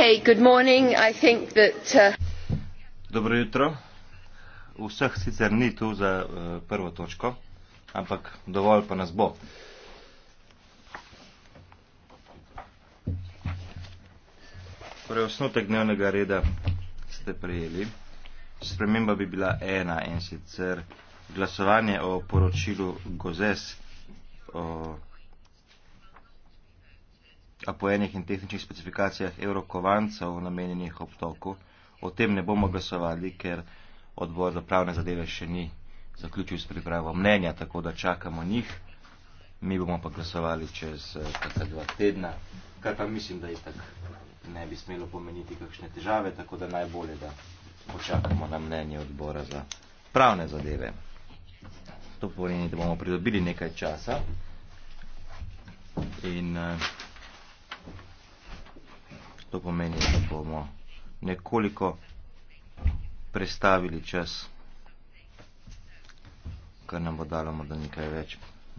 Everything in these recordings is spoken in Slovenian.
Uh, Dobro jutro. Vseh sicer ni tu za uh, prvo točko, ampak dovolj pa nas bo. Torej, osnutek dnevnega reda ste prejeli. Sprememba bi bila ena in sicer glasovanje o poročilu Gozes. O apojenih in tehničnih specifikacijah evrokovancev namenjenih obtoku. O tem ne bomo glasovali, ker odbor za pravne zadeve še ni zaključil s pripravo mnenja, tako da čakamo njih. Mi bomo pa glasovali čez eh, kakšna dva tedna, kar pa mislim, da je tak ne bi smelo pomeniti kakšne težave, tako da najbolje, da počakamo na mnenje odbora za pravne zadeve. To pomeni, da bomo pridobili nekaj časa. In, uh, To pomeni, da bomo nekoliko prestavili čas, kar nam bo dalo morda nekaj več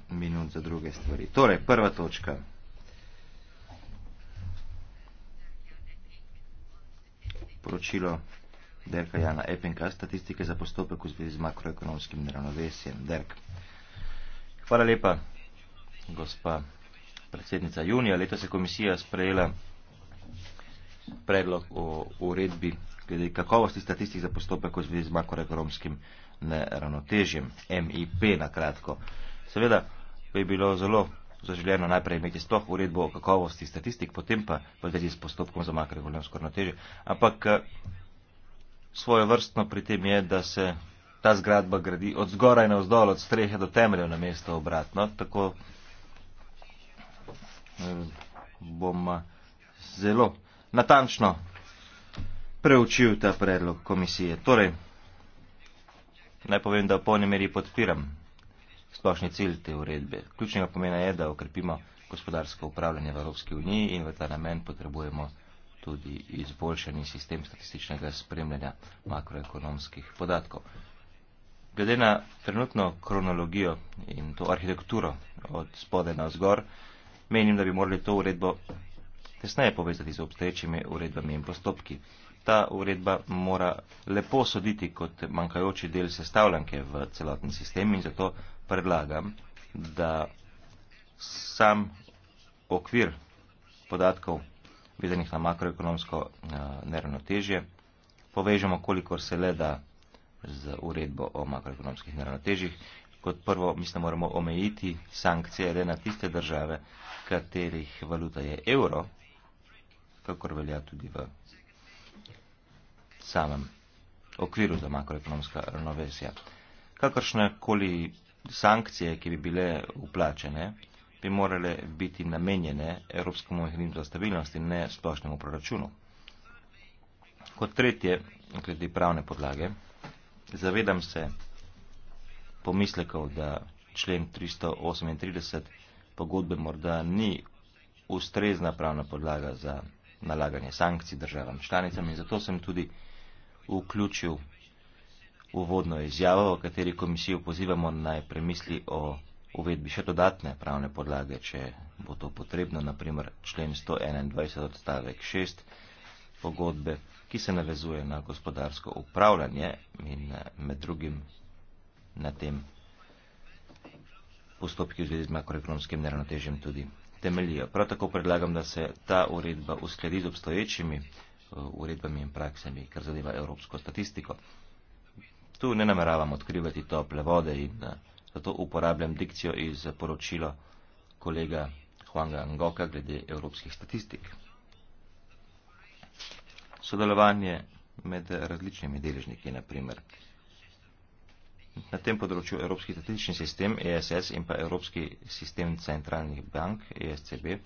minut za druge stvari. Torej, prva točka. Poročilo Derka Jana Epinka, statistike za postopek v zvezi z makroekonomskim neravnovesjem. Derk. Hvala lepa, gospa predsednica. Junija leta se komisija sprejela predlog o uredbi glede kakovosti statistik za postopek v zvezi z makroekonomskim neravnotežjem, MIP na kratko. Seveda bi bilo zelo zaželjeno najprej imeti sploh uredbo o kakovosti statistik, potem pa v zvezi s postopkom za makroekonomsko ravnotežje. Ampak eh, svojo vrstno pri tem je, da se ta zgradba gradi od zgoraj na vzdol, od strehe do temeljev na mesto obratno. Tako eh, bom eh, zelo natančno preučil ta predlog komisije. Torej, naj povem, da v polni meri podpiram splošni cilj te uredbe. Ključnega pomena je, da okrepimo gospodarsko upravljanje v Evropski uniji in v ta namen potrebujemo tudi izboljšanje sistem statističnega spremljanja makroekonomskih podatkov. Glede na trenutno kronologijo in to arhitekturo od spode na vzgor, menim, da bi morali to uredbo tesneje povezati z obstoječimi uredbami in postopki. Ta uredba mora lepo soditi kot manjkajoči del sestavljanke v celotni sistem in zato predlagam, da sam okvir podatkov vezanih na makroekonomsko eh, neravnotežje povežemo kolikor se le da z uredbo o makroekonomskih neravnotežjih. Kot prvo, mislim, moramo omejiti sankcije le na tiste države, katerih valuta je evro, kakor velja tudi v samem okviru za makroekonomska ravnovesja. Kakršne koli sankcije, ki bi bile uplačene, bi morale biti namenjene Evropskemu mehanizmu za stabilnost in ne splošnemu proračunu. Kot tretje, glede pravne podlage, zavedam se pomislekov, da člen 338 pogodbe morda ni ustrezna pravna podlaga za nalaganje sankcij državam članicam in zato sem tudi vključil uvodno izjavo, v kateri komisijo pozivamo naj premisli o uvedbi še dodatne pravne podlage, če bo to potrebno, naprimer člen 121 odstavek 6 pogodbe, ki se navezuje na gospodarsko upravljanje in med drugim na tem postopki v zvezi z makroekonomskim neravnotežjem tudi temeljijo. Prav tako predlagam, da se ta uredba uskladi z obstoječimi eh, uredbami in praksami, kar zadeva evropsko statistiko. Tu ne nameravam odkrivati tople vode in eh, zato uporabljam dikcijo iz poročila kolega Huanga Ngoka glede evropskih statistik. Sodelovanje med različnimi deležniki, naprimer Na tem področju Evropski statistični sistem ESS in pa Evropski sistem centralnih bank ESCB eh,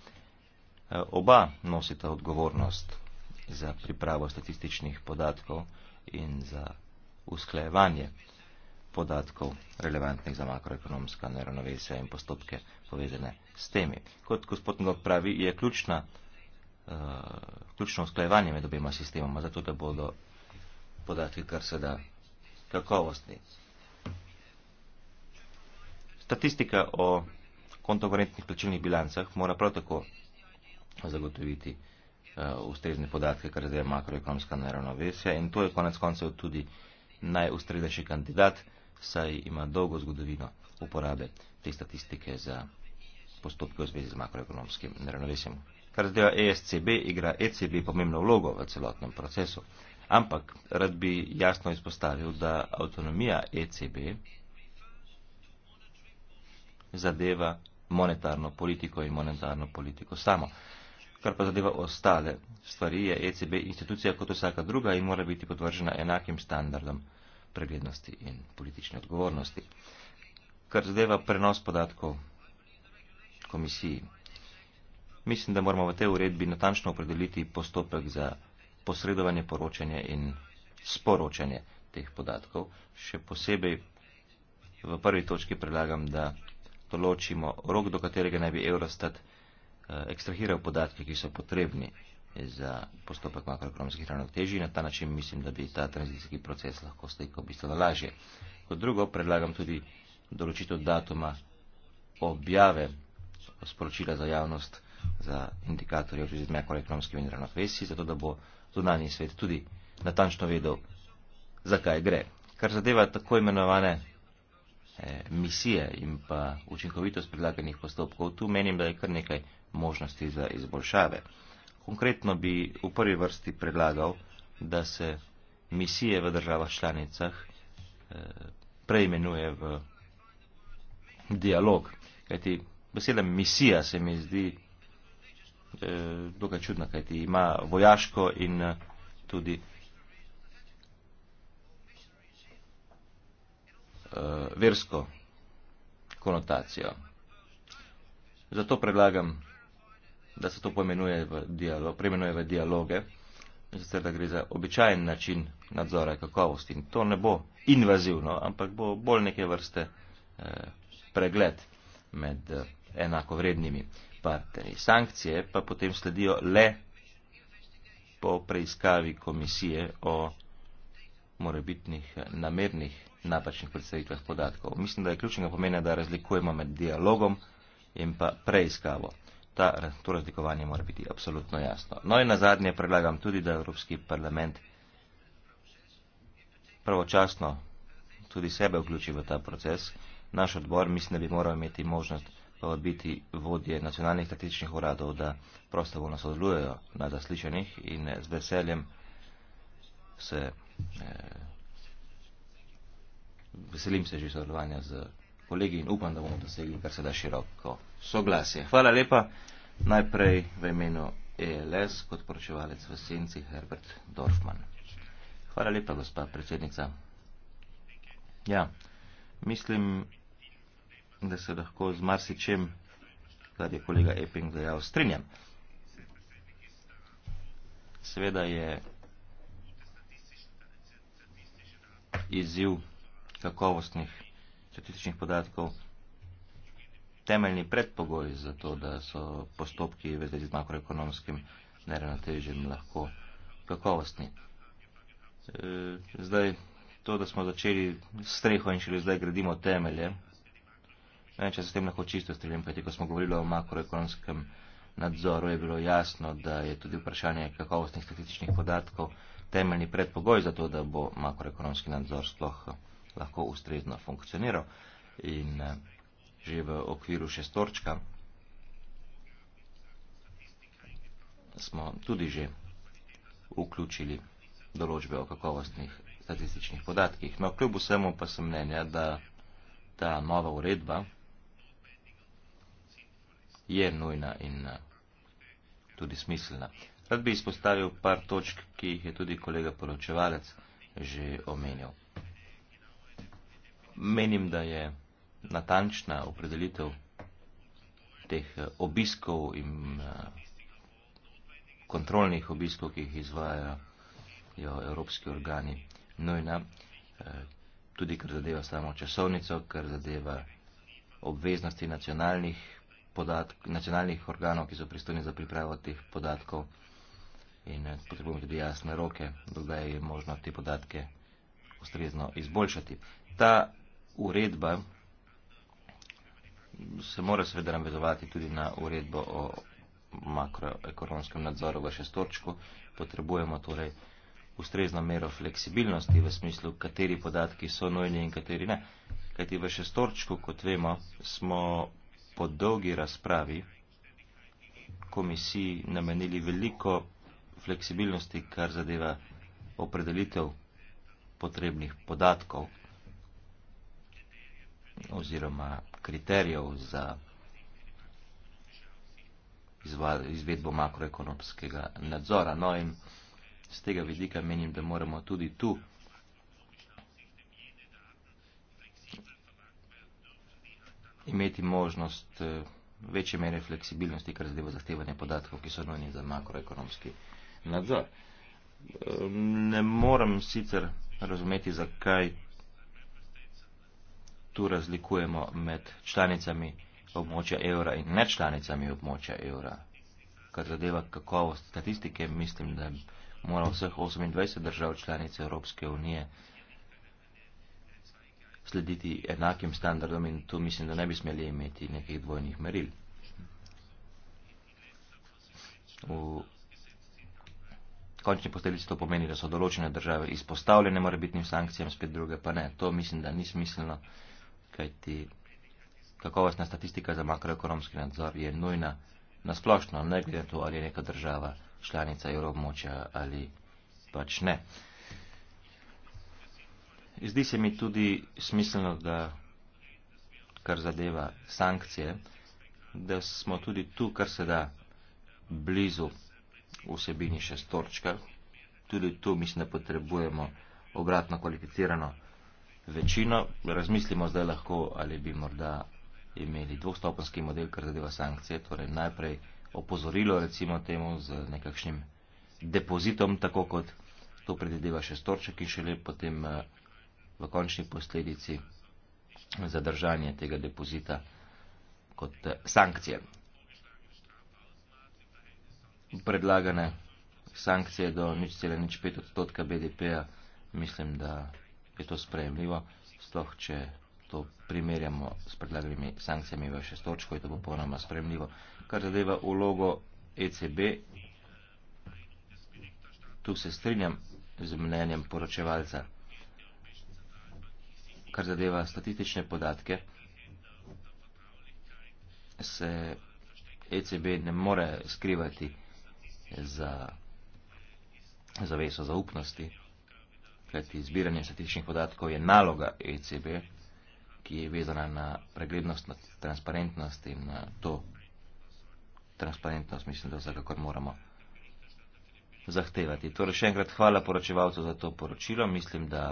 oba nosita odgovornost za pripravo statističnih podatkov in za usklajevanje podatkov relevantnih za makroekonomska neravnovesja in postopke povezane s temi. Kot gospod Ngok pravi, je ključna, uh, ključno usklajevanje med obema sistemoma, zato da bodo podatki kar se da kakovostni. Statistika o kontokorentnih plačilnih bilancah mora prav tako zagotoviti uh, ustrezne podatke, kar zdaj je makroekonomska neravnovesja in to je konec koncev tudi najustreznejši kandidat, saj ima dolgo zgodovino uporabe te statistike za postopke v zvezi z makroekonomskim neravnovesjem. Kar zdaj ESCB igra ECB pomembno vlogo v celotnem procesu. Ampak rad bi jasno izpostavil, da avtonomija ECB zadeva monetarno politiko in monetarno politiko samo. Kar pa zadeva ostale stvari, je ECB institucija kot vsaka druga in mora biti podvržena enakim standardom preglednosti in politične odgovornosti. Kar zadeva prenos podatkov komisiji. Mislim, da moramo v tej uredbi natančno opredeliti postopek za posredovanje poročanja in sporočanje teh podatkov. Še posebej v prvi točki predlagam, da določimo rok, do katerega naj bi Eurostat eh, ekstrahiral podatke, ki so potrebni za postopek makroekonomskih ravnotežij. Na ta način mislim, da bi ta tranzicijski proces lahko stekel bistveno lažje. Kot drugo predlagam tudi določitev datuma objave sporočila za javnost za indikatorje v zvezi z makroekonomskimi ravnotežji, zato da bo zunanji svet tudi natančno vedel, zakaj gre. Kar zadeva tako imenovane Eh, misije in pa učinkovitost predlaganih postopkov, tu menim, da je kar nekaj možnosti za izboljšave. Konkretno bi v prvi vrsti predlagal, da se misije v državah članicah eh, preimenuje v dialog. Kajti beseda misija se mi zdi eh, dokaj čudna, kajti ima vojaško in tudi uh, versko konotacijo. Zato predlagam, da se to poimenuje v, dialo v dialoge, zato da gre za običajen način nadzora kakovosti. In to ne bo invazivno, ampak bo bolj neke vrste eh, pregled med eh, enakovrednimi partnerji. Sankcije pa potem sledijo le po preiskavi komisije o morebitnih eh, namernih napačnih predstavitvah podatkov. Mislim, da je ključnega pomena, da razlikujemo med dialogom in pa preiskavo. Ta, to razlikovanje mora biti absolutno jasno. No in nazadnje predlagam tudi, da Evropski parlament pravočasno tudi sebe vključi v ta proces. Naš odbor mislim, da bi moral imeti možnost povabiti vodje nacionalnih statističnih uradov, da prostovoljno sodelujejo na zaslišanjih in z veseljem se. Eh, veselim se že sodelovanja z kolegi in upam, da bomo dosegli kar se da široko soglasje. Hvala lepa. Najprej v imenu ELS kot poročevalec v senci Herbert Dorfman. Hvala lepa, gospa predsednica. Ja, mislim, da se lahko z marsičem, kar je kolega Eping dejal, strinjam. Seveda je izziv kakovostnih statističnih podatkov temeljni predpogoj za to, da so postopki v zvezi z makroekonomskim neravnotežjem lahko kakovostni. E, zdaj, to, da smo začeli streho in šele zdaj gradimo temelje, ne vem, če se s tem lahko čisto strelim, kajti ko smo govorili o makroekonomskem nadzoru, je bilo jasno, da je tudi vprašanje kakovostnih statističnih podatkov temeljni predpogoj za to, da bo makroekonomski nadzor sploh lahko ustrezno funkcioniral. In eh, že v okviru šestorčka smo tudi že vključili določbe o kakovostnih statističnih podatkih. No, kljub vsemu pa sem mnenja, da ta nova uredba je nujna in eh, tudi smiselna. Rad bi izpostavil par točk, ki jih je tudi kolega poročevalec že omenil menim, da je natančna opredelitev teh eh, obiskov in eh, kontrolnih obiskov, ki jih izvajajo evropski organi, nujna, eh, tudi ker zadeva samo časovnico, ker zadeva obveznosti nacionalnih, podatk, nacionalnih organov, ki so pristojni za pripravo teh podatkov in potrebujemo tudi jasne roke, dokdaj je možno te podatke ustrezno izboljšati. Ta uredba se mora seveda navezovati tudi na uredbo o makroekonomskem nadzoru v šestorčku. Potrebujemo torej ustrezno mero fleksibilnosti v smislu, kateri podatki so nujni in kateri ne. Kajti v šestorčku, kot vemo, smo po dolgi razpravi komisiji namenili veliko fleksibilnosti, kar zadeva opredelitev potrebnih podatkov, oziroma kriterijev za izvedbo makroekonomskega nadzora. No in z tega vidika menim, da moramo tudi tu imeti možnost eh, večje mere fleksibilnosti, kar zadeva zahtevanje podatkov, ki so nujni za makroekonomski nadzor. Ehm, ne morem sicer razumeti, zakaj tu razlikujemo med članicami območja evra in nečlanicami območja evra. Kar zadeva kakovost statistike, mislim, da mora vseh 28 držav članic Evropske unije slediti enakim standardom in tu mislim, da ne bi smeli imeti nekih dvojnih meril. V končni posledici to pomeni, da so določene države izpostavljene morebitnim sankcijam, spet druge pa ne. To mislim, da ni smiselno kajti kakovostna statistika za makroekonomski nadzor je nujna nasplošno, ne glede to, ali je neka država članica evroobmočja ali pač ne. Zdi se mi tudi smiselno, da kar zadeva sankcije, da smo tudi tu, kar se da blizu vsebini šestorčka, tudi tu mislim, da potrebujemo obratno kvalificirano večino. Razmislimo zdaj lahko, ali bi morda imeli dvostopenski model, kar zadeva sankcije, torej najprej opozorilo recimo temu z nekakšnim depozitom, tako kot to predvideva še storček in šele potem eh, v končni posledici zadržanje tega depozita kot eh, sankcije. Predlagane sankcije do nič cele nič pet odstotka BDP-a, mislim, da je to sprejemljivo, sploh če to primerjamo s predlagami sankcijami v šestočko, je to popolnoma sprejemljivo. Kar zadeva ulogo ECB, tu se strinjam z mnenjem poročevalca. Kar zadeva statistične podatke, se ECB ne more skrivati za zaveso zaupnosti kajti zbiranje statističnih podatkov je naloga ECB, ki je vezana na preglednost, na transparentnost in na to transparentnost, mislim, da za kakor moramo zahtevati. Torej, še enkrat hvala poročevalcu za to poročilo. Mislim, da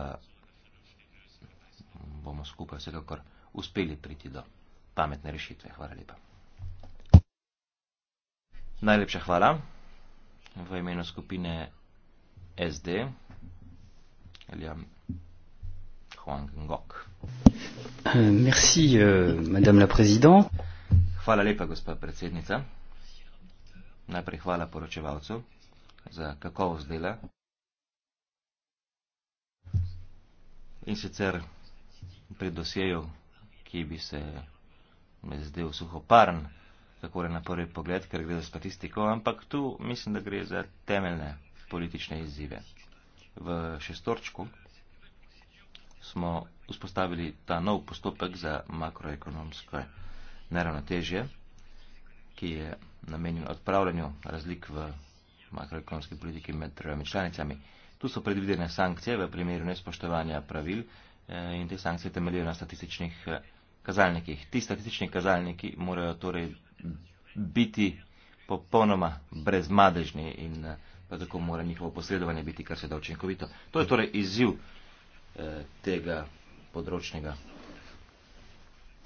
bomo skupaj vsekakor uspeli priti do pametne rešitve. Hvala lepa. Najlepša hvala v imenu skupine SD. Eliam Huang Ngoc. Euh, merci, euh, Madame la Présidente. Hvala lepa, gospa predsednica. Najprej hvala poročevalcu za kakovost dela. In sicer pri dosjeju, ki bi se me zdel suhoparn, tako na prvi pogled, ker gre za statistiko, ampak tu mislim, da gre za temeljne politične izzive v šestorčku smo vzpostavili ta nov postopek za makroekonomsko neravnotežje, ki je namenjen odpravljanju razlik v makroekonomski politiki med državami članicami. Tu so predvidene sankcije v primeru nespoštovanja pravil eh, in te sankcije temeljijo na statističnih eh, kazalnikih. Ti statistični kazalniki morajo torej biti popolnoma brezmadežni in eh, pa tako mora njihovo posredovanje biti kar se da učinkovito. To je torej izziv eh, tega področnega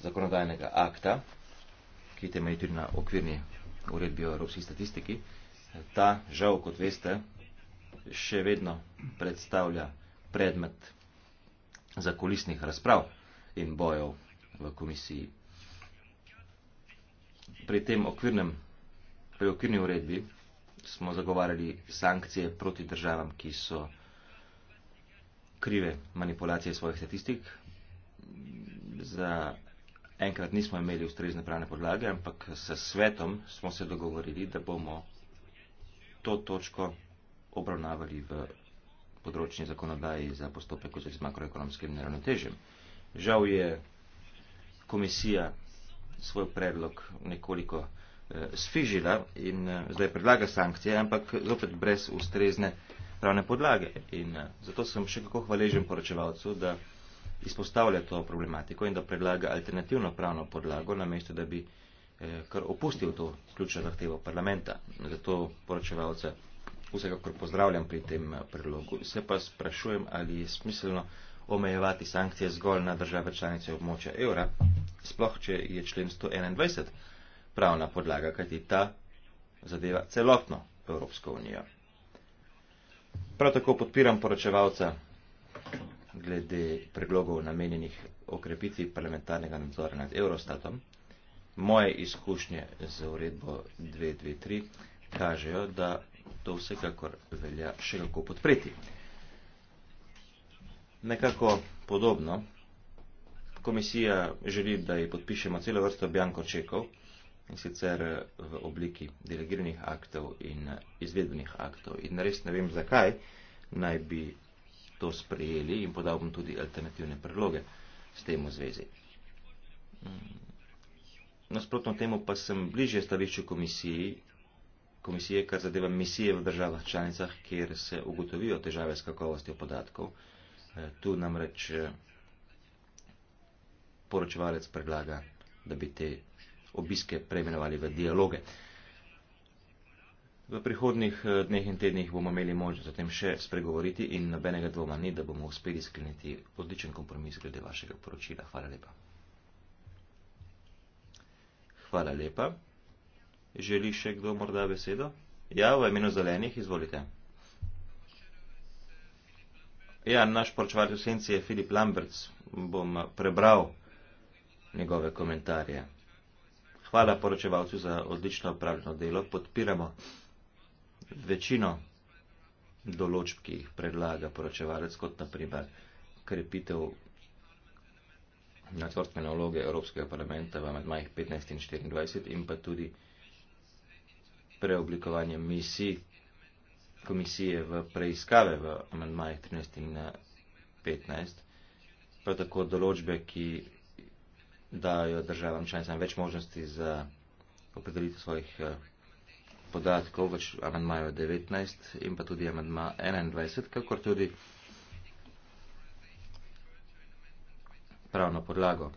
zakonodajnega akta, ki temelji tudi na okvirni uredbi o evropski statistiki. Ta, žal, kot veste, še vedno predstavlja predmet zakulisnih razprav in bojev v komisiji. Pri tem okvirnem, pri okvirni uredbi smo zagovarjali sankcije proti državam, ki so krive manipulacije svojih statistik. Za enkrat nismo imeli ustrezne pravne podlage, ampak s svetom smo se dogovorili, da bomo to točko obravnavali v področni zakonodaji za postopek v zvezi z makroekonomskim neravnotežjem. Žal je komisija svoj predlog nekoliko Eh, sfižila in eh, zdaj predlaga sankcije, ampak zopet brez ustrezne pravne podlage. In eh, zato sem še kako hvaležen poročevalcu, da izpostavlja to problematiko in da predlaga alternativno pravno podlago, namesto da bi kar opustil to ključno zahtevo parlamenta. Zato poročevalca vsekakor pozdravljam pri tem predlogu. Se pa sprašujem, ali je smiselno omejevati sankcije zgolj na države članice območja evra, sploh če je člen 121 pravna podlaga, kajti ta zadeva celotno Evropsko unijo. Prav tako podpiram poročevalca glede preglogov namenjenih okrepitvi parlamentarnega nadzora nad Eurostatom. Moje izkušnje z uredbo 223 kažejo, da to vsekakor velja še kako podpreti. Nekako podobno, komisija želi, da ji podpišemo celo vrsto bjankočekov, in sicer eh, v obliki delegiranih aktov in eh, izvedbenih aktov. In res ne vem, zakaj naj bi to sprejeli in podal bom tudi alternativne predloge s tem v zvezi. Mm. Nasprotno temu pa sem bliže stavišču komisiji, komisije, kar zadeva misije v državah članicah, kjer se ugotovijo težave s kakovostjo podatkov. Eh, tu namreč poročevalec predlaga, da bi te obiske preimenovali v dialoge. V prihodnih eh, dneh in tednih bomo imeli možnost zatem še spregovoriti in nobenega dvoma ni, da bomo uspeli skleniti odličen kompromis glede vašega poročila. Hvala lepa. Hvala lepa. Želi še kdo morda besedo? Ja, v imenu zelenih, izvolite. Ja, naš poročevalec v senci je Filip Lamberts. Bom prebral njegove komentarje. Hvala poročevalcu za odlično opravljeno delo. Podpiramo večino določb, ki jih predlaga poročevalec, kot naprimer krepitev nadzorstvene vloge Evropskega parlamenta v amadmajih 15 in 24 in pa tudi preoblikovanje misij komisije v preiskave v amadmajih 13 in 15. Prav tako določbe, ki dajo državam članicam več možnosti za opredelitev svojih eh, podatkov, več amandmajev 19 in pa tudi amandma 21, kakor tudi pravno podlago,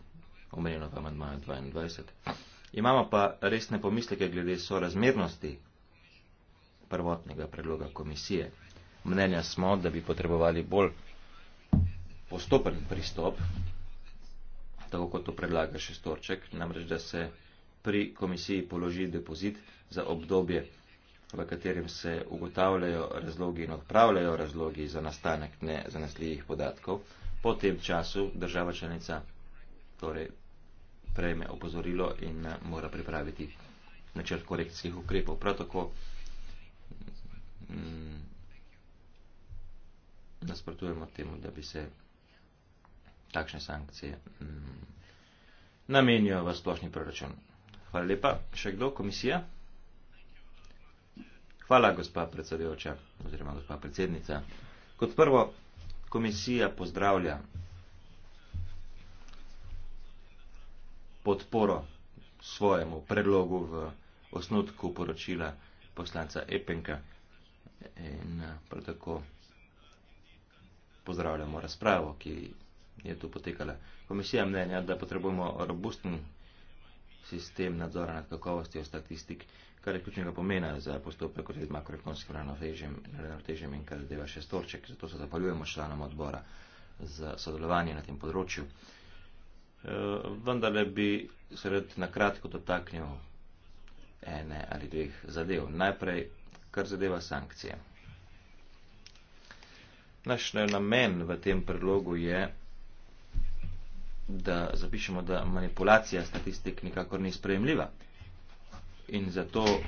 omenjeno v amandmaju 22. Imamo pa resne pomisleke glede sorazmernosti prvotnega predloga komisije. Mnenja smo, da bi potrebovali bolj postopen pristop tako kot to predlaga še Storček, namreč da se pri komisiji položi depozit za obdobje, v katerem se ugotavljajo razlogi in odpravljajo razlogi za nastanek nezanesljivih podatkov, po tem času država članica torej, prejme opozorilo in eh, mora pripraviti načrt korekcijskih ukrepov. Prav tako mm, nasprotujemo temu, da bi se takšne sankcije mm, namenijo v splošni proračun. Hvala lepa. Še kdo? Komisija? Hvala, gospa predsedujoča oziroma gospa predsednica. Kot prvo, komisija pozdravlja podporo svojemu predlogu v osnutku poročila poslanca Epenka in prav tako pozdravljamo razpravo, ki je tu potekala. Komisija mnenja, da potrebujemo robusten sistem nadzora nad kakovostjo statistik, kar je ključnega pomena za postopek v zvezi z makroekonomskim ravnotežjem in kar zadeva še storček. Zato se zahvaljujemo članom odbora za sodelovanje na tem področju. E, Vendar bi se rad na kratko dotaknil ene ali dveh zadev. Najprej, kar zadeva sankcije. Naš namen v tem predlogu je, da zapišemo, da manipulacija statistik nikakor ni sprejemljiva. In zato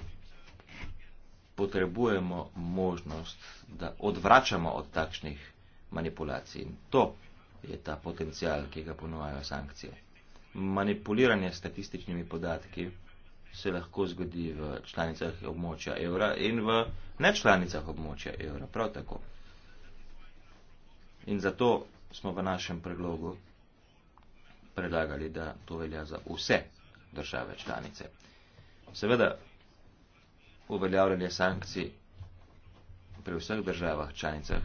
potrebujemo možnost, da odvračamo od takšnih manipulacij. In to je ta potencial, ki ga ponujajo sankcije. Manipuliranje s statističnimi podatki se lahko zgodi v članicah območja evra in v nečlanicah območja evra. Prav tako. In zato smo v našem predlogu predlagali, da to velja za vse države članice. Seveda, uveljavljanje sankcij pri vseh državah članicah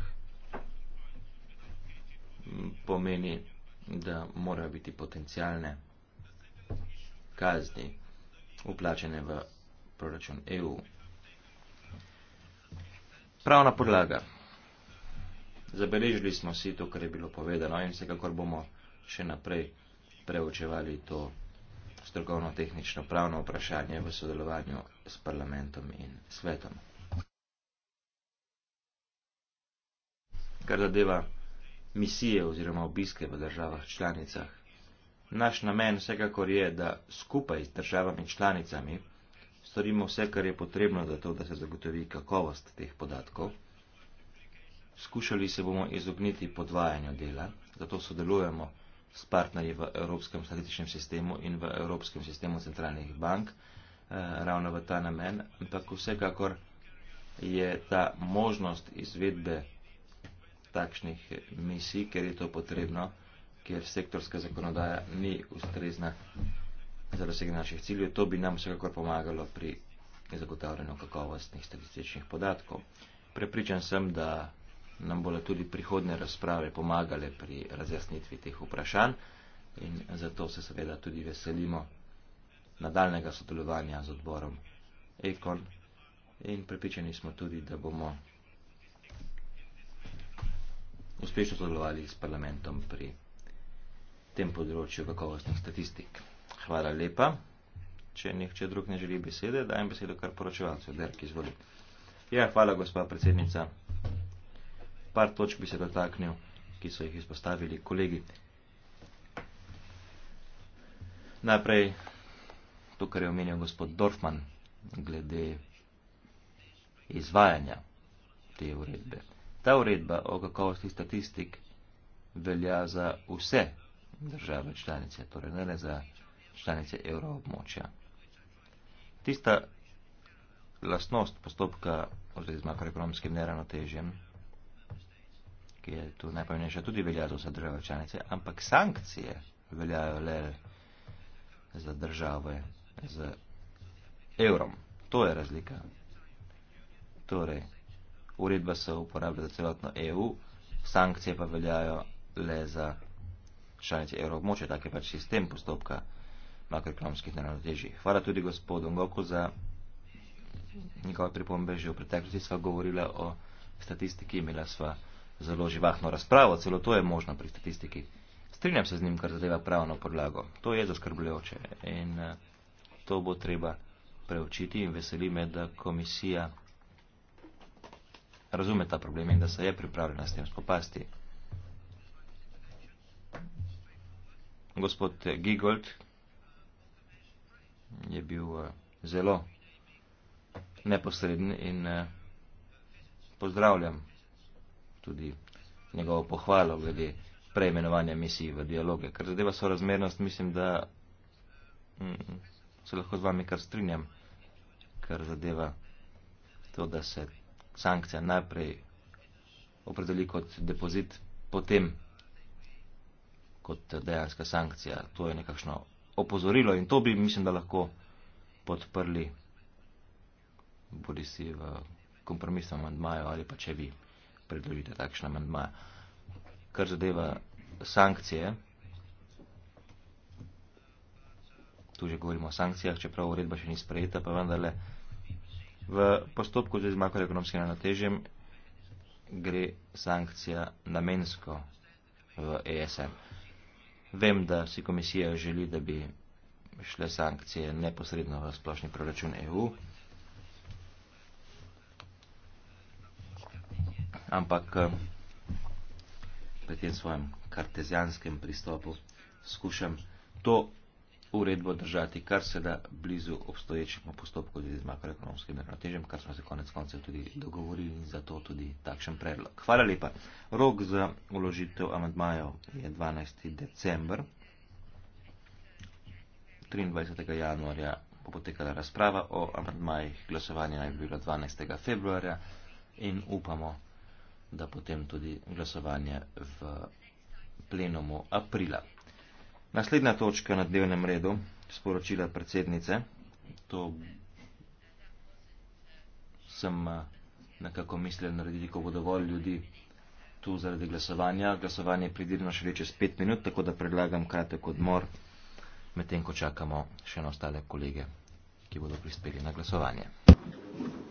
pomeni, da morajo biti potencijalne kazni uplačene v proračun EU. Pravna podlaga. Zabeležili smo si to, kar je bilo povedano in vsekakor bomo še naprej preučevali to strokovno-tehnično pravno vprašanje v sodelovanju s parlamentom in svetom. Kar zadeva misije oziroma obiske v državah članicah, naš namen vsekakor je, da skupaj z državami članicami storimo vse, kar je potrebno za to, da se zagotovi kakovost teh podatkov. Skušali se bomo izogniti podvajanju dela, zato sodelujemo s partnerji v Evropskem statističnem sistemu in v Evropskem sistemu centralnih bank eh, ravno v ta namen, ampak vsekakor je ta možnost izvedbe takšnih misij, ker je to potrebno, ker sektorska zakonodaja ni ustrezna za dosege naših ciljev, to bi nam vsekakor pomagalo pri zagotavljanju kakovostnih statističnih podatkov. Prepričan sem, da nam bodo tudi prihodne razprave pomagale pri razjasnitvi teh vprašanj in zato se seveda tudi veselimo nadaljnega sodelovanja z odborom EKON in prepričani smo tudi, da bomo uspešno sodelovali s parlamentom pri tem področju kakovostnih statistik. Hvala lepa. Če nihče drug ne želi besede, dajem besedo kar poročevalcu. Derki, izvoli. Ja, hvala, gospa predsednica par točk bi se dotaknil, ki so jih izpostavili kolegi. Najprej to, kar je omenil gospod Dorfman glede izvajanja te uredbe. Ta uredba o kakovosti statistik velja za vse države članice, torej ne le za članice evroobmočja. Tista lasnost postopka oziroma makroekonomskim neravnotežjem, ki je tu najpomembnejša, tudi velja za vse države članice, ampak sankcije veljajo le za države z evrom. To je razlika. Torej, uredba se uporablja za celotno EU, sankcije pa veljajo le za članice evroobmoče, tak je pač sistem postopka makroekonomskih naravnotežij. Hvala tudi gospodu Ngoku za njegove pripombe, že v preteklosti sva govorila o statistiki, imela sva zelo živahno razpravo, celo to je možno pri statistiki. Strinjam se z njim, kar zadeva pravno podlago. To je zaskrbljujoče in eh, to bo treba preučiti in veseli me, da komisija razume ta problem in da se je pripravljena s tem spopasti. Gospod Gigold je bil eh, zelo neposreden in eh, pozdravljam tudi njegovo pohvalo glede preimenovanja misij v dialoge. Ker zadeva sorazmernost, mislim, da mm, se lahko z vami kar strinjam, ker zadeva to, da se sankcija najprej opredeli kot depozit, potem kot dejanska sankcija. To je nekakšno opozorilo in to bi, mislim, da lahko podprli bodi si v kompromisnem mandmaju ali pa če vi predložite takšne amandmaje. Kar zadeva sankcije, tu že govorimo o sankcijah, čeprav uredba še ni sprejeta, pa vendarle v postopku z makroekonomskim natežem gre sankcija namensko v ESM. Vem, da si komisija želi, da bi šle sankcije neposredno v splošni proračun EU. ampak eh, pri tem svojem kartezijanskem pristopu skušam to uredbo držati kar se da blizu obstoječemu postopku z makroekonomskim ravnotežjem, kar smo se konec koncev tudi dogovorili in zato tudi takšen predlog. Hvala lepa. Rok za uložitev amandmajev je 12. december. 23. januarja bo potekala razprava o amandmajih, glasovanje naj bi bilo 12. februarja in upamo, da potem tudi glasovanje v plenumu aprila. Naslednja točka na dnevnem redu, sporočila predsednice, to sem eh, nekako mislil narediti, ko bo dovolj ljudi tu zaradi glasovanja. Glasovanje je predvideno še čez pet minut, tako da predlagam kratek odmor, medtem ko čakamo še na ostale kolege, ki bodo prispeli na glasovanje. Thank you.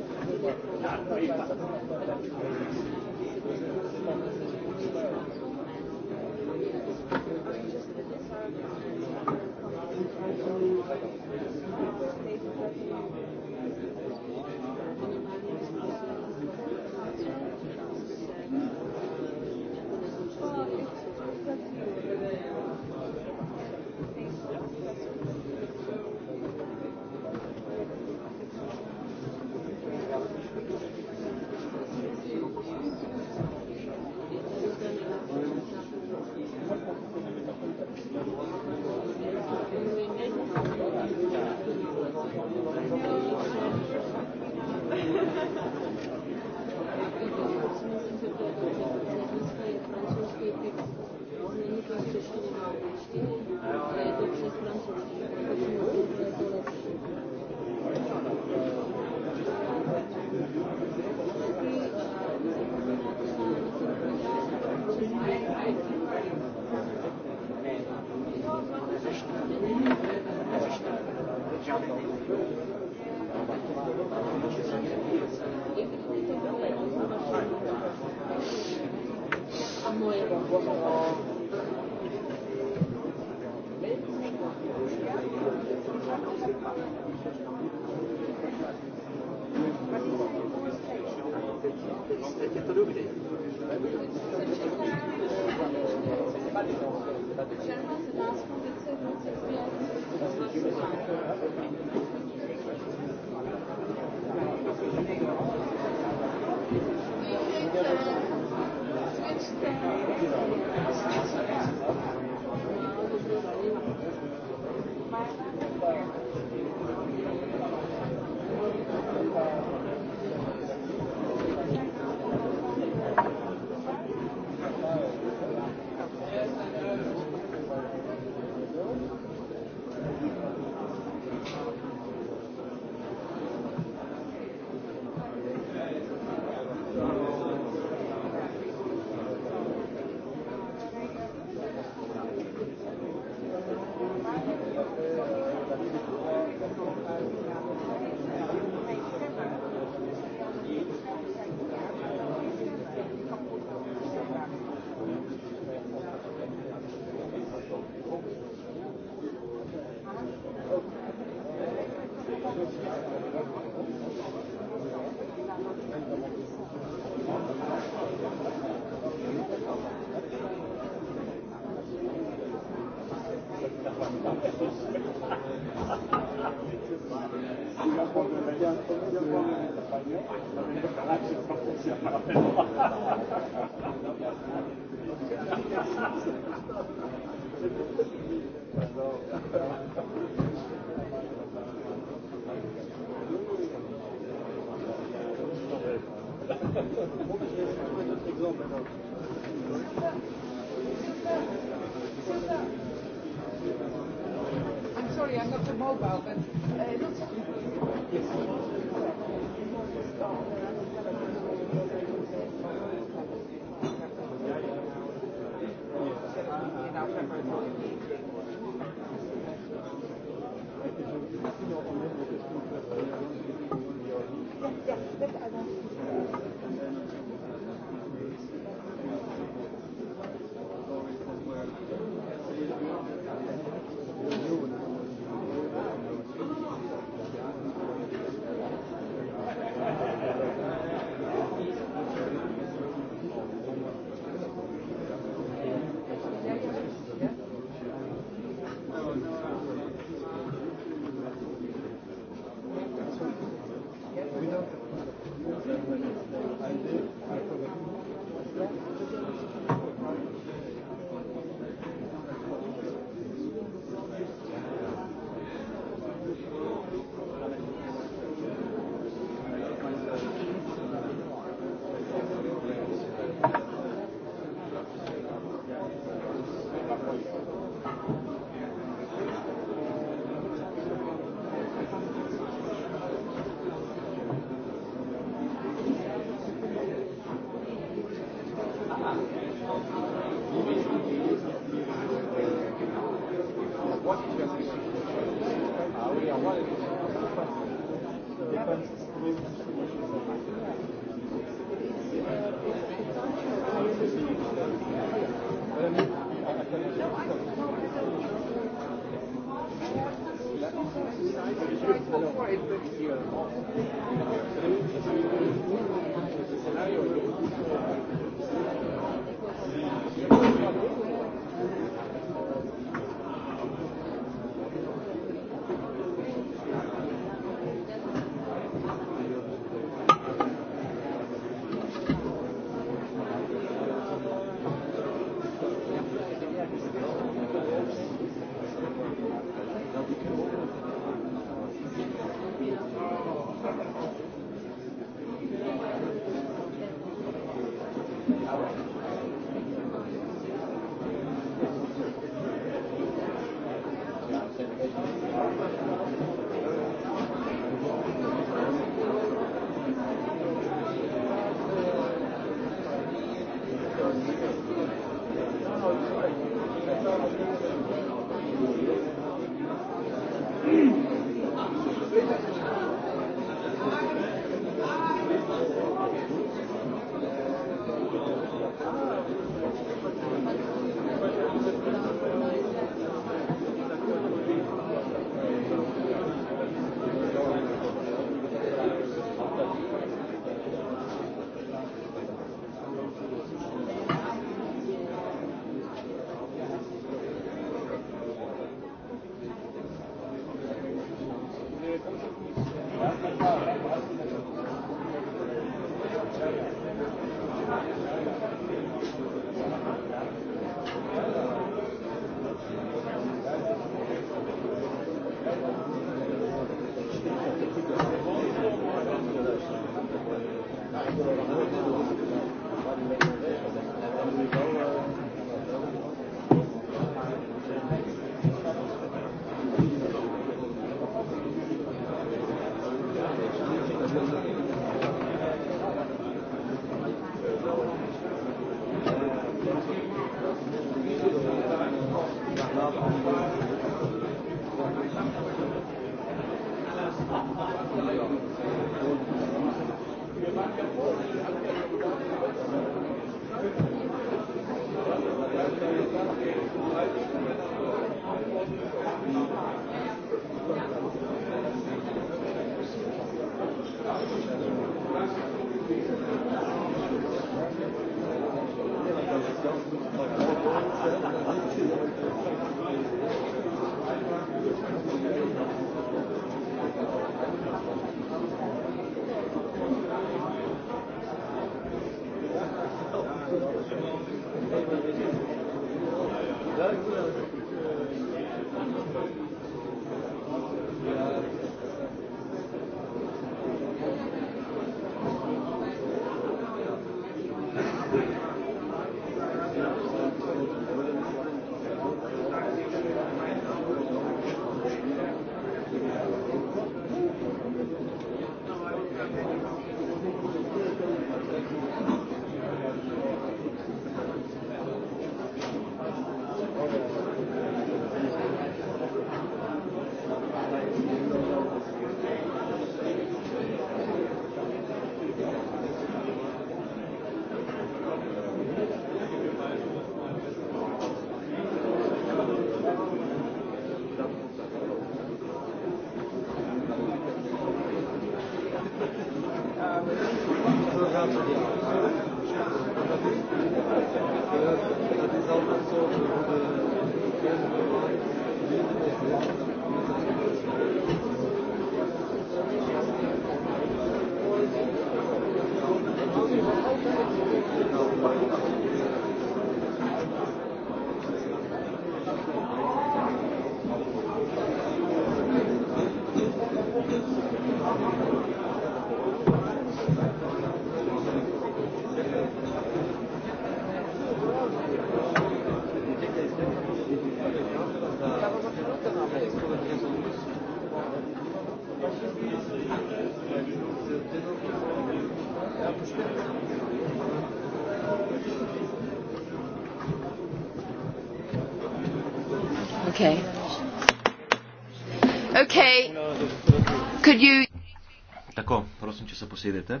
se posedete.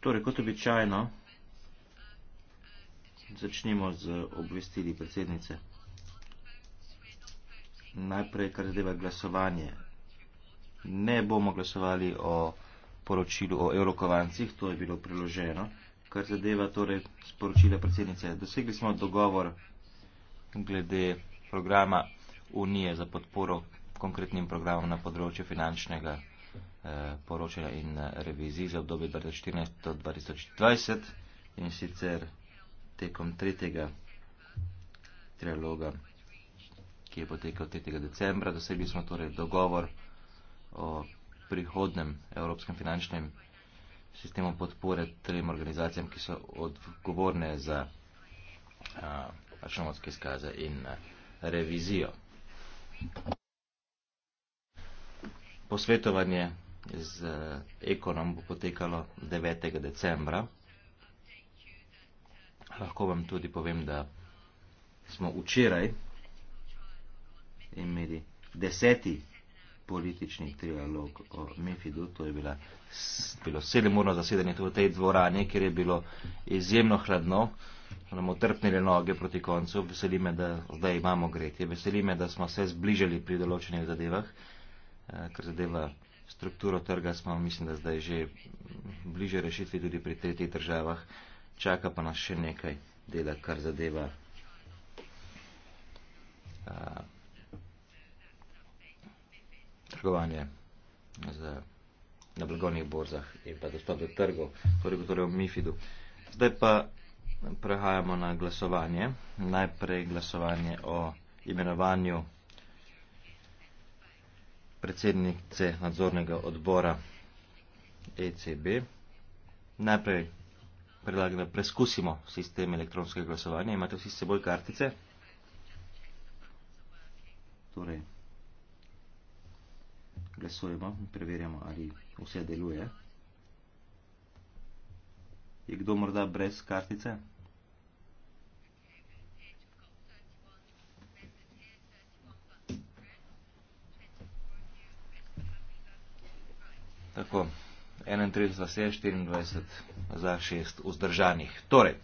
Torej, kot običajno, začnimo z obvestili predsednice. Najprej, kar zadeva glasovanje. Ne bomo glasovali o poročilu o evrokovancih, to je bilo priloženo. Kar zadeva torej sporočila predsednice. Dosegli smo dogovor glede programa unije za podporo konkretnim programom na področju finančnega eh, poročanja in eh, revizij za obdobje 2014 do 2020 in sicer tekom tretjega triloga, ki je potekal 3. decembra. Dosegli smo torej dogovor o prihodnem evropskem finančnem sistemu podpore trem organizacijam, ki so odgovorne za eh, računovodske skaze in a, eh, revizijo. Posvetovanje z Ekonom bo potekalo 9. decembra. Lahko vam tudi povem, da smo včeraj imeli deseti politični trialog o Mifidu. To je bila, bilo sedemurno zasedanje tudi v tej dvorani, kjer je bilo izjemno hladno nam otrpnili noge proti koncu, veseli me, da zdaj imamo gretje, veseli me, da smo se zbližali pri določenih zadevah, eh, kar zadeva strukturo trga, smo mislim, da zdaj že bliže rešitvi tudi pri tretjih državah, čaka pa nas še nekaj dela, kar zadeva a, eh, trgovanje z, na blagovnih borzah in pa dostop do trgov, torej gotovo v Mifidu. Zdaj pa prehajamo na glasovanje. Najprej glasovanje o imenovanju predsednice nadzornega odbora ECB. Najprej predlagam, da preskusimo sistem elektronskega glasovanja. Imate vsi s seboj kartice? Torej, glasujemo in preverjamo, ali vse deluje. Je kdo morda brez kartice? Tako, 31 za vse, 24 za 6 vzdržanih. Torej,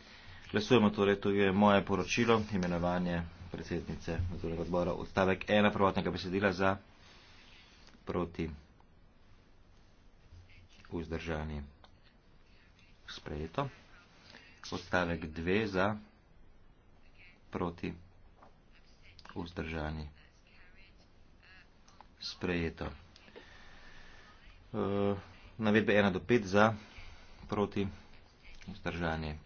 glasujemo, torej, to je moje poročilo, imenovanje predsednice nadzornega odbora, odstavek 1 prvotnega besedila za proti vzdržani sprejeto, odstavek 2 za proti vzdržani sprejeto. Eh, navedbe 1 do 5 za, proti, vzdržanje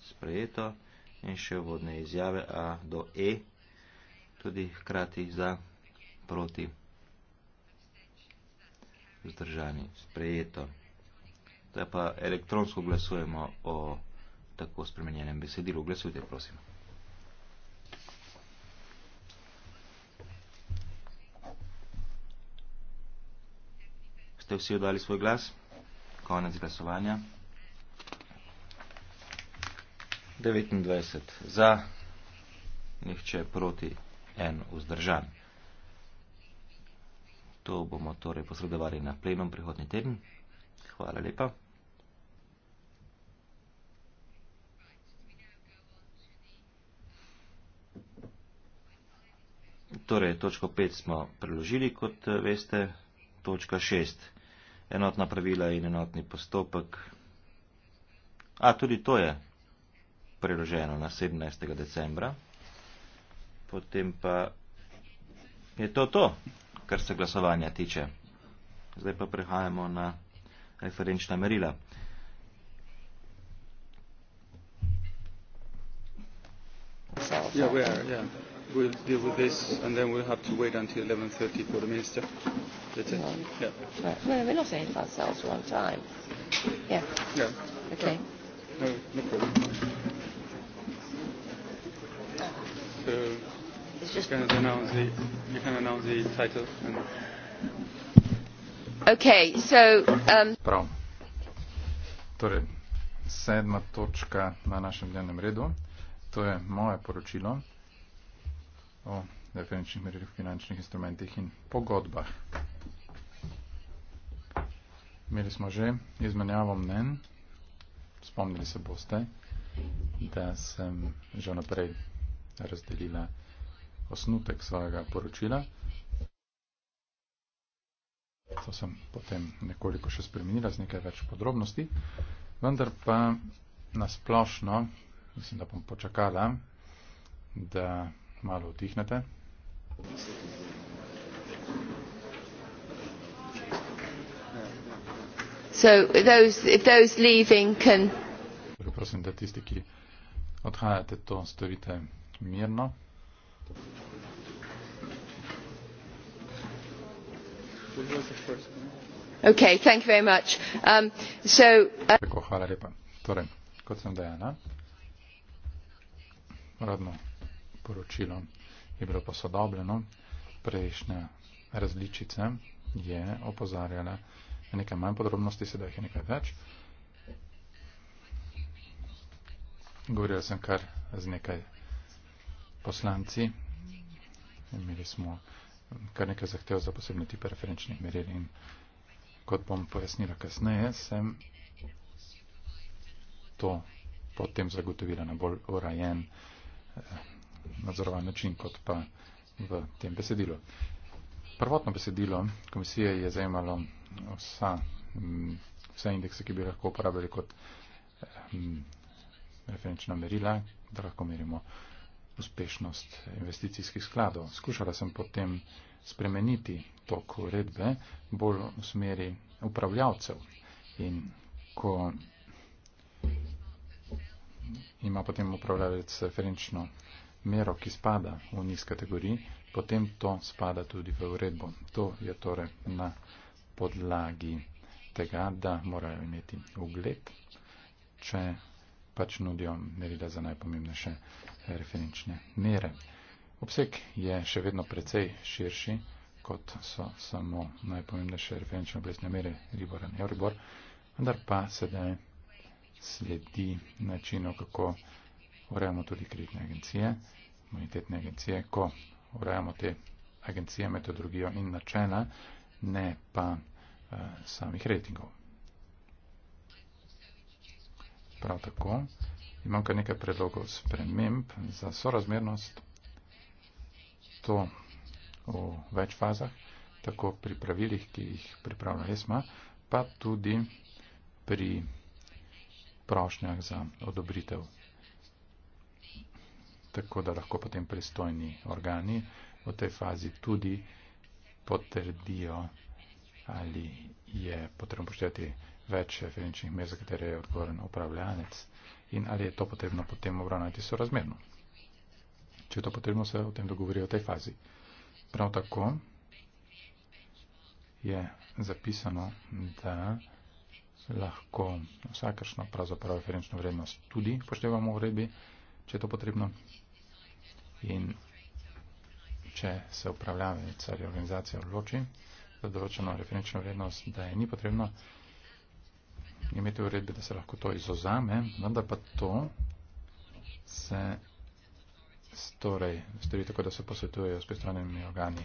sprejeto in še vodne izjave A do E, tudi hkrati za, proti, vzdržanje sprejeto. Zdaj pa elektronsko glasujemo o tako spremenjenem besedilu. Glasujte, prosim. ste vsi oddali svoj glas. Konec glasovanja. 29 za, nihče proti, en vzdržan. To bomo torej posredovali na plenom prihodni teden. Hvala lepa. Torej, točko 5 smo preložili, kot eh, veste, točka 6 enotna pravila in enotni postopek. A tudi to je preloženo na 17. decembra. Potem pa je to to, kar se glasovanja tiče. Zdaj pa prehajamo na referenčna merila. Yeah, ja, we are, yeah. Ja we'll deal with this and then we'll have to wait until 11.30 for the minister. That's it. Yeah. Yeah. Well, we're not saying for ourselves a long time. Yeah. Yeah. Okay. No, no problem. So, it's just you, can announce the, you can announce the title. And okay, so... Um, Prav. Torej, sedma točka na našem dnevnem redu. To je moje poročilo o referenčnih merilih v finančnih instrumentih in pogodbah. Imeli smo že izmenjavo mnen, spomnili se boste, da sem že naprej razdelila osnutek svojega poročila. To sem potem nekoliko še spremenila z nekaj več podrobnosti, vendar pa nasplošno, mislim, da bom počakala, da malo utihnete. So those, if those leaving can... Torej, prosim, da tisti, ki odhajate, to storite mirno. Okay, thank you very much. Um, so, uh... Tako, hvala lepa. Torej, kot sem dejala, radno poročilo. Je bilo pa sodobljeno, prejšnja različica je opozarjala nekaj manj podrobnosti, sedaj jih je nekaj več. Govoril sem kar z nekaj poslanci, imeli smo kar nekaj zahtev za posebne tipe referenčnih meril in kot bom pojasnila kasneje, sem to potem zagotovila na bolj urajen eh, nadzorovan način, kot pa v tem besedilu. Prvotno besedilo komisije je zajemalo vsa, mm, vse indekse, ki bi lahko uporabljali kot eh, mm, referenčna merila, da lahko merimo uspešnost investicijskih skladov. Skušala sem potem spremeniti tok uredbe bolj v smeri upravljavcev in ko ima potem upravljalec referenčno mero, ki spada v niz kategorij, potem to spada tudi v uredbo. To je torej na podlagi tega, da morajo imeti ugled, če pač nudijo merila za najpomembnejše referenčne mere. Obseg je še vedno precej širši, kot so samo najpomembnejše referenčne obrestne mere Ribor in Euribor, vendar pa sedaj sledi načinu, kako urejamo tudi kreditne agencije, imunitetne agencije, ko urejamo te agencije, metodologijo in načela, ne pa uh, samih rejtingov. Prav tako imam kar nekaj predlogov sprememb za sorazmernost, to v več fazah, tako pri pravilih, ki jih pripravlja ESMA, pa tudi pri prošnjah za odobritev tako da lahko potem pristojni organi v tej fazi tudi potrdijo, ali je potrebno poštevati več referenčnih mest, za katere je odgovoren upravljanec in ali je to potrebno potem obravnati sorazmerno. Če je to potrebno, se o tem dogovorijo v tej fazi. Prav tako je zapisano, da lahko vsakršno pravzaprav referenčno vrednost tudi poštevamo v uredbi, če je to potrebno in če se upravljavec ali organizacija odloči za določeno referenčno vrednost, da je ni potrebno imeti uredbe, da se lahko to izozame, vendar pa to se storej stori tako, da se posvetujejo s pristranjenimi organi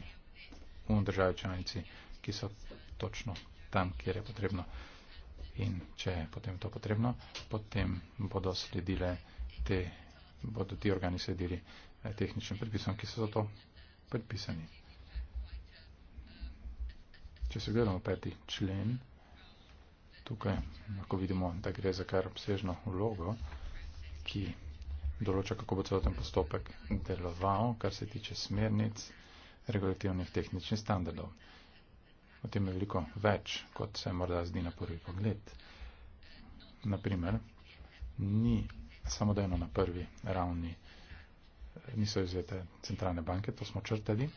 v državi članici, ki so točno tam, kjer je potrebno. In če je potem to potrebno, potem bodo sledile te, bodo ti organi sledili Eh, tehničnim predpisom, ki so za to predpisani. Če se gledamo peti člen, tukaj lahko vidimo, da gre za kar obsežno vlogo, ki določa, kako bo celoten postopek deloval, kar se tiče smernic regulativnih tehničnih standardov. O tem je veliko več, kot se morda zdi na prvi pogled. Naprimer, ni samodejno na prvi ravni niso izvete centralne banke, to smo črtali.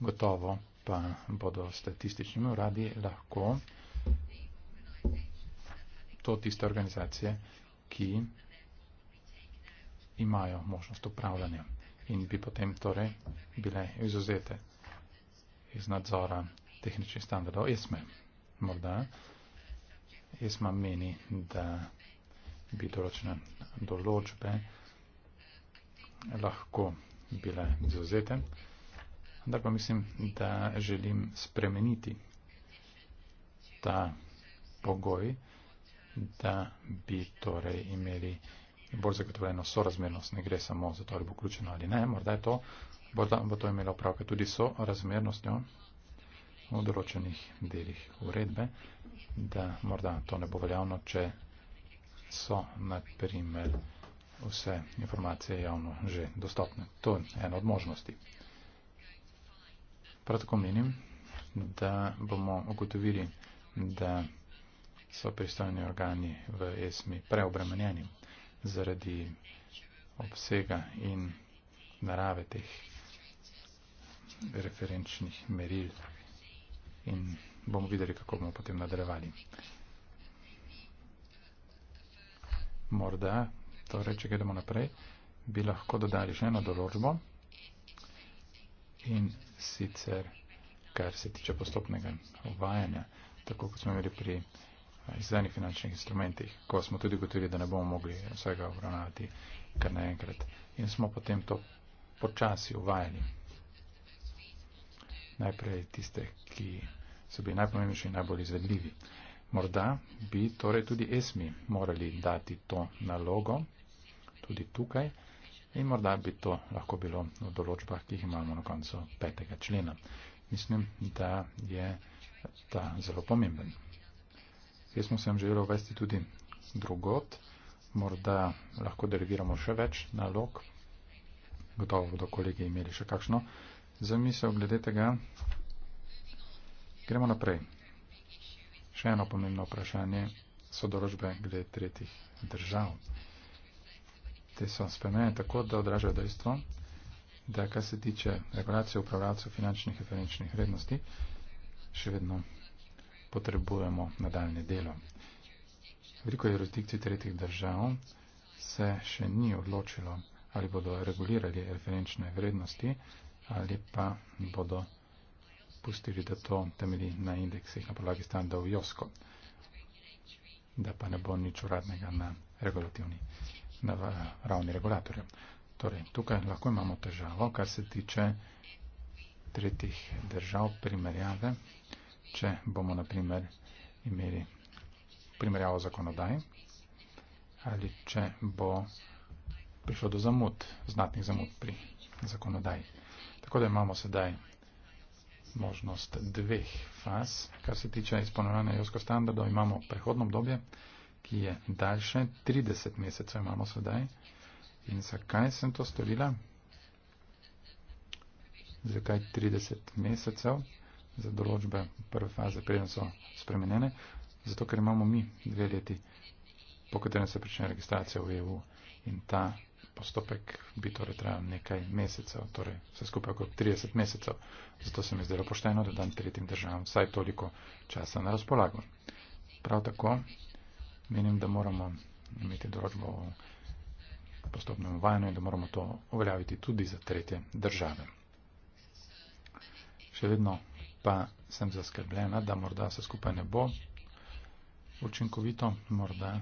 Gotovo pa bodo statističnimi uradi lahko to tiste organizacije, ki imajo možnost upravljanja in bi potem torej bile izuzete iz nadzora tehničnih standardov ESME. Morda ESMA meni, da bi določene določbe lahko bile izuzete. Ampak pa mislim, da želim spremeniti ta pogoj, da bi torej imeli bolj zagotovljeno sorazmernost. Ne gre samo za to, ali bo vključeno ali ne. Morda je to, morda bo to imelo pravke tudi sorazmernostjo v določenih delih uredbe, da morda to ne bo veljavno, če so, na primer, vse informacije javno že dostopne. To je ena od možnosti. Prav tako menim, da bomo ugotovili, da so pristojni organi v ESMI preobremenjeni zaradi obsega in narave teh referenčnih meril in bomo videli, kako bomo potem nadaljevali. Morda torej, če gledamo naprej, bi lahko dodali še eno določbo in sicer, kar se tiče postopnega uvajanja, tako kot smo imeli pri izdanih finančnih instrumentih, ko smo tudi gotovili, da ne bomo mogli vsega obravnavati kar naenkrat in smo potem to počasi uvajali. Najprej tiste, ki so bili najpomembnejši in najbolj izvedljivi. Morda bi torej tudi esmi morali dati to nalogo tudi tukaj. In morda bi to lahko bilo v določbah, ki jih imamo na koncu petega člena. Mislim, da je ta zelo pomemben. Jaz smo sem želel uvesti tudi drugot, morda lahko delegiramo še več nalog, gotovo bodo kolegi imeli še kakšno zamisel glede tega. Gremo naprej. Še eno pomembno vprašanje so določbe glede tretjih držav te so spremenjene tako, da odražajo dejstvo, da kar se tiče regulacije upravljalcev finančnih in finančnih vrednosti, še vedno potrebujemo nadaljne delo. Veliko jurisdikcij tretjih držav se še ni odločilo, ali bodo regulirali referenčne vrednosti, ali pa bodo pustili, da to temelji na indeksih na podlagi standardov JOSKO, da pa ne bo nič uradnega na regulativni na ravni regulatorja. Torej, tukaj lahko imamo težavo, kar se tiče tretjih držav primerjave, če bomo na primer imeli primerjavo zakonodaj ali če bo prišlo do zamud, znatnih zamud pri zakonodaji. Tako da imamo sedaj možnost dveh faz, kar se tiče izpolnjevanja jasko standardov, imamo prehodno obdobje, ki je daljše 30 mesecev imamo sedaj. In zakaj sem to storila? Zakaj 30 mesecev za določbe prve faze, preden so spremenjene? Zato, ker imamo mi dve leti, po katerem se prične registracija v EU in ta postopek bi torej trajal nekaj mesecev, torej vse skupaj kot 30 mesecev. Zato se mi zdelo pošteno, da dam tretjim državam vsaj toliko časa na razpolago. Prav tako menim, da moramo imeti določbo o postopnem uvajanju in da moramo to uveljaviti tudi za tretje države. Še vedno pa sem zaskrbljena, da morda se skupaj ne bo učinkovito, morda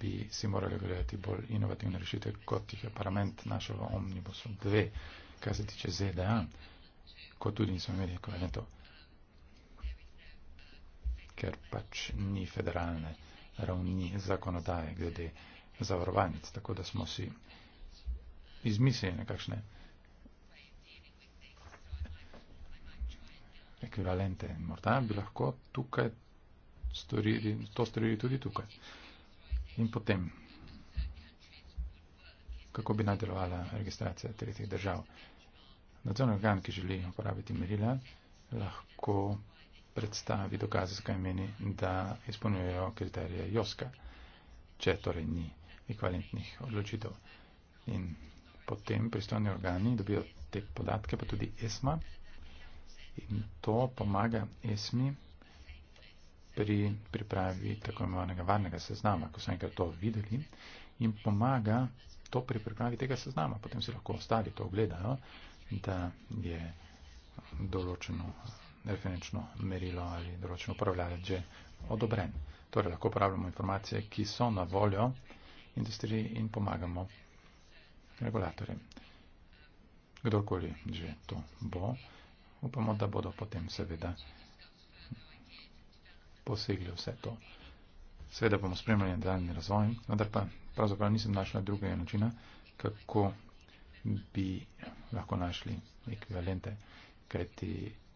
bi si morali gledati bolj inovativne rešitve, kot jih je parlament našega omnibusu 2, kar se tiče ZDA, kot tudi nismo imeli ekvivalentov, ker pač ni federalne ravnini zakonodaje glede zavarovanic, tako da smo si izmislili nekakšne ekvivalente. Morda bi lahko tukaj storili, to storili tudi tukaj. In potem, kako bi nadelovala registracija tretjih držav. Nadzorni organ, ki želi uporabiti merila, lahko predstavi dokaze, kaj meni, da izpolnjujejo kriterije JOSKA, če torej ni ekvivalentnih odločitev. In potem pristojni organi dobijo te podatke, pa tudi ESMA. In to pomaga ESMI pri pripravi tako imenovanega varnega seznama, ko so enkrat to videli in pomaga to pri pripravi tega seznama. Potem si lahko ostali to ogledajo, da je določeno referenčno merilo ali določen upravljalec že odobren. Torej lahko uporabljamo informacije, ki so na voljo industriji in pomagamo regulatorjem. Kdorkoli že to bo, upamo, da bodo potem seveda posegli vse to. Seveda bomo spremljali nadaljni razvoj, vendar pa pravzaprav nisem našla drugega načina, kako bi lahko našli ekvivalente, kajti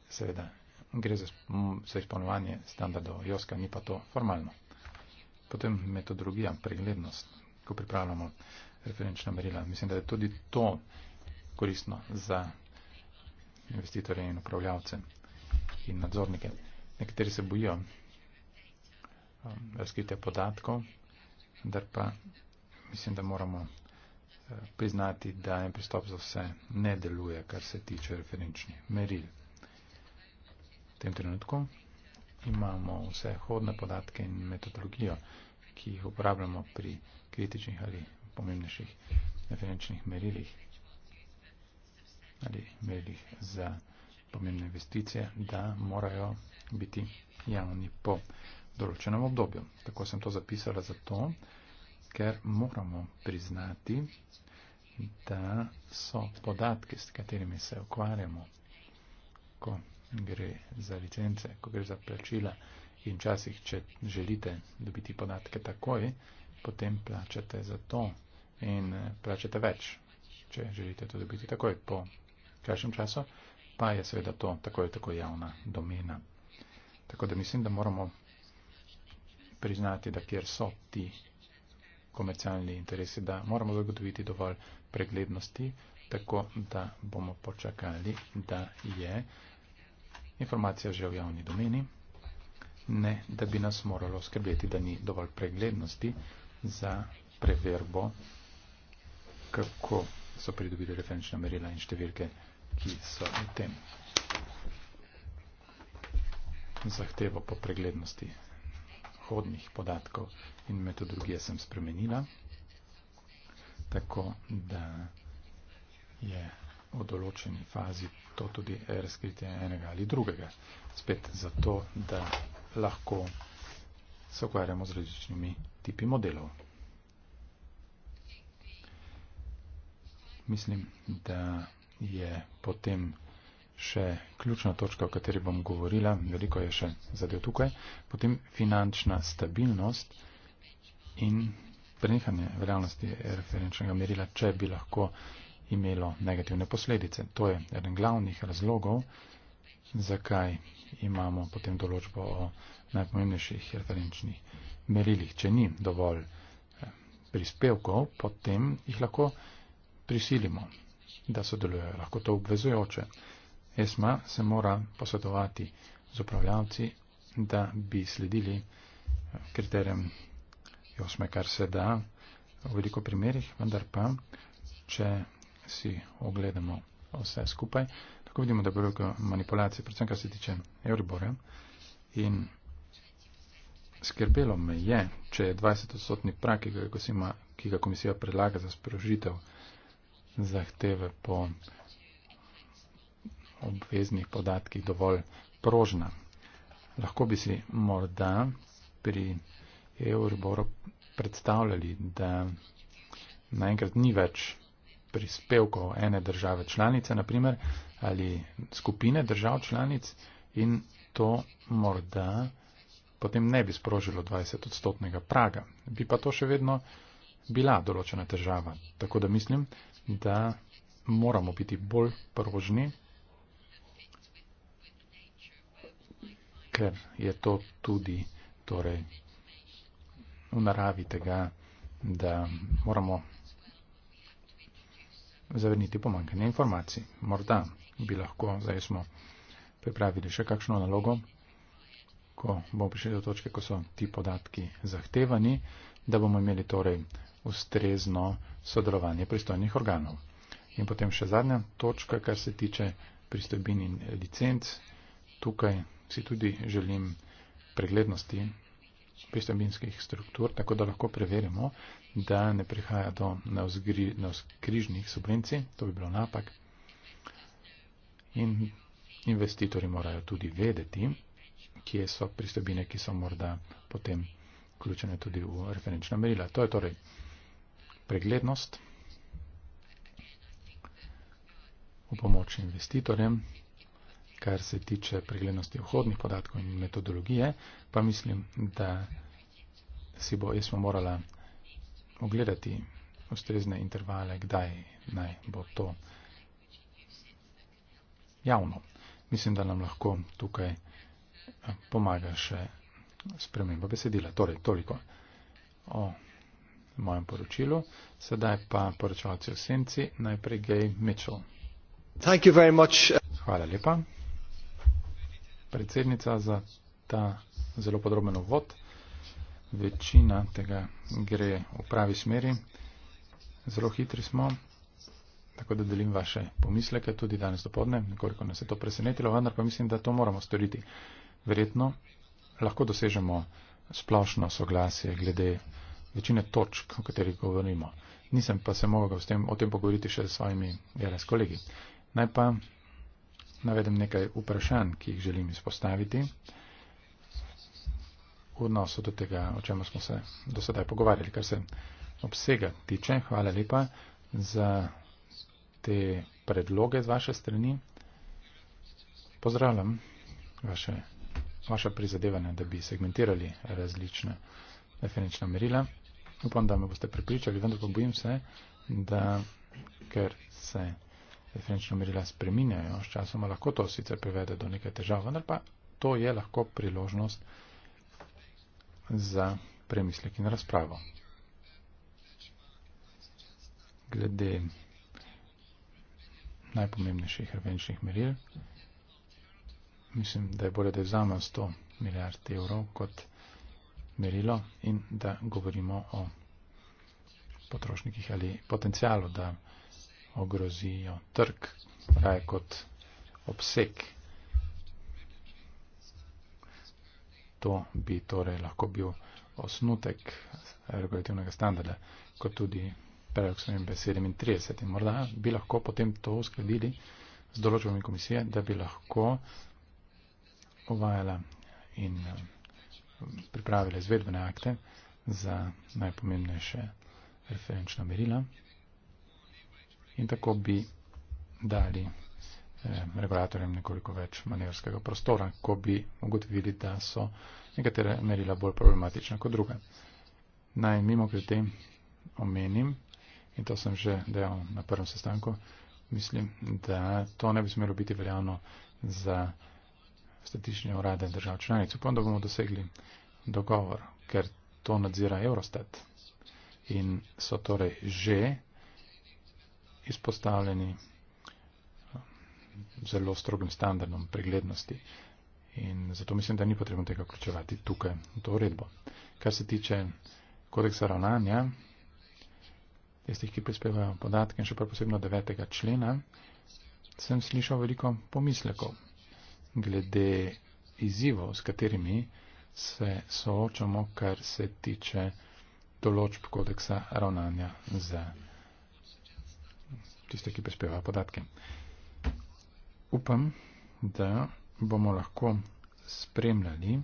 seveda gre za, za izpolnjevanje standardov JOSKA, ni pa to formalno. Potem metodologija, preglednost, ko pripravljamo referenčna merila. Mislim, da je tudi to koristno za investitorje in upravljavce in nadzornike. Nekateri se bojijo um, razkritja podatkov, vendar pa mislim, da moramo eh, priznati, da en pristop za vse ne deluje, kar se tiče referenčnih meril. V tem trenutku imamo vse hodne podatke in metodologijo, ki jih uporabljamo pri kritičnih ali pomembnejših referenčnih merilih ali merilih za pomembne investicije, da morajo biti javni po določenem obdobju. Tako sem to zapisala zato, ker moramo priznati, da so podatke, s katerimi se ukvarjamo, ko gre za licence, ko gre za plačila in časih, če želite dobiti podatke takoj, potem plačate za to in eh, plačate več, če želite to dobiti takoj po kažem času, pa je seveda to takoj tako javna domena. Tako da mislim, da moramo priznati, da kjer so ti komercialni interesi, da moramo zagotoviti dovolj preglednosti, tako da bomo počakali, da je informacija že v javni domeni, ne da bi nas moralo skrbeti, da ni dovolj preglednosti za preverbo, kako so pridobili referenčna merila in številke, ki so v tem. Zahtevo po preglednosti hodnih podatkov in metodologije sem spremenila, tako da je v določeni fazi to tudi razkritje enega ali drugega. Spet zato, da lahko se ukvarjamo z različnimi tipi modelov. Mislim, da je potem še ključna točka, o kateri bom govorila, veliko je še zadev tukaj, potem finančna stabilnost in prenehanje veljavnosti referenčnega merila, če bi lahko imelo negativne posledice. To je eden glavnih razlogov, zakaj imamo potem določbo o najpomembnejših referenčnih merilih. Če ni dovolj eh, prispevkov, potem jih lahko prisilimo, da sodelujejo. Lahko to obvezujoče. ESMA se mora posvetovati z upravljavci, da bi sledili eh, kriterijem osme, kar se da v veliko primerih, vendar pa, če si ogledamo vse skupaj, tako vidimo, da je bilo manipulacije, predvsem kar se tiče Euriborja. In skrbelo me je, če je 20-odstotni prak, ki ga, ima, ki ga komisija predlaga za sprožitev zahteve po obveznih podatkih dovolj prožna. Lahko bi si morda pri Euriboru predstavljali, da naenkrat ni več prispevkov ene države članice, naprimer, ali skupine držav članic in to morda potem ne bi sprožilo 20 odstotnega praga. Bi pa to še vedno bila določena težava. Tako da mislim, da moramo biti bolj prožni, ker je to tudi torej, v naravi tega, da moramo zavrniti pomankanje informacij. Morda bi lahko, zdaj smo pripravili še kakšno nalogo, ko bomo prišli do točke, ko so ti podatki zahtevani, da bomo imeli torej ustrezno sodelovanje pristojnih organov. In potem še zadnja točka, kar se tiče pristojbin in licenc. Tukaj si tudi želim preglednosti pisteminskih struktur, tako da lahko preverimo, da ne prihaja do navzkrižnih subvencij, to bi bilo napak. In investitori morajo tudi vedeti, kje so pristojbine, ki so morda potem vključene tudi v referenčna merila. To je torej preglednost v pomoč investitorjem, kar se tiče preglednosti vhodnih podatkov in metodologije, pa mislim, da si bo, jaz smo morala ogledati ustrezne intervale, kdaj naj bo to javno. Mislim, da nam lahko tukaj pomaga še sprememba besedila. Torej, toliko o mojem poročilu. Sedaj pa poročalci v senci, najprej Gay Mitchell. Thank you very much. Hvala lepa predsednica za ta zelo podroben uvod. Večina tega gre v pravi smeri. Zelo hitri smo, tako da delim vaše pomisleke tudi danes dopodne, nekoliko nas je to presenetilo, vendar pa mislim, da to moramo storiti. Verjetno lahko dosežemo splošno soglasje glede večine točk, o katerih govorimo. Nisem pa se mogel s tem, o tem pogovoriti še s svojimi jeles ja, kolegi. Naj pa navedem nekaj vprašanj, ki jih želim izpostaviti v odnosu do tega, o čem smo se do sedaj pogovarjali, kar se obsega tiče. Hvala lepa za te predloge z vaše strani. Pozdravljam vaše, vaše prizadevanje, da bi segmentirali različne definična merila. Upam, da me boste prepričali, vendar pa bojim se, da ker se referenčna merila spreminjajo, sčasoma lahko to sicer privede do nekaj težav, vendar pa to je lahko priložnost za premislek in razpravo. Glede najpomembnejših referenčnih meril, mislim, da je bolje, da vzamem 100 milijard evrov kot merilo in da govorimo o potrošnikih ali potencijalu, da ogrozijo trg, raje kot obseg. To bi torej lahko bil osnutek regulativnega standarda, kot tudi predlog spremembe 37. In morda bi lahko potem to uskladili z določbami komisije, da bi lahko uvajala in eh, pripravila izvedbene akte za najpomembnejše referenčna merila in tako bi dali eh, regulatorjem nekoliko več manevrskega prostora, ko bi ugotovili, da so nekatere merila bolj problematična kot druge. Naj mimo pri tem omenim, in to sem že dejal na prvem sestanku, mislim, da to ne bi smelo biti veljavno za statične urade držav članic. Upam, da bomo dosegli dogovor, ker to nadzira Eurostat in so torej že izpostavljeni eh, zelo strogim standardom preglednosti in zato mislim, da ni potrebno tega vključevati tukaj v to uredbo. Kar se tiče kodeksa ravnanja, tistih, ki prispevajo podatke in še posebno 9. člena, sem slišal veliko pomislekov glede izzivov, s katerimi se soočamo, kar se tiče določb kodeksa ravnanja za tiste, ki prispeva podatke. Upam, da bomo lahko spremljali,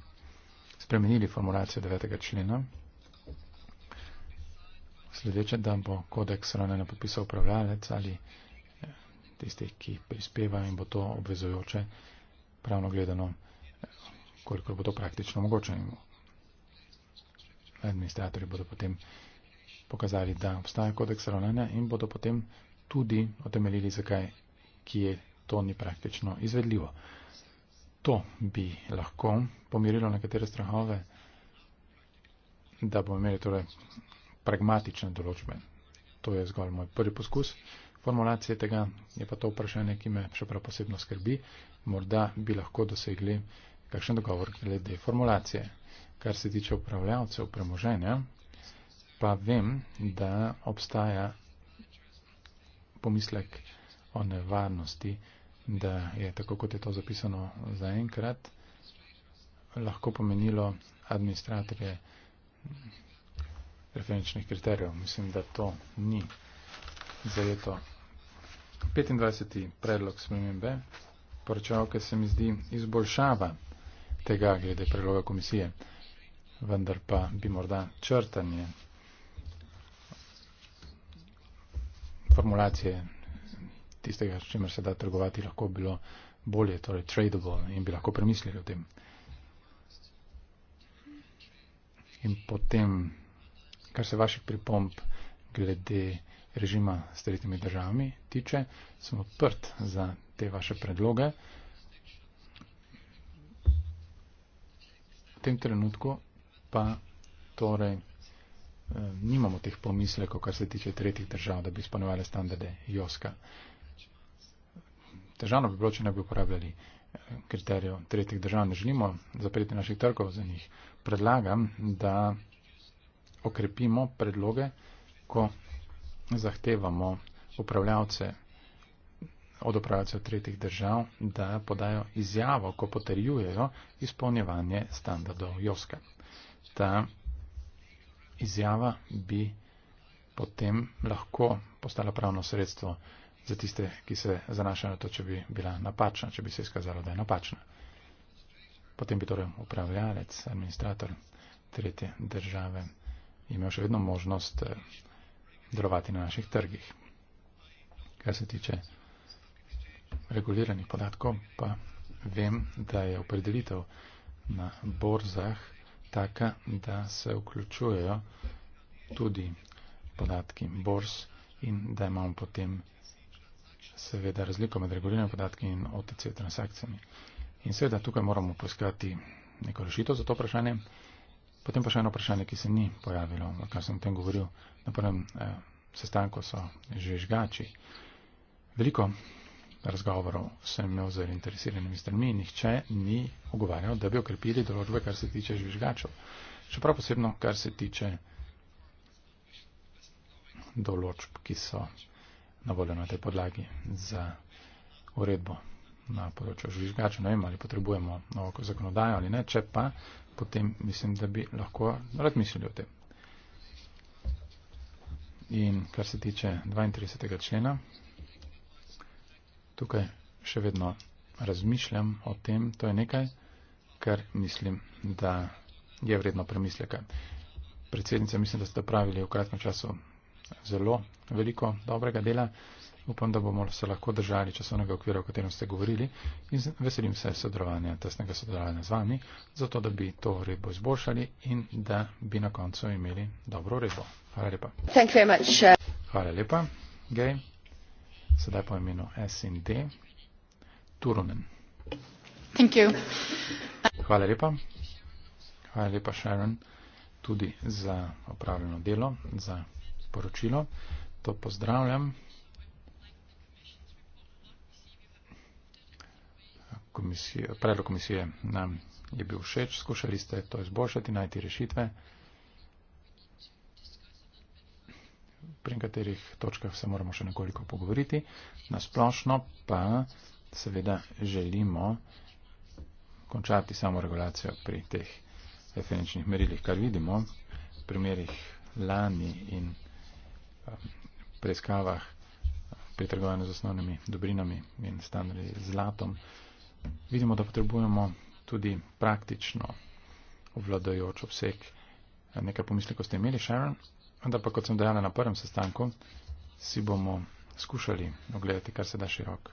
spremenili formulacijo 9. člena. Sledeče, da bo kodeks ravno na podpisa upravljalec ali eh, tistih, ki prispeva in bo to obvezojoče, pravno gledano, eh, koliko bo to praktično mogoče. Administratori bodo potem pokazali, da obstaja kodeks ravnanja in bodo potem tudi otemeljili, zakaj, ki je to ni praktično izvedljivo. To bi lahko pomirilo nekatere strahove, da bomo imeli torej pragmatične določbe. To je zgolj moj prvi poskus. Formulacije tega je pa to vprašanje, ki me še prav posebno skrbi. Morda bi lahko dosegli kakšen dogovor glede formulacije. Kar se tiče upravljavcev premoženja, pa vem, da obstaja pomislek o nevarnosti, da je tako, kot je to zapisano zaenkrat, lahko pomenilo administratorje referenčnih kriterijev. Mislim, da to ni zajeto. 25. predlog spremembe poročavke se mi zdi izboljšava tega glede predloga komisije, vendar pa bi morda črtanje formulacije tistega, s čimer se da trgovati, lahko bilo bolje, torej tradable in bi lahko premislili o tem. In potem, kar se vaših pripomp glede režima s tretjimi državami tiče, sem odprt za te vaše predloge. V tem trenutku pa torej. Eh, nimamo teh pomislekov, kar se tiče tretjih držav, da bi izpolnjevali standarde JOSKA. Težavno bi bilo, če ne bi uporabljali eh, kriterijev tretjih držav. Ne želimo zapreti naših trgov za njih. Predlagam, da okrepimo predloge, ko zahtevamo upravljavce od upravljavcev tretjih držav, da podajo izjavo, ko potrjujejo izpolnjevanje standardov JOSKA. Ta izjava bi potem lahko postala pravno sredstvo za tiste, ki se zanašajo na to, če bi bila napačna, če bi se izkazalo, da je napačna. Potem bi torej upravljalec, administrator tretje države imel še vedno možnost eh, delovati na naših trgih. Kar se tiče reguliranih podatkov, pa vem, da je opredelitev na borzah taka, da se vključujejo tudi podatki bors in da imamo potem seveda razliko med reguliranimi podatki in OTC transakcijami. In seveda tukaj moramo poiskati neko rešitev za to vprašanje. Potem pa še eno vprašanje, ki se ni pojavilo, o kar sem o tem govoril. Na prvem eh, sestanku so že žgači. Veliko razgovorov sem imel z zainteresiranimi stranmi, nihče ni ogovarjal, da bi okrepili določbe, kar se tiče žvižgačev. Še prav posebno, kar se tiče določb, ki so na voljo na tej podlagi za uredbo na področju žvižgačev. Ne vem, ali potrebujemo novo zakonodajo ali ne, če pa potem mislim, da bi lahko razmislili o tem. In kar se tiče 32. člena, tukaj še vedno razmišljam o tem. To je nekaj, kar mislim, da je vredno premisleka. Predsednica, mislim, da ste pravili v kratkem času zelo veliko dobrega dela. Upam, da bomo se lahko držali časovnega okvira, o katerem ste govorili in veselim se sodelovanja, tesnega sodelovanja z vami, zato da bi to uredbo izboljšali in da bi na koncu imeli dobro uredbo. Hvala lepa. Uh, Hvala lepa, Gej sedaj po imenu S in D, Turunen. Thank you. Hvala lepa. Hvala lepa, Sharon, tudi za opravljeno delo, za poročilo. To pozdravljam. Komisije, predlog komisije nam je bil všeč, skušali ste to izboljšati, najti rešitve. pri katerih točkah se moramo še nekoliko pogovoriti. Nasplošno pa seveda želimo končati samoregulacijo pri teh referenčnih merilih, kar vidimo v primerih lani in um, preiskavah um, pri trgovanju z osnovnimi dobrinami in standardi z zlatom. Vidimo, da potrebujemo tudi praktično obvladojoč obseg. Nekaj pomislekov ste imeli, Sharon? Vendar pa, kot sem dejala na prvem sestanku, si bomo skušali ogledati, kar se da širok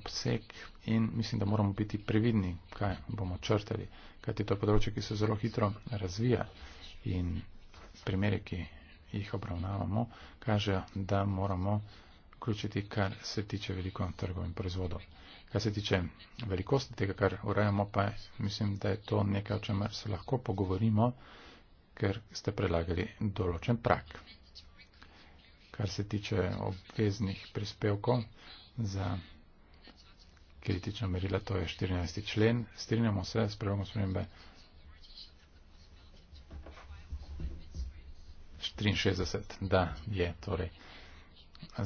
obseg in mislim, da moramo biti previdni, kaj bomo črtali, kajti to področje, ki se zelo hitro razvija in primere, ki jih obravnavamo, kaže, da moramo vključiti, kar se tiče veliko trgov in proizvodov. Kar se tiče velikosti tega, kar urejamo, pa mislim, da je to nekaj, o čemer se lahko pogovorimo ker ste prelagali določen prak. Kar se tiče obveznih prispevkov za kritična merila, to je 14. člen. Strinjamo se s prvom spremembe 63, da je torej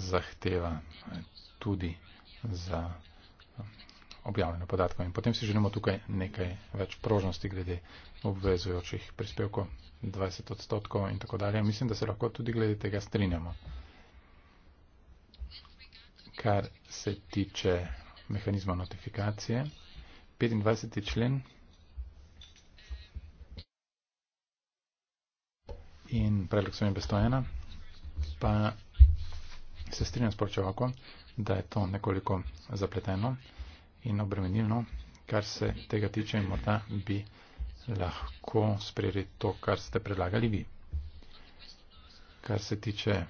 zahteva tudi za objavljeno podatkov. In potem si želimo tukaj nekaj več prožnosti glede obvezujočih prispevkov, 20 odstotkov in tako dalje. Mislim, da se lahko tudi glede tega strinjamo. Kar se tiče mehanizma notifikacije, 25. člen in predlog sem je bestojena, pa se strinjam s poročevalko, da je to nekoliko zapleteno in obremenilno, kar se tega tiče in morda bi lahko sprejeli to, kar ste predlagali vi. Kar se tiče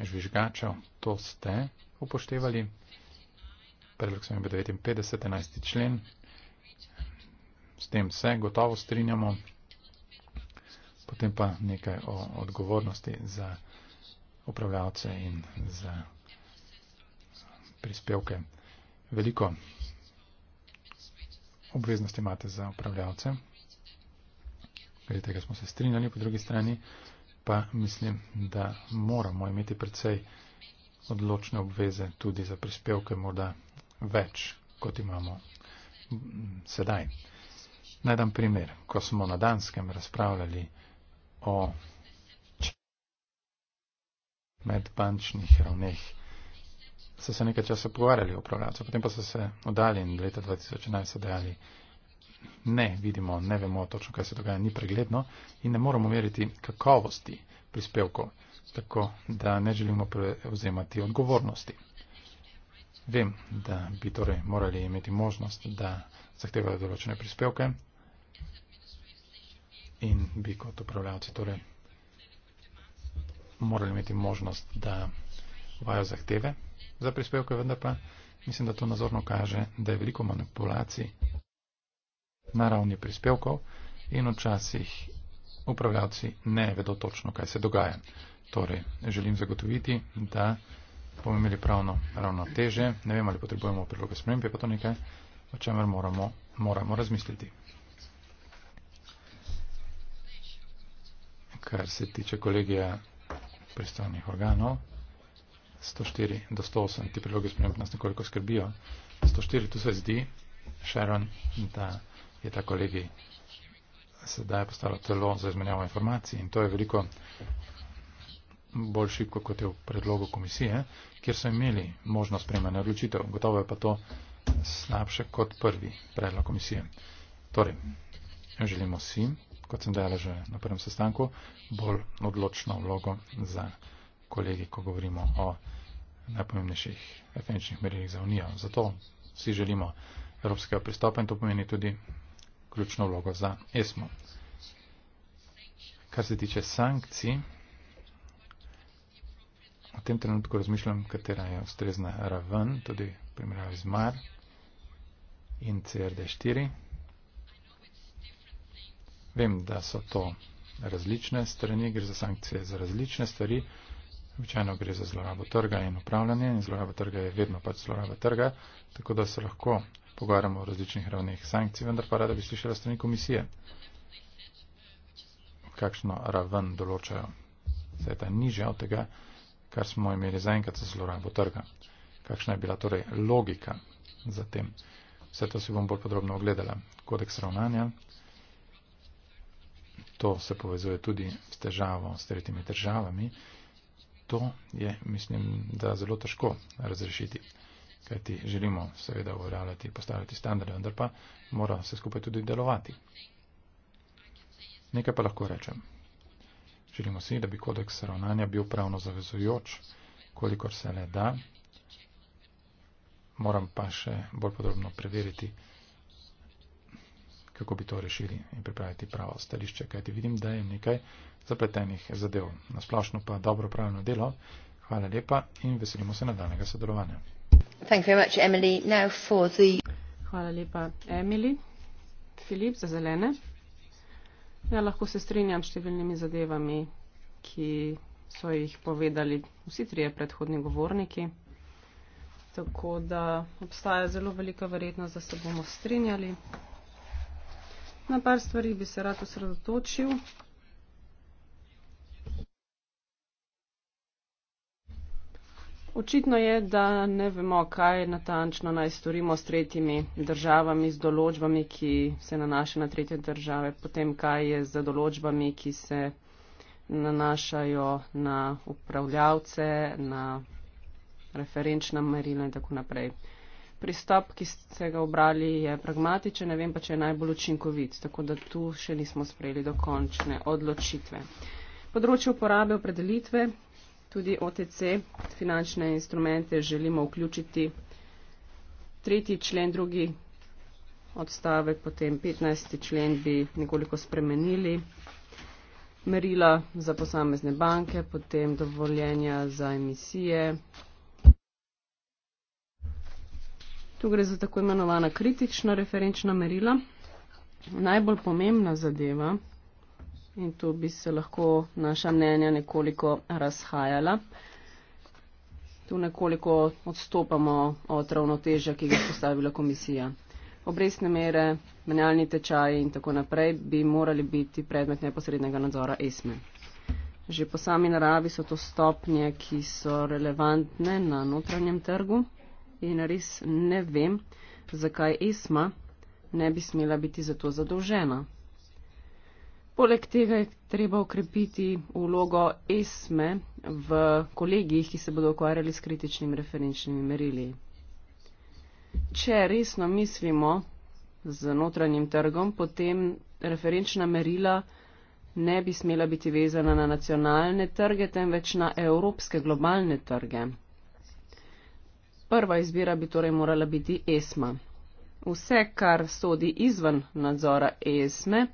žvižgačev, to ste upoštevali. Predlog sem je 59. 11. člen. S tem se gotovo strinjamo. Potem pa nekaj o odgovornosti za upravljavce in za prispevke. Veliko obveznosti imate za upravljavce. Glede tega smo se strinjali, po drugi strani pa mislim, da moramo imeti predvsej odločne obveze tudi za prispevke, morda več, kot imamo sedaj. Naj dam primer. Ko smo na Danskem razpravljali o medbančnih ravneh, so se nekaj časa pogovarjali o programcu, potem pa so se oddali in leta 2011 so dejali, ne vidimo, ne vemo točno, kaj se dogaja, ni pregledno in ne moramo meriti kakovosti prispevkov, tako da ne želimo prevzemati odgovornosti. Vem, da bi torej morali imeti možnost, da zahtevajo določene prispevke in bi kot upravljavci torej morali imeti možnost, da uvajo zahteve za prispevke, vendar pa mislim, da to nazorno kaže, da je veliko manipulacij na ravni prispevkov in včasih upravljavci ne vedo točno, kaj se dogaja. Torej, želim zagotoviti, da bomo imeli pravno ravno teže, ne vem, ali potrebujemo priloge spremembe, pa to nekaj, o čemer moramo, moramo razmisliti. Kar se tiče kolegija pristojnih organov. 104 do 108, ti prilogi sprememb nas nekoliko skrbijo. 104, tu se zdi, Sharon in ta, je ta kolegi sedaj postalo telo za izmenjavo informacij in to je veliko bolj šibko, kot je v predlogu komisije, kjer so imeli možnost sprejmanja odločitev. Gotovo je pa to slabše kot prvi predlog komisije. Torej, želimo si, kot sem dejala že na prvem sestanku, bolj odločno vlogo za komisijo kolegi, ko govorimo o najpomembnejših etničnih merilih za Unijo. Zato si želimo evropskega pristopa in to pomeni tudi ključno vlogo za ESMO. Kar se tiče sankcij, v tem trenutku razmišljam, katera je ustrezna raven, tudi primerjavi z MAR in CRD4. Vem, da so to različne strani, gre za sankcije za različne stvari. Običajno gre za zlorabo trga in upravljanje in zloraba trga je vedno pač zloraba trga, tako da se lahko pogovarjamo o različnih ravneh sankcij, vendar pa rada bi slišala strani komisije, kakšno raven določajo. Zdaj ta nižja od tega, kar smo imeli zaenkrat za zlorabo trga. Kakšna je bila torej logika za tem? Vse to si bom bolj podrobno ogledala. Kodeks ravnanja. To se povezuje tudi s težavo s tretjimi državami to je, mislim, da zelo težko razrešiti, kajti želimo seveda uveljavljati, postaviti standarde, vendar pa mora se skupaj tudi delovati. Nekaj pa lahko rečem. Želimo si, da bi kodeks ravnanja bil pravno zavezujoč, kolikor se le da. Moram pa še bolj podrobno preveriti, kako bi to rešili in pripraviti pravo stališče, kajti vidim, da je nekaj zapletenih zadev. Nasplošno pa dobro upravljeno delo. Hvala lepa in veselimo se nadaljnega sodelovanja. Much, the... Hvala lepa, Emily. Filip za zelene. Ja, lahko se strinjam s številnimi zadevami, ki so jih povedali vsi trije predhodni govorniki. Tako da obstaja zelo velika verjetnost, da se bomo strinjali. Na par stvari bi se rad osredotočil. Očitno je, da ne vemo, kaj natančno naj storimo s tretjimi državami, z določbami, ki se nanašajo na tretje države, potem kaj je z določbami, ki se nanašajo na upravljavce, na referenčna merila in tako naprej. Pristop, ki ste ga obrali, je pragmatičen, ne vem pa, če je najbolj učinkovit, tako da tu še nismo sprejeli dokončne odločitve. Področje uporabe opredelitve tudi OTC finančne instrumente želimo vključiti. Tretji člen, drugi odstavek, potem 15. člen bi nekoliko spremenili. Merila za posamezne banke, potem dovoljenja za emisije. Tu gre za tako imenovana kritična referenčna merila. Najbolj pomembna zadeva In tu bi se lahko naša mnenja nekoliko razhajala. Tu nekoliko odstopamo od ravnotežja, ki ga je postavila komisija. Obrestne mere, menjalni tečaji in tako naprej bi morali biti predmet neposrednega nadzora ESME. Že po sami naravi so to stopnje, ki so relevantne na notranjem trgu in res ne vem, zakaj ESMA ne bi smela biti za to zadolžena. Poleg tega je treba ukrepiti vlogo ESME v kolegijih, ki se bodo ukvarjali s kritičnimi referenčnimi merili. Če resno mislimo z notranjim trgom, potem referenčna merila ne bi smela biti vezana na nacionalne trge, temveč na evropske globalne trge. Prva izbira bi torej morala biti ESMA. Vse, kar sodi izven nadzora ESME,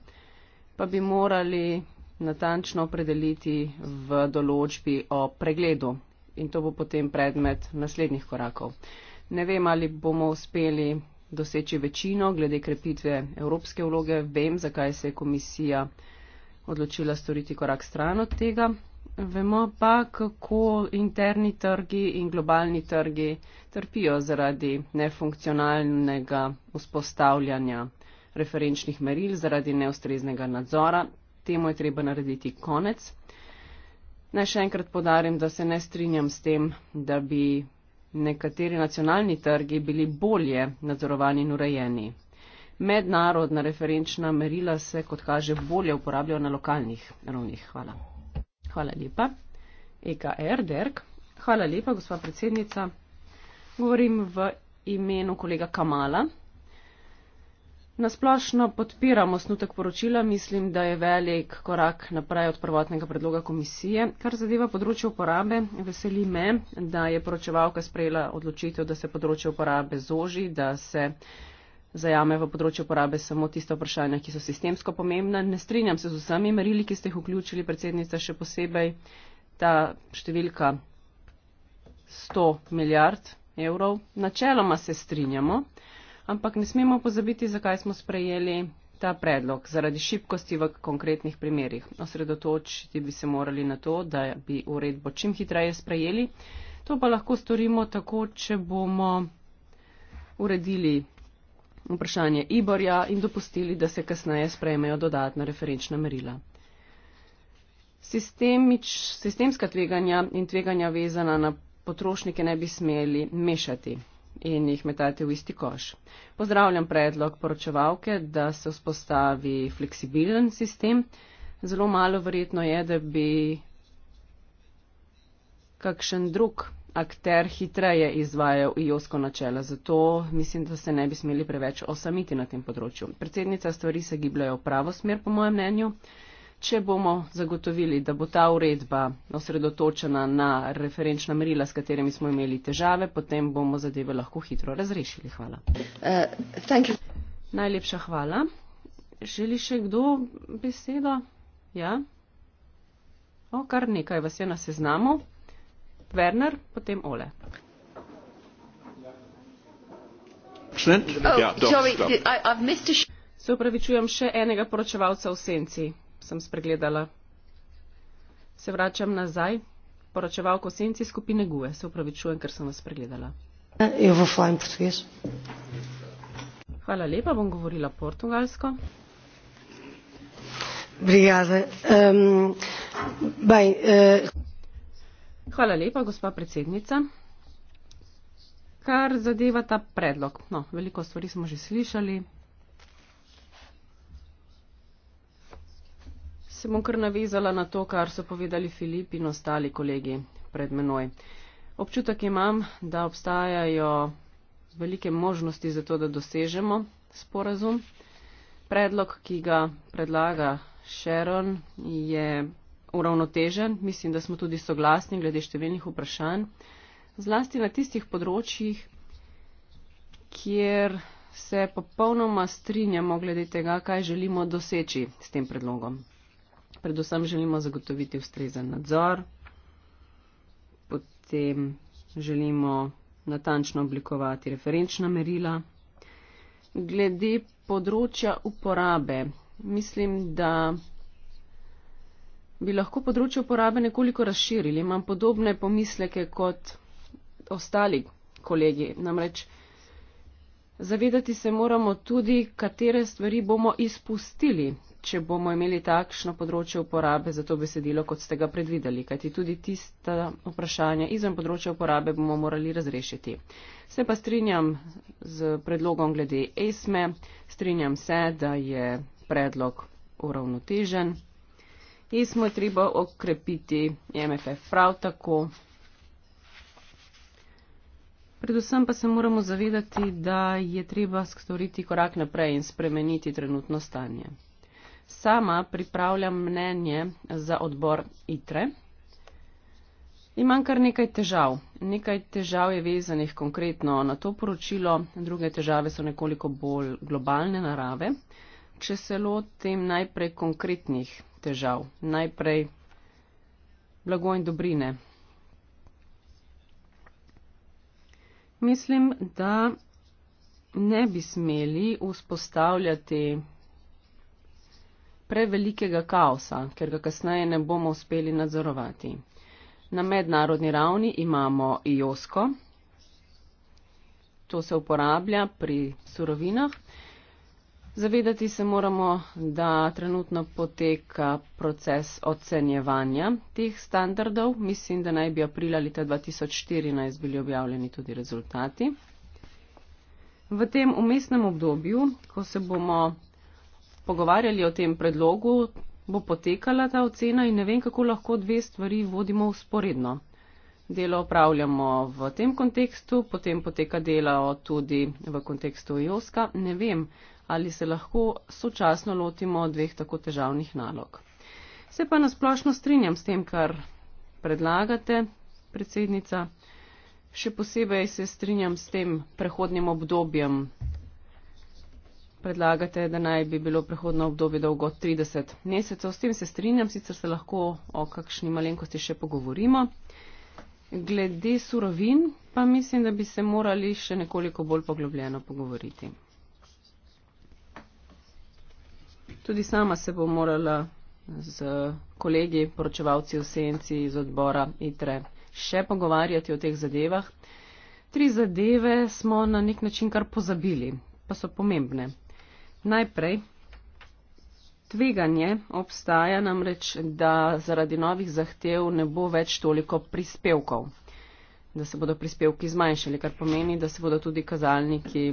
pa bi morali natančno opredeliti v določbi o pregledu in to bo potem predmet naslednjih korakov. Ne vem, ali bomo uspeli doseči večino glede krepitve evropske vloge, vem, zakaj se je komisija odločila storiti korak stran od tega. Vemo pa, kako interni trgi in globalni trgi trpijo zaradi nefunkcionalnega vzpostavljanja referenčnih meril zaradi neustreznega nadzora. Temu je treba narediti konec. Naj še enkrat podarim, da se ne strinjam s tem, da bi nekateri nacionalni trgi bili bolje nadzorovani in urejeni. Mednarodna referenčna merila se, kot kaže, bolje uporabljajo na lokalnih ravnih. Hvala. Hvala lepa. EKR, er, Derk. Hvala lepa, gospa predsednica. Govorim v imenu kolega Kamala. Nasplošno podpiram osnutek poročila, mislim, da je velik korak naprej od prvotnega predloga komisije. Kar zadeva področje uporabe, veseli me, da je poročevalka sprejela odločitev, da se področje uporabe zoži, da se zajame v področje uporabe samo tiste vprašanja, ki so sistemsko pomembna. Ne strinjam se z vsemi merili, ki ste jih vključili, predsednica, še posebej ta številka 100 milijard evrov. Načeloma se strinjamo ampak ne smemo pozabiti, zakaj smo sprejeli ta predlog. Zaradi šibkosti v konkretnih primerjih. Osredotočiti bi se morali na to, da bi uredbo čim hitreje sprejeli. To pa lahko storimo tako, če bomo uredili vprašanje Iborja in dopustili, da se kasneje sprejmejo dodatna referenčna merila. Sistemič, sistemska tveganja in tveganja vezana na potrošnike ne bi smeli mešati in jih metati v isti koš. Pozdravljam predlog poročevalke, da se vzpostavi fleksibilen sistem. Zelo malo verjetno je, da bi kakšen drug akter hitreje izvajal IOSKO načela. Zato mislim, da se ne bi smeli preveč osamiti na tem področju. Predsednica stvari se gibljajo v pravo smer, po mojem mnenju če bomo zagotovili, da bo ta uredba osredotočena na referenčna merila, s katerimi smo imeli težave, potem bomo zadeve lahko hitro razrešili. Hvala. Uh, Najlepša hvala. Želi še kdo besedo? Ja? O, kar nekaj vas je na seznamu. Werner, potem Ole. Oh, ja, dobro. Se upravičujem še enega poročevalca v senci sem spregledala. Se vračam nazaj, poročevalko senci skupine Gue. Se upravičujem, ker sem vas spregledala. Je v fajn portugalsko. Hvala lepa, bom govorila portugalsko. Brigade. Um, bem, uh... Hvala lepa, gospa predsednica. Kar zadeva ta predlog. No, veliko stvari smo že slišali. se bom kar navezala na to, kar so povedali Filip in ostali kolegi pred menoj. Občutek imam, da obstajajo velike možnosti za to, da dosežemo sporazum. Predlog, ki ga predlaga Sharon, je uravnotežen. Mislim, da smo tudi soglasni glede številnih vprašanj. Zlasti na tistih področjih, kjer se popolnoma strinjamo glede tega, kaj želimo doseči s tem predlogom predvsem želimo zagotoviti ustrezen nadzor, potem želimo natančno oblikovati referenčna merila. Glede področja uporabe, mislim, da bi lahko področje uporabe nekoliko razširili. Imam podobne pomisleke kot ostali kolegi. Namreč zavedati se moramo tudi, katere stvari bomo izpustili, če bomo imeli takšno področje uporabe za to besedilo, kot ste ga predvideli, kajti tudi tista vprašanja izven področja uporabe bomo morali razrešiti. Se pa strinjam z predlogom glede ESME, strinjam se, da je predlog uravnotežen. ESMO je treba okrepiti, MFF prav tako. Predvsem pa se moramo zavedati, da je treba storiti korak naprej in spremeniti trenutno stanje sama pripravljam mnenje za odbor ITRE. Imam kar nekaj težav. Nekaj težav je vezanih konkretno na to poročilo, druge težave so nekoliko bolj globalne narave. Če se lotim najprej konkretnih težav, najprej blago in dobrine. Mislim, da ne bi smeli vzpostavljati prevelikega kaosa, ker ga kasneje ne bomo uspeli nadzorovati. Na mednarodni ravni imamo IOSKO, to se uporablja pri surovinah. Zavedati se moramo, da trenutno poteka proces ocenjevanja teh standardov. Mislim, da naj bi aprila leta 2014 bili objavljeni tudi rezultati. V tem umestnem obdobju, ko se bomo pogovarjali o tem predlogu, bo potekala ta ocena in ne vem, kako lahko dve stvari vodimo usporedno. Delo upravljamo v tem kontekstu, potem poteka delo tudi v kontekstu JOSKA. Ne vem, ali se lahko sočasno lotimo dveh tako težavnih nalog. Se pa nasplošno strinjam s tem, kar predlagate, predsednica. Še posebej se strinjam s tem prehodnim obdobjem predlagate, da naj bi bilo prehodno obdobje dolgo 30 mesecev. S tem se strinjam, sicer se lahko o kakšni malenkosti še pogovorimo. Glede surovin pa mislim, da bi se morali še nekoliko bolj poglobljeno pogovoriti. Tudi sama se bom morala z kolegi, poročevalci v senci iz odbora ITRE še pogovarjati o teh zadevah. Tri zadeve smo na nek način kar pozabili, pa so pomembne. Najprej. Tveganje obstaja namreč, da zaradi novih zahtev ne bo več toliko prispevkov, da se bodo prispevki zmanjšali, kar pomeni, da se bodo tudi kazalniki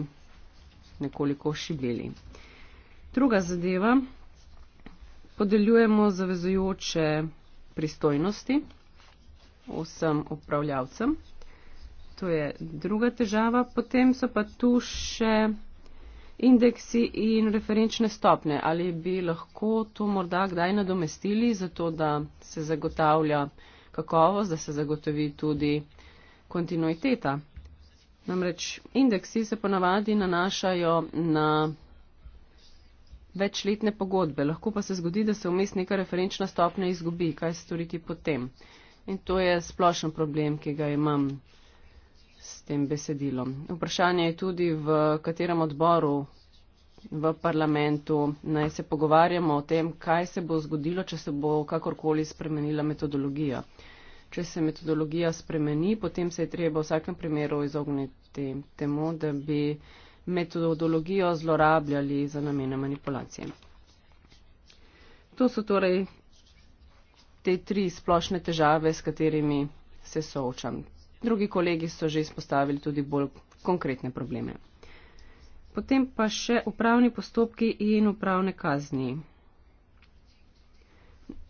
nekoliko šibili. Druga zadeva. Podeljujemo zavezujoče pristojnosti vsem upravljavcem. To je druga težava. Potem so pa tu še indeksi in referenčne stopne. Ali bi lahko to morda kdaj nadomestili, zato da se zagotavlja kakovost, da se zagotovi tudi kontinuiteta. Namreč indeksi se ponavadi nanašajo na večletne pogodbe, lahko pa se zgodi, da se vmes neka referenčna stopnja izgubi, kaj storiti potem. In to je splošen problem, ki ga imam s tem besedilom. Vprašanje je tudi, v katerem odboru v parlamentu naj se pogovarjamo o tem, kaj se bo zgodilo, če se bo kakorkoli spremenila metodologija. Če se metodologija spremeni, potem se je treba v vsakem primeru izogniti temu, da bi metodologijo zlorabljali za namene manipulacije. To so torej te tri splošne težave, s katerimi se soočam drugi kolegi so že izpostavili tudi bolj konkretne probleme. Potem pa še upravni postopki in upravne kazni.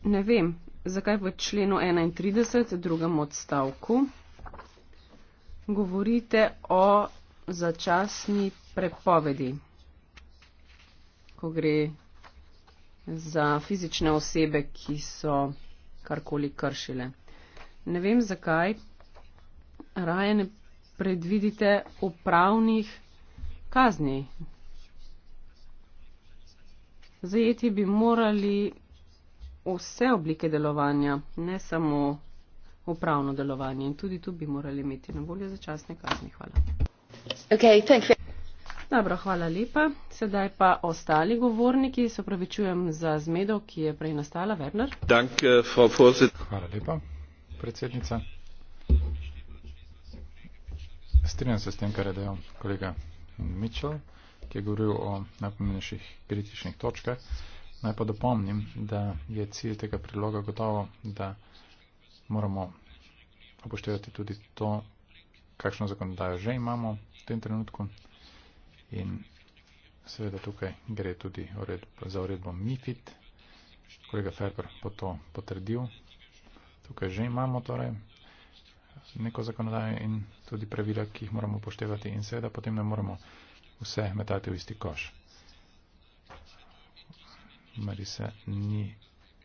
Ne vem, zakaj v členu 31, drugem odstavku, govorite o začasni prepovedi, ko gre za fizične osebe, ki so karkoli kršile. Ne vem, zakaj raje ne predvidite upravnih kazni. Zajeti bi morali vse oblike delovanja, ne samo upravno delovanje. In tudi tu bi morali imeti na voljo začasne kazni. Hvala. Okay, Dobro, hvala lepa. Sedaj pa ostali govorniki. Se pravičujem za zmedo, ki je prej nastala. Werner. Danke, hvala lepa, predsednica strinjam se s tem, kar je dejal kolega Mitchell, ki je govoril o najpomembnejših kritičnih točkah. Naj pa dopomnim, da je cilj tega priloga gotovo, da moramo upoštevati tudi to, kakšno zakonodajo že imamo v tem trenutku. In seveda tukaj gre tudi za uredbo MIFID. Kolega Ferber bo to potrdil. Tukaj že imamo torej neko zakonodajo in tudi pravila, ki jih moramo poštevati in seveda potem ne moremo vse metati v isti koš. Marisa ni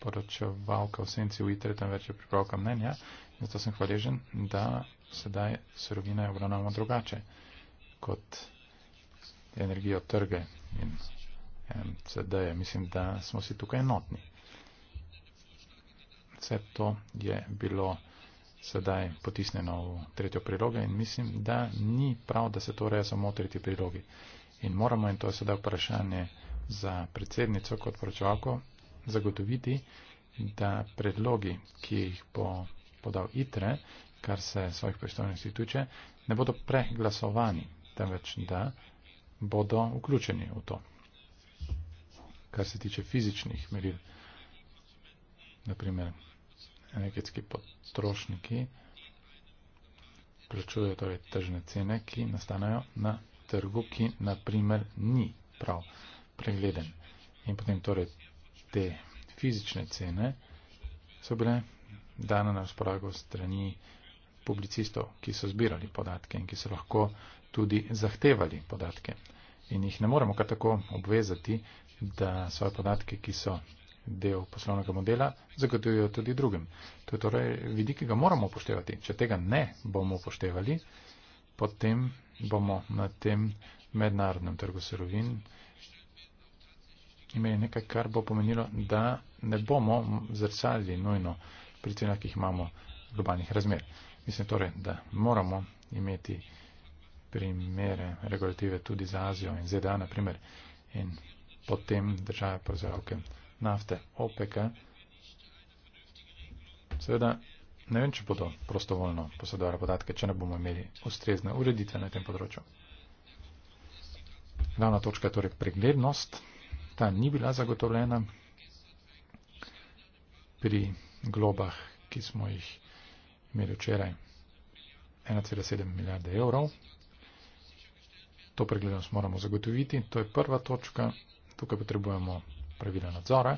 poročevalka v senci v itre, temveč je pripravka mnenja, zato sem hvaležen, da sedaj surovine obravnavamo drugače kot energijo trge in MCD. Mislim, da smo si tukaj enotni. Vse to je bilo sedaj potisnjeno v tretjo prilogo in mislim, da ni prav, da se to reja samo v tretji prilogi. In moramo, in to je sedaj vprašanje za predsednico kot poročevalko, zagotoviti, da predlogi, ki jih bo podal ITRE, kar se svojih pristojnosti tiče, ne bodo preglasovani, temveč da bodo vključeni v to. Kar se tiče fizičnih meril, naprimer energetski potrošniki plačujejo torej tržne cene, ki nastanejo na trgu, ki naprimer ni prav pregleden. In potem torej te fizične cene so bile dane na razpolago strani publicistov, ki so zbirali podatke in ki so lahko tudi zahtevali podatke. In jih ne moremo kar tako obvezati, da svoje podatke, ki so del poslovnega modela zagotovijo tudi drugim. To je torej vidik, ki ga moramo upoštevati. Če tega ne bomo upoštevali, potem bomo na tem mednarodnem trgu surovin imeli nekaj, kar bo pomenilo, da ne bomo zrcali nujno pri cenah, ki jih imamo globalnih razmer. Mislim torej, da moramo imeti primere regulative tudi za Azijo in ZDA, naprimer, in potem države proizvajalke okay, nafte, OPEC-a, seveda ne vem, če bodo prostovoljno posedovali podatke, če ne bomo imeli ustrezne ureditve na tem področju. Glavna točka je torej preglednost. Ta ni bila zagotovljena pri globah, ki smo jih imeli včeraj 1,7 milijarde evrov. To preglednost moramo zagotoviti. To je prva točka. Tukaj potrebujemo pravila nadzora,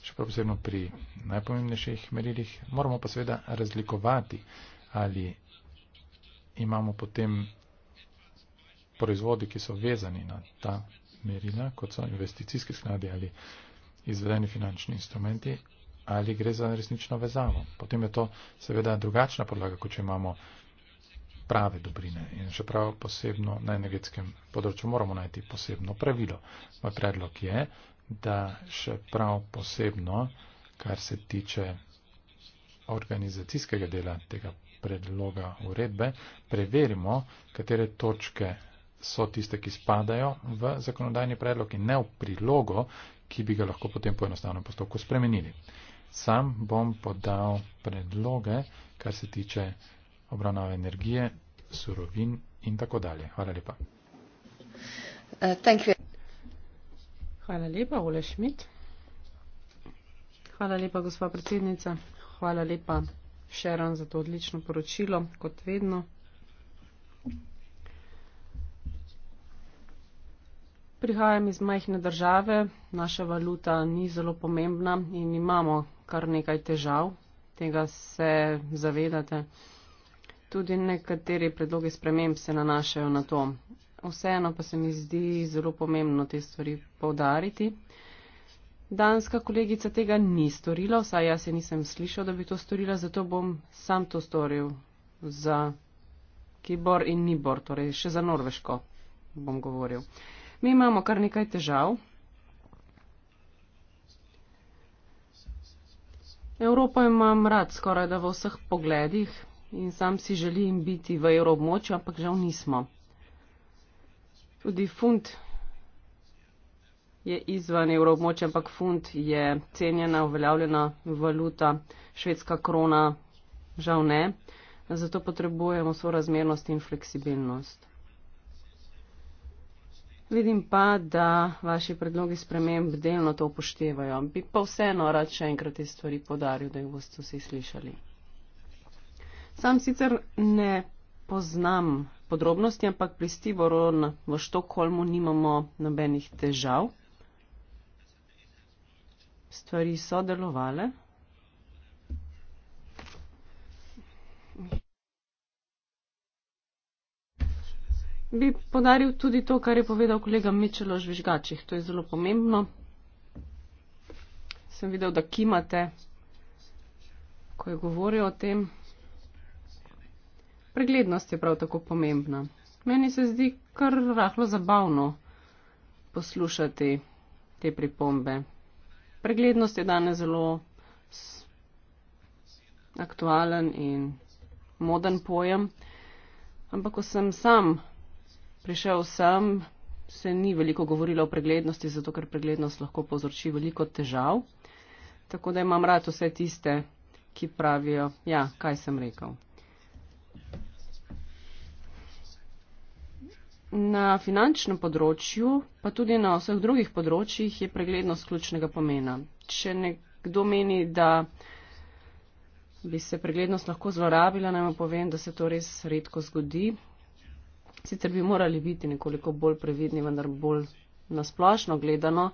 še prav posebno pri najpomembnejših merilih, moramo pa seveda razlikovati, ali imamo potem proizvodi, ki so vezani na ta merila, kot so investicijski skladi ali izvedeni finančni instrumenti, ali gre za resnično vezavo. Potem je to seveda drugačna podlaga, kot če imamo prave dobrine in še prav posebno na energetskem področju moramo najti posebno pravilo. Moj predlog je, da še prav posebno, kar se tiče organizacijskega dela tega predloga uredbe, preverimo, katere točke so tiste, ki spadajo v zakonodajni predlog in ne v prilogo, ki bi ga lahko potem po enostavnem postopku spremenili. Sam bom podal predloge, kar se tiče obravnave energije, surovin in tako dalje. Hvala lepa. Uh, Hvala lepa, Ole Šmit. Hvala lepa, gospa predsednica. Hvala lepa, Šeran, za to odlično poročilo, kot vedno. Prihajam iz majhne države, naša valuta ni zelo pomembna in imamo kar nekaj težav, tega se zavedate. Tudi nekateri predlogi sprememb se nanašajo na to vseeno pa se mi zdi zelo pomembno te stvari povdariti. Danska kolegica tega ni storila, vsaj jaz se nisem slišal, da bi to storila, zato bom sam to storil za Kibor in Nibor, torej še za Norveško bom govoril. Mi imamo kar nekaj težav. Evropo imam rad skoraj da v vseh pogledih in sam si želim biti v evroobmočju, ampak žal nismo. Tudi funt je izven evroobmočja, ampak funt je cenjena, uveljavljena valuta, švedska krona žal ne. Zato potrebujemo sorazmernost in fleksibilnost. Vidim pa, da vaši predlogi sprememb delno to upoštevajo. Bi pa vseeno rad še enkrat te stvari podaril, da jih boste vsi slišali. Sam sicer ne poznam podrobnosti, ampak pri Stivoron v Štokholmu nimamo nobenih težav. Stvari so delovale. Bi podaril tudi to, kar je povedal kolega Mičelo o žvižgačih. To je zelo pomembno. Sem videl, da kimate, ko je govoril o tem preglednost je prav tako pomembna. Meni se zdi kar rahlo zabavno poslušati te pripombe. Preglednost je danes zelo aktualen in moden pojem, ampak ko sem sam prišel sem, se ni veliko govorilo o preglednosti, zato ker preglednost lahko povzroči veliko težav. Tako da imam rad vse tiste, ki pravijo, ja, kaj sem rekel. Na finančnem področju, pa tudi na vseh drugih področjih, je preglednost ključnega pomena. Če nekdo meni, da bi se preglednost lahko zlorabila, naj mu povem, da se to res redko zgodi. Sicer bi morali biti nekoliko bolj previdni, vendar bolj nasplošno gledano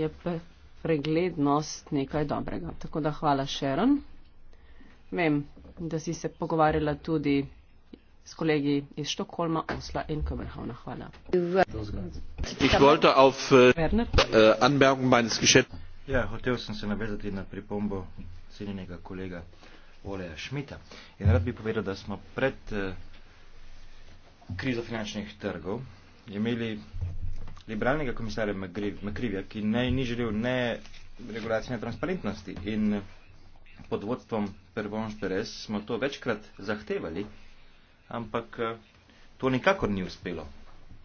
je preglednost nekaj dobrega. Tako da hvala, Šeren. Vem, da si se pogovarjala tudi. S kolegi iz Štokholma, Osla in Kopenhavna. Hvala. Äh, äh, ja, hotel sem se navezati na pripombo cenjenega kolega Oleja Šmita. In rad bi povedal, da smo pred äh, krizo finančnih trgov imeli liberalnega komisarja Makrivja, ki naj ni želel ne regulacije, ne transparentnosti. In pod vodstvom Pervonš Perez smo to večkrat zahtevali ampak eh, to nikakor ni uspelo.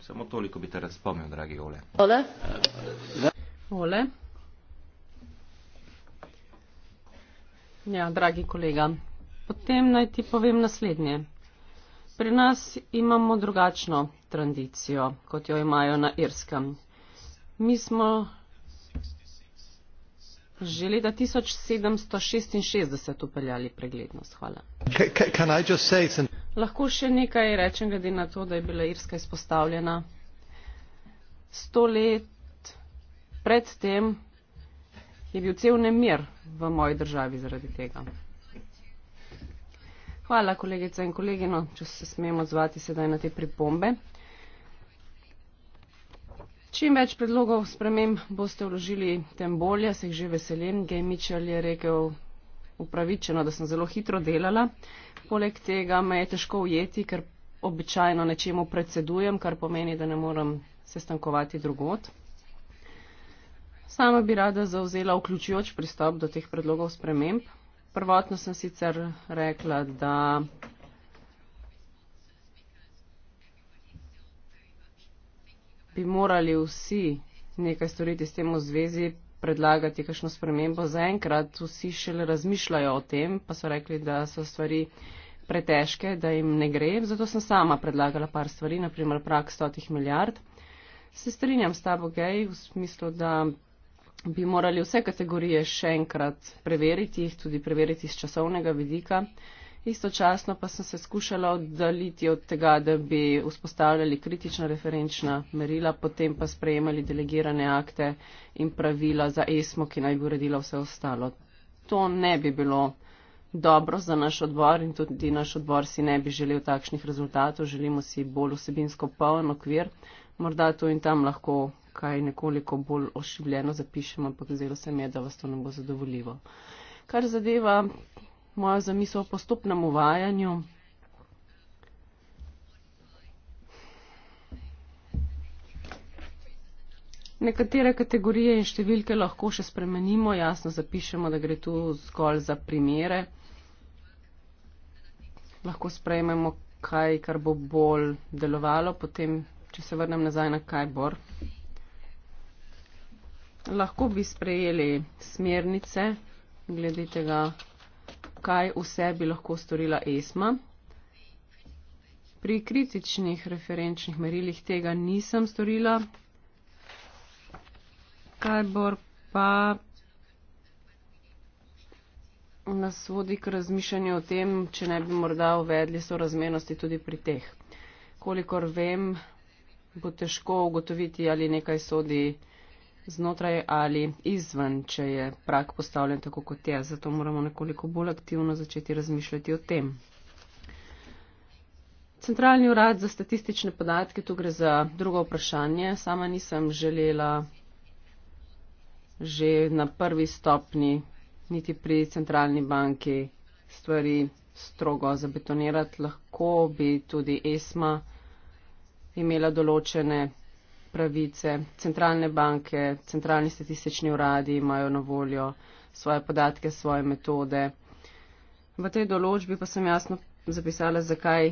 Samo toliko bi te rad spomnil, dragi Ole. Ole. Ole. Ja, dragi kolega, potem naj ti povem naslednje. Pri nas imamo drugačno tradicijo, kot jo imajo na Irskem. Mi smo že leta 1766 upeljali preglednost. Hvala. Can, can, can lahko še nekaj rečem glede na to, da je bila Irska izpostavljena. Sto let pred tem je bil cel nemir v moji državi zaradi tega. Hvala, kolegica in kolegino, če se smemo zvati sedaj na te pripombe. Čim več predlogov sprememb boste vložili, tem bolje, se jih že veselim. Gej Mičel je rekel, upravičeno, da sem zelo hitro delala. Poleg tega me je težko ujeti, ker običajno nečemu predsedujem, kar pomeni, da ne moram sestankovati drugot. Sama bi rada zauzela vključujoč pristop do teh predlogov sprememb. Prvotno sem sicer rekla, da bi morali vsi nekaj storiti s tem v zvezi, predlagati kakšno spremembo. Zaenkrat vsi šele razmišljajo o tem, pa so rekli, da so stvari pretežke, da jim ne gre. Zato sem sama predlagala par stvari, naprimer prak stotih milijard. Se strinjam s tabo, gej, v smislu, da bi morali vse kategorije še enkrat preveriti, tudi preveriti z časovnega vidika istočasno pa sem se skušala oddaliti od tega, da bi vzpostavljali kritična referenčna merila, potem pa sprejemali delegirane akte in pravila za ESMO, ki naj bi uredila vse ostalo. To ne bi bilo dobro za naš odbor in tudi naš odbor si ne bi želel takšnih rezultatov, želimo si bolj vsebinsko poln okvir, morda tu in tam lahko kaj nekoliko bolj ošibljeno zapišemo, ampak zelo se mi je, da vas to ne bo zadovoljivo. Kar zadeva moja zamisel o postopnem uvajanju. Nekatere kategorije in številke lahko še spremenimo, jasno zapišemo, da gre tu zgolj za primere. Lahko sprejmemo kaj, kar bo bolj delovalo, potem, če se vrnem nazaj na Kajbor. Lahko bi sprejeli smernice glede tega kaj vse bi lahko storila ESMA. Pri kritičnih referenčnih merilih tega nisem storila. Kajbor pa nas vodi k razmišljanju o tem, če ne bi morda uvedli sorazmernosti tudi pri teh. Kolikor vem, bo težko ugotoviti, ali nekaj sodi znotraj ali izven, če je prak postavljen tako kot je. Zato moramo nekoliko bolj aktivno začeti razmišljati o tem. Centralni urad za statistične podatke, tu gre za drugo vprašanje. Sama nisem želela že na prvi stopni, niti pri centralni banki, stvari strogo zabetonirati. Lahko bi tudi ESMA imela določene pravice. Centralne banke, centralni statistični uradi imajo na voljo svoje podatke, svoje metode. V tej določbi pa sem jasno zapisala, zakaj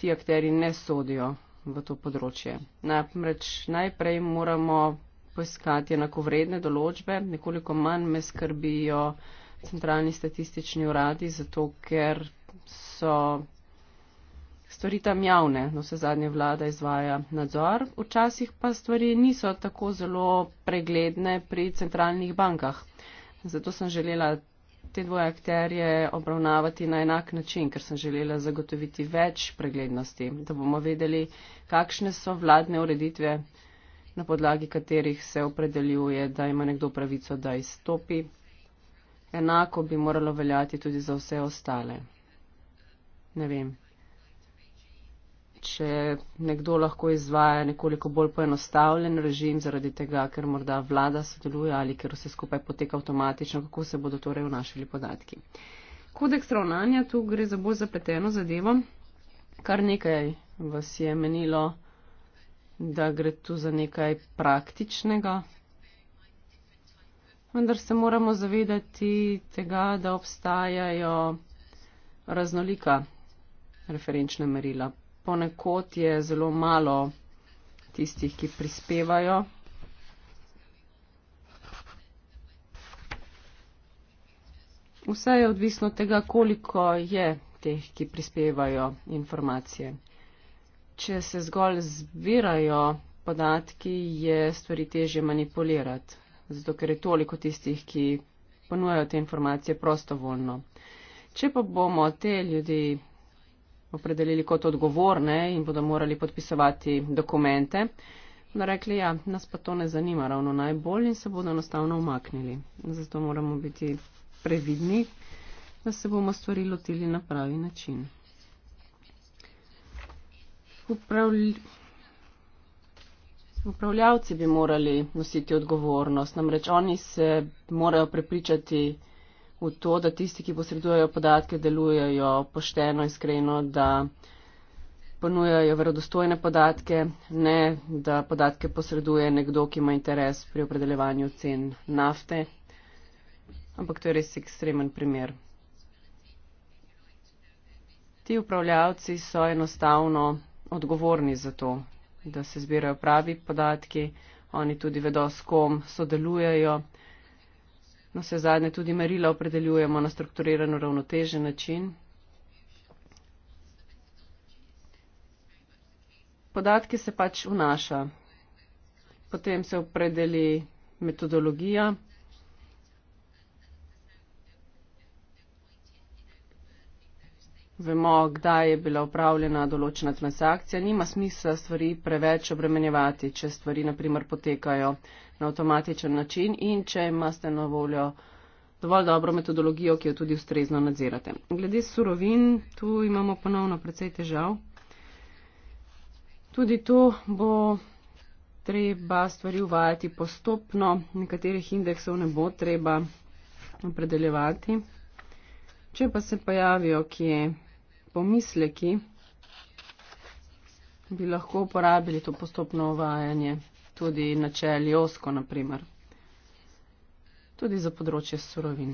ti akteri ne sodijo v to področje. Namreč najprej moramo poiskati enakovredne določbe, nekoliko manj me skrbijo centralni statistični uradi, zato ker so stvari tam javne, no vse zadnje vlada izvaja nadzor, včasih pa stvari niso tako zelo pregledne pri centralnih bankah. Zato sem želela te dvoje akterje obravnavati na enak način, ker sem želela zagotoviti več preglednosti, da bomo vedeli, kakšne so vladne ureditve, na podlagi katerih se opredeljuje, da ima nekdo pravico, da izstopi. Enako bi moralo veljati tudi za vse ostale. Ne vem če nekdo lahko izvaja nekoliko bolj poenostavljen režim zaradi tega, ker morda vlada sodeluje ali ker vse skupaj poteka avtomatično, kako se bodo torej vnašali podatki. Kodeks ravnanja, tu gre za bolj zapleteno zadevo. Kar nekaj vas je menilo, da gre tu za nekaj praktičnega. Vendar se moramo zavedati tega, da obstajajo raznolika referenčna merila ponekod je zelo malo tistih, ki prispevajo. Vse je odvisno tega, koliko je teh, ki prispevajo informacije. Če se zgolj zbirajo podatki, je stvari teže manipulirati, zato ker je toliko tistih, ki ponujajo te informacije prostovoljno. Če pa bomo te ljudi opredelili kot odgovorne in bodo morali podpisovati dokumente. Da rekli, ja, nas pa to ne zanima ravno najbolj in se bodo enostavno umaknili. Zato moramo biti previdni, da se bomo stvari lotili na pravi način. Upravlj... Upravljavci bi morali nositi odgovornost, namreč oni se morajo prepričati, v to, da tisti, ki posredujejo podatke, delujejo pošteno, iskreno, da ponujajo verodostojne podatke, ne da podatke posreduje nekdo, ki ima interes pri opredeljevanju cen nafte. Ampak to je res ekstremen primer. Ti upravljavci so enostavno odgovorni za to, da se zbirajo pravi podatki, oni tudi vedo, s kom sodelujejo na vse zadnje tudi merila opredeljujemo na strukturiran, ravnotežen način. Podatke se pač vnaša, potem se opredeli metodologija. vemo, kdaj je bila upravljena določena transakcija. Nima smisla stvari preveč obremenjevati, če stvari naprimer potekajo na avtomatičen način in če imate na voljo dovolj dobro metodologijo, ki jo tudi ustrezno nadzirate. Glede surovin, tu imamo ponovno precej težav. Tudi tu bo treba stvari uvajati postopno, nekaterih indeksov ne bo treba opredeljevati. Če pa se pojavijo kje pomisleki, bi lahko uporabili to postopno uvajanje, tudi načel Josko, naprimer, tudi za področje surovin.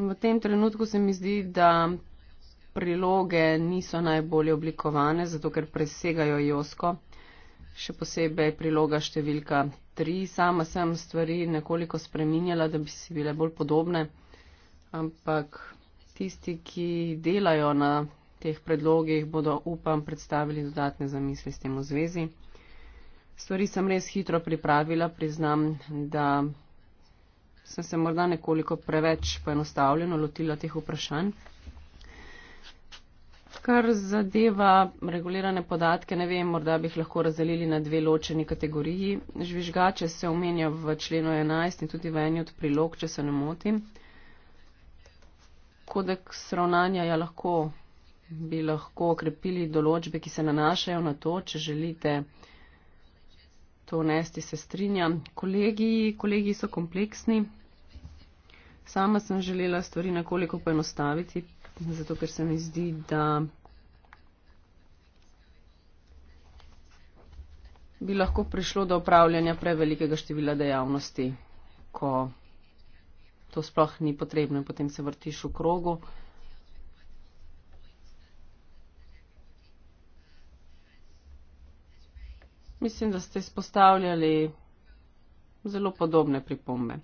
V tem trenutku se mi zdi, da priloge niso najbolje oblikovane, zato ker presegajo Josko, še posebej priloga številka 3. Sama sem stvari nekoliko spreminjala, da bi si bile bolj podobne ampak tisti, ki delajo na teh predlogih, bodo, upam, predstavili dodatne zamisli s tem v zvezi. Stvari sem res hitro pripravila, priznam, da sem se morda nekoliko preveč poenostavljeno lotila teh vprašanj. Kar zadeva regulirane podatke, ne vem, morda bi jih lahko razdelili na dve ločeni kategoriji. Žvižgače se omenja v členu 11 in tudi v eni od prilog, če se ne motim kodeks ravnanja ja, lahko, bi lahko okrepili določbe, ki se nanašajo na to, če želite to vnesti, se strinjam. Kolegi, kolegi so kompleksni. Sama sem želela stvari nekoliko poenostaviti, zato ker se mi zdi, da bi lahko prišlo do upravljanja prevelikega števila dejavnosti, ko to sploh ni potrebno in potem se vrtiš v krogu. Mislim, da ste izpostavljali zelo podobne pripombe.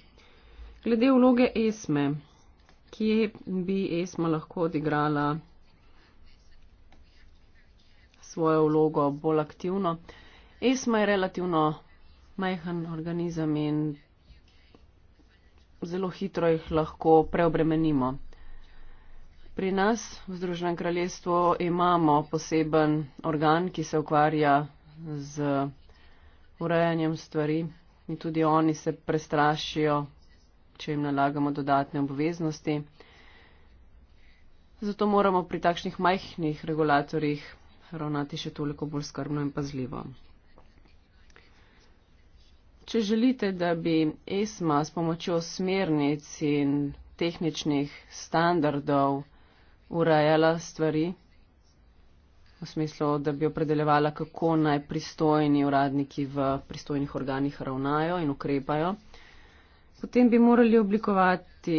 Glede vloge Esme, kje bi Esma lahko odigrala svojo vlogo bolj aktivno. Esma je relativno majhen organizem in zelo hitro jih lahko preobremenimo. Pri nas v Združenem kraljestvu imamo poseben organ, ki se ukvarja z urejanjem stvari in tudi oni se prestrašijo, če jim nalagamo dodatne obveznosti. Zato moramo pri takšnih majhnih regulatorjih ravnati še toliko bolj skrbno in pazljivo če želite, da bi ESMA s pomočjo smernic in tehničnih standardov urejala stvari, v smislu, da bi opredeljevala, kako naj pristojni uradniki v pristojnih organih ravnajo in ukrepajo, potem bi morali oblikovati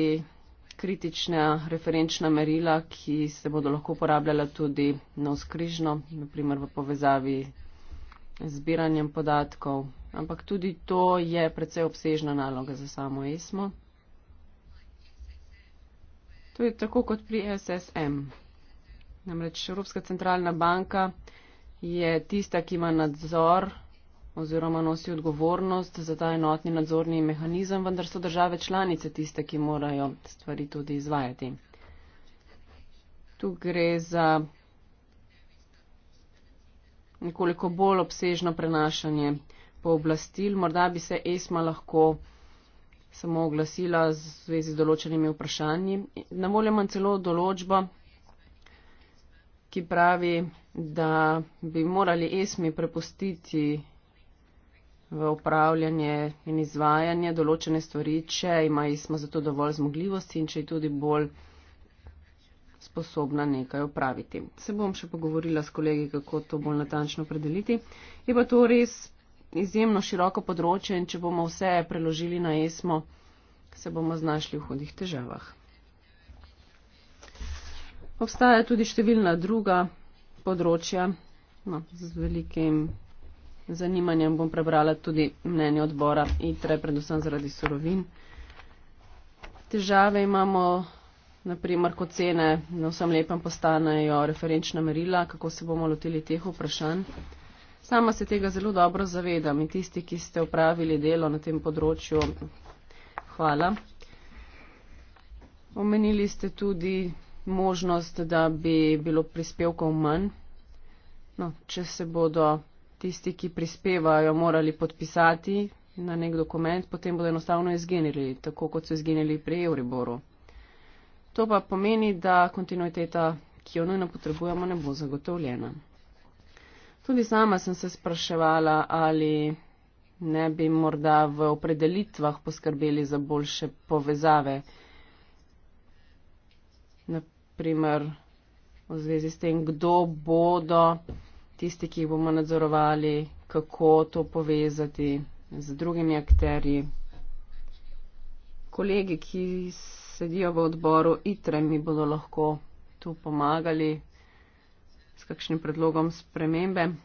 kritična referenčna merila, ki se bodo lahko uporabljala tudi na vzkrižno, naprimer v povezavi z zbiranjem podatkov, ampak tudi to je precej obsežna naloga za samo ESMO. To je tako kot pri SSM. Namreč Evropska centralna banka je tista, ki ima nadzor oziroma nosi odgovornost za ta enotni nadzorni mehanizem, vendar so države članice tiste, ki morajo stvari tudi izvajati. Tu gre za nekoliko bolj obsežno prenašanje pooblastil. Morda bi se ESMA lahko samo oglasila z vezi z določenimi vprašanji. Na voljo imam celo določbo, ki pravi, da bi morali ESMI prepustiti v upravljanje in izvajanje določene stvari, če ima ESMA zato dovolj zmogljivosti in če je tudi bolj sposobna nekaj opraviti. Se bom še pogovorila s kolegi, kako to bolj natančno predeliti. Je pa to res izjemno široko področje in če bomo vse preložili na ESMO, se bomo znašli v hudih težavah. Obstaja tudi številna druga področja. No, z velikim zanimanjem bom prebrala tudi mnenje odbora ITRE, predvsem zaradi surovin. Težave imamo, naprimer, ko cene na vsem lepem postanejo referenčna merila, kako se bomo lotili teh vprašanj. Sama se tega zelo dobro zavedam in tisti, ki ste upravili delo na tem področju, hvala. Omenili ste tudi možnost, da bi bilo prispevkov manj. No, če se bodo tisti, ki prispevajo, morali podpisati na nek dokument, potem bodo enostavno izginili, tako kot so izginili pri Euriboru. To pa pomeni, da kontinuiteta, ki jo nujno potrebujemo, ne bo zagotovljena. Tudi sama sem se spraševala, ali ne bi morda v opredelitvah poskrbeli za boljše povezave. Naprimer, v zvezi s tem, kdo bodo tisti, ki jih bomo nadzorovali, kako to povezati z drugimi akterji. Kolegi, ki sedijo v odboru ITRE, mi bodo lahko tu pomagali s kakšnim predlogom spremembe.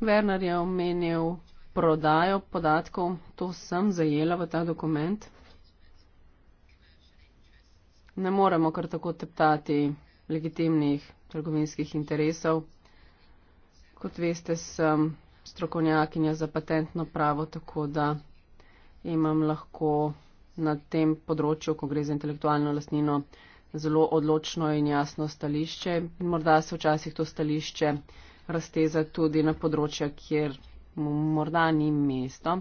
Werner je omenil prodajo podatkov, to sem zajela v ta dokument. Ne moremo kar tako teptati legitimnih trgovinskih interesov. Kot veste, sem strokovnjakinja za patentno pravo, tako da imam lahko na tem področju, ko gre za intelektualno lastnino, zelo odločno in jasno stališče. In morda se včasih to stališče razteza tudi na področja, kjer morda ni mesto.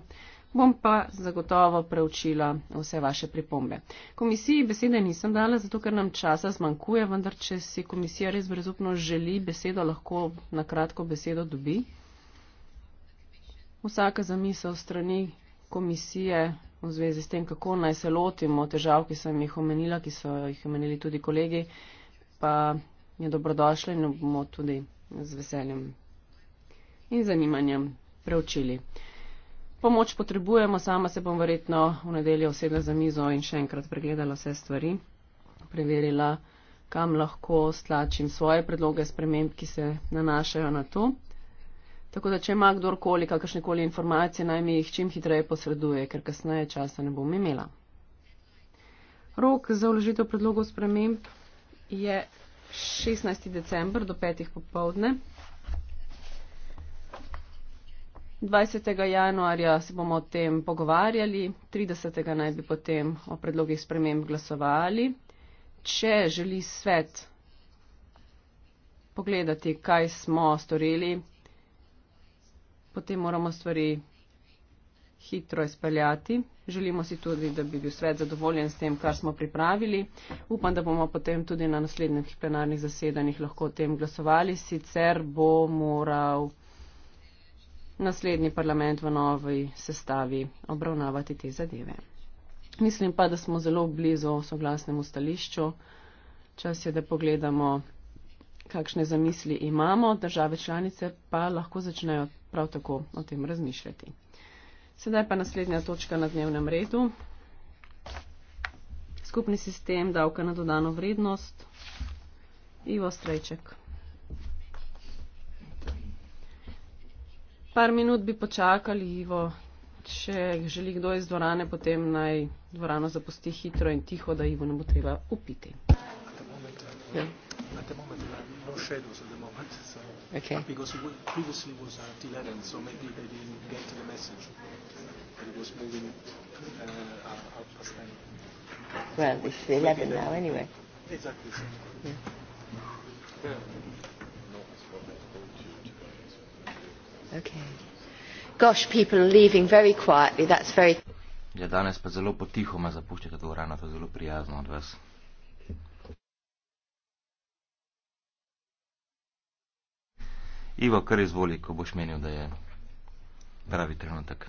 Bom pa zagotovo preučila vse vaše pripombe. Komisiji besede nisem dala, zato ker nam časa zmanjkuje, vendar če si komisija res brezupno želi besedo, lahko na kratko besedo dobi. Vsaka zamisel strani komisije v zvezi s tem, kako naj se lotimo težav, ki sem jih omenila, ki so jih omenili tudi kolegi, pa je dobrodošla in bomo tudi z veseljem in zanimanjem preučili. Pomoč potrebujemo, sama se bom verjetno v nedeljo osedla za mizo in še enkrat pregledala vse stvari, preverila, kam lahko stlačim svoje predloge sprememb, ki se nanašajo na to. Tako da, če ima kdorkoli kakršne koli informacije, naj mi jih čim hitreje posreduje, ker kasneje časa ne bom imela. Rok za vložitev predlogov sprememb je 16. december do 5. popovdne. 20. januarja se bomo o tem pogovarjali, 30. naj bi potem o predlogih sprememb glasovali. Če želi svet pogledati, kaj smo storili, potem moramo stvari hitro izpeljati. Želimo si tudi, da bi bil svet zadovoljen s tem, kar smo pripravili. Upam, da bomo potem tudi na naslednjih plenarnih zasedanjih lahko o tem glasovali. Sicer bo moral naslednji parlament v novi sestavi obravnavati te zadeve. Mislim pa, da smo zelo blizu soglasnemu stališču. Čas je, da pogledamo, kakšne zamisli imamo. Države članice pa lahko začnejo prav tako o tem razmišljati. Sedaj pa naslednja točka na dnevnem redu. Skupni sistem davka na dodano vrednost. Ivo Strejček. Par minut bi počakali, Ivo. Če želi kdo iz dvorane, potem naj dvorano zapusti hitro in tiho, da Ivo ne bo treba upiti. Ja the moment, no shadows at the moment. So okay. Because we previously was at 11, so maybe they didn't get the message. But it was moving uh, out past 10. Well, so it's 11 now, now anyway. Exactly. So. Yeah. Yeah. Ja, danes pa zelo potihoma zapuščate to vrano, to je zelo prijazno od vas. Ivo, kar izvoli, ko boš menil, da je pravi trenutek.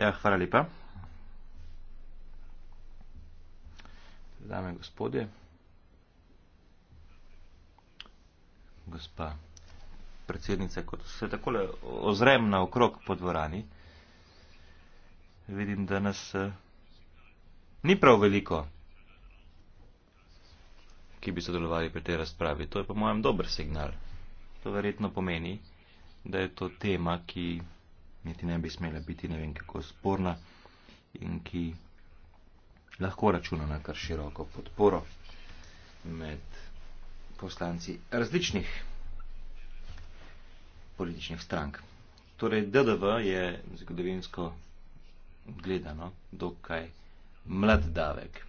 Ja, hvala lepa. Dame, gospodje. Gospa predsednica, kot se takole ozrem na okrog po dvorani, vidim, da nas eh, ni prav veliko ki bi sodelovali pri tej razpravi. To je po mojem dober signal. To verjetno pomeni, da je to tema, ki niti ne bi smela biti ne vem kako sporna in ki lahko računa na kar široko podporo med poslanci različnih političnih strank. Torej, DDV je zgodovinsko gledano dokaj mlad davek.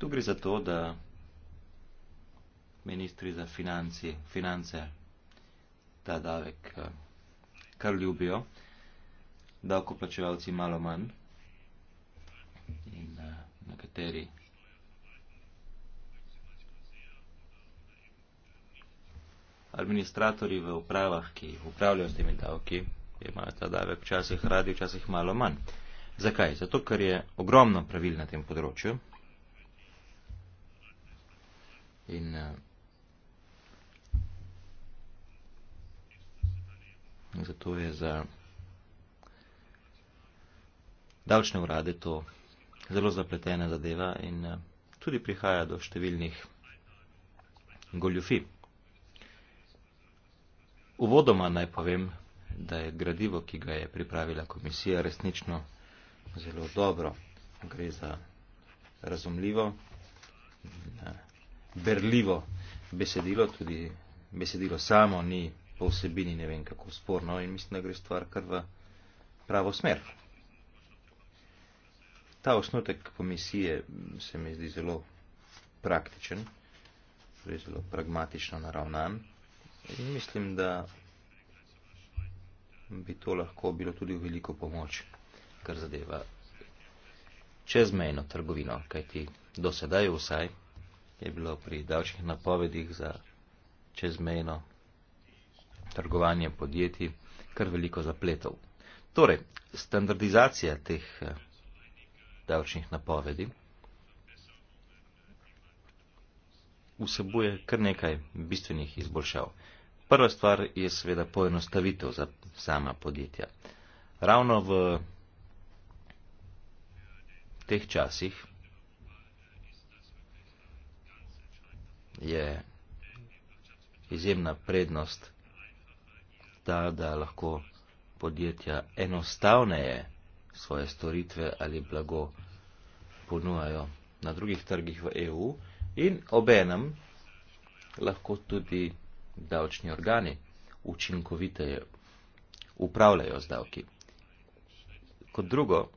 Tu gre za to, da ministri za financi, finance ta davek eh, kar ljubijo, da okoplačevalci malo manj in eh, na kateri administratori v upravah, ki upravljajo s temi davki, imajo ta davek včasih radi, včasih malo manj. Zakaj? Zato, ker je ogromno pravil na tem področju. In, in eh, zato je za davčne urade to zelo zapletena zadeva in eh, tudi prihaja do številnih goljufi. Uvodoma naj povem, da je gradivo, ki ga je pripravila komisija, resnično zelo dobro. Gre za razumljivo berljivo besedilo, tudi besedilo samo ni po vsebini ne vem kako sporno in mislim, da gre stvar kar v pravo smer. Ta osnutek komisije se mi zdi zelo praktičen, torej zelo pragmatično naravnan in mislim, da bi to lahko bilo tudi v veliko pomoč, kar zadeva čezmejno trgovino, kajti do sedaj vsaj je bilo pri davčnih napovedih za čezmejno trgovanje podjetij kar veliko zapletov. Torej, standardizacija teh eh, davčnih napovedi vsebuje kar nekaj bistvenih izboljšav. Prva stvar je seveda poenostavitev za sama podjetja. Ravno v teh časih je izjemna prednost ta, da lahko podjetja enostavneje svoje storitve ali blago ponujajo na drugih trgih v EU in obenem lahko tudi davčni organi učinkoviteje upravljajo z davki. Kot drugo,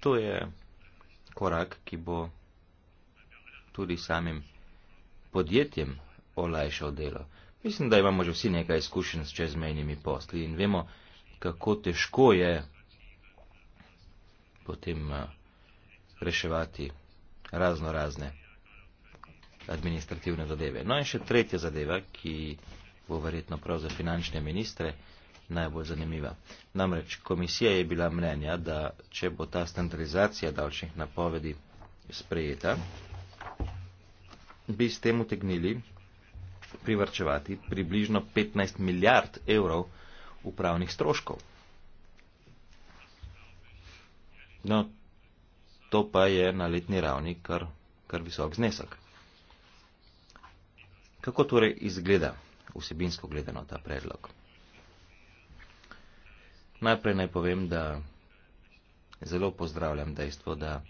to je korak, ki bo tudi samim podjetjem olajšal delo. Mislim, da imamo že vsi nekaj izkušenj s čezmejnimi posli in vemo, kako težko je potem eh, reševati razno razne administrativne zadeve. No in še tretja zadeva, ki bo verjetno prav za finančne ministre najbolj zanimiva. Namreč komisija je bila mnenja, da če bo ta standardizacija davčnih napovedi sprejeta, bi s tem utegnili privrčevati približno 15 milijard evrov upravnih stroškov. No, to pa je na letni ravni kar, kar visok znesek. Kako torej izgleda vsebinsko gledano ta predlog? Najprej naj povem, da zelo pozdravljam dejstvo, da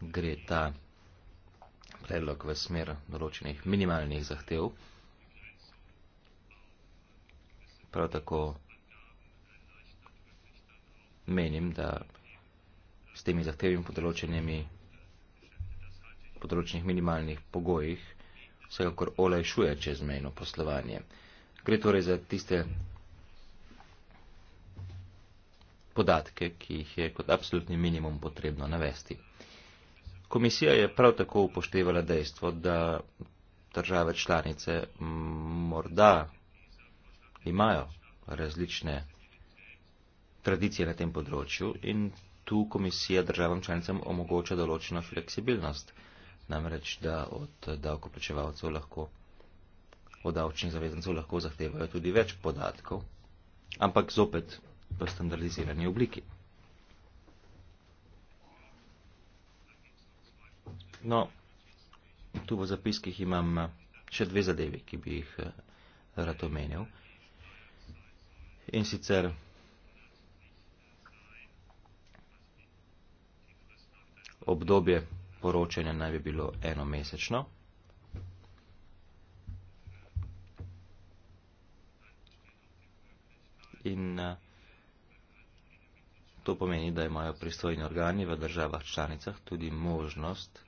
gre ta predlog v smer določenih minimalnih zahtev. Prav tako menim, da s temi zahtevimi podeločenimi področnih minimalnih pogojih vsekakor olajšuje čezmejno poslovanje. Gre torej za tiste podatke, ki jih je kot absolutni minimum potrebno navesti. Komisija je prav tako upoštevala dejstvo, da države članice morda imajo različne tradicije na tem področju in tu komisija državam članicam omogoča določeno fleksibilnost, namreč da od davkoplačevalcev lahko, od davčnih zavezancev lahko zahtevajo tudi več podatkov, ampak zopet v standardizirani obliki. No, tu v zapiskih imam eh, še dve zadevi, ki bi jih eh, rad omenil. In sicer obdobje poročanja naj bi bilo eno mesečno. In uh, To pomeni, da imajo pristojni organi v državah članicah tudi možnost,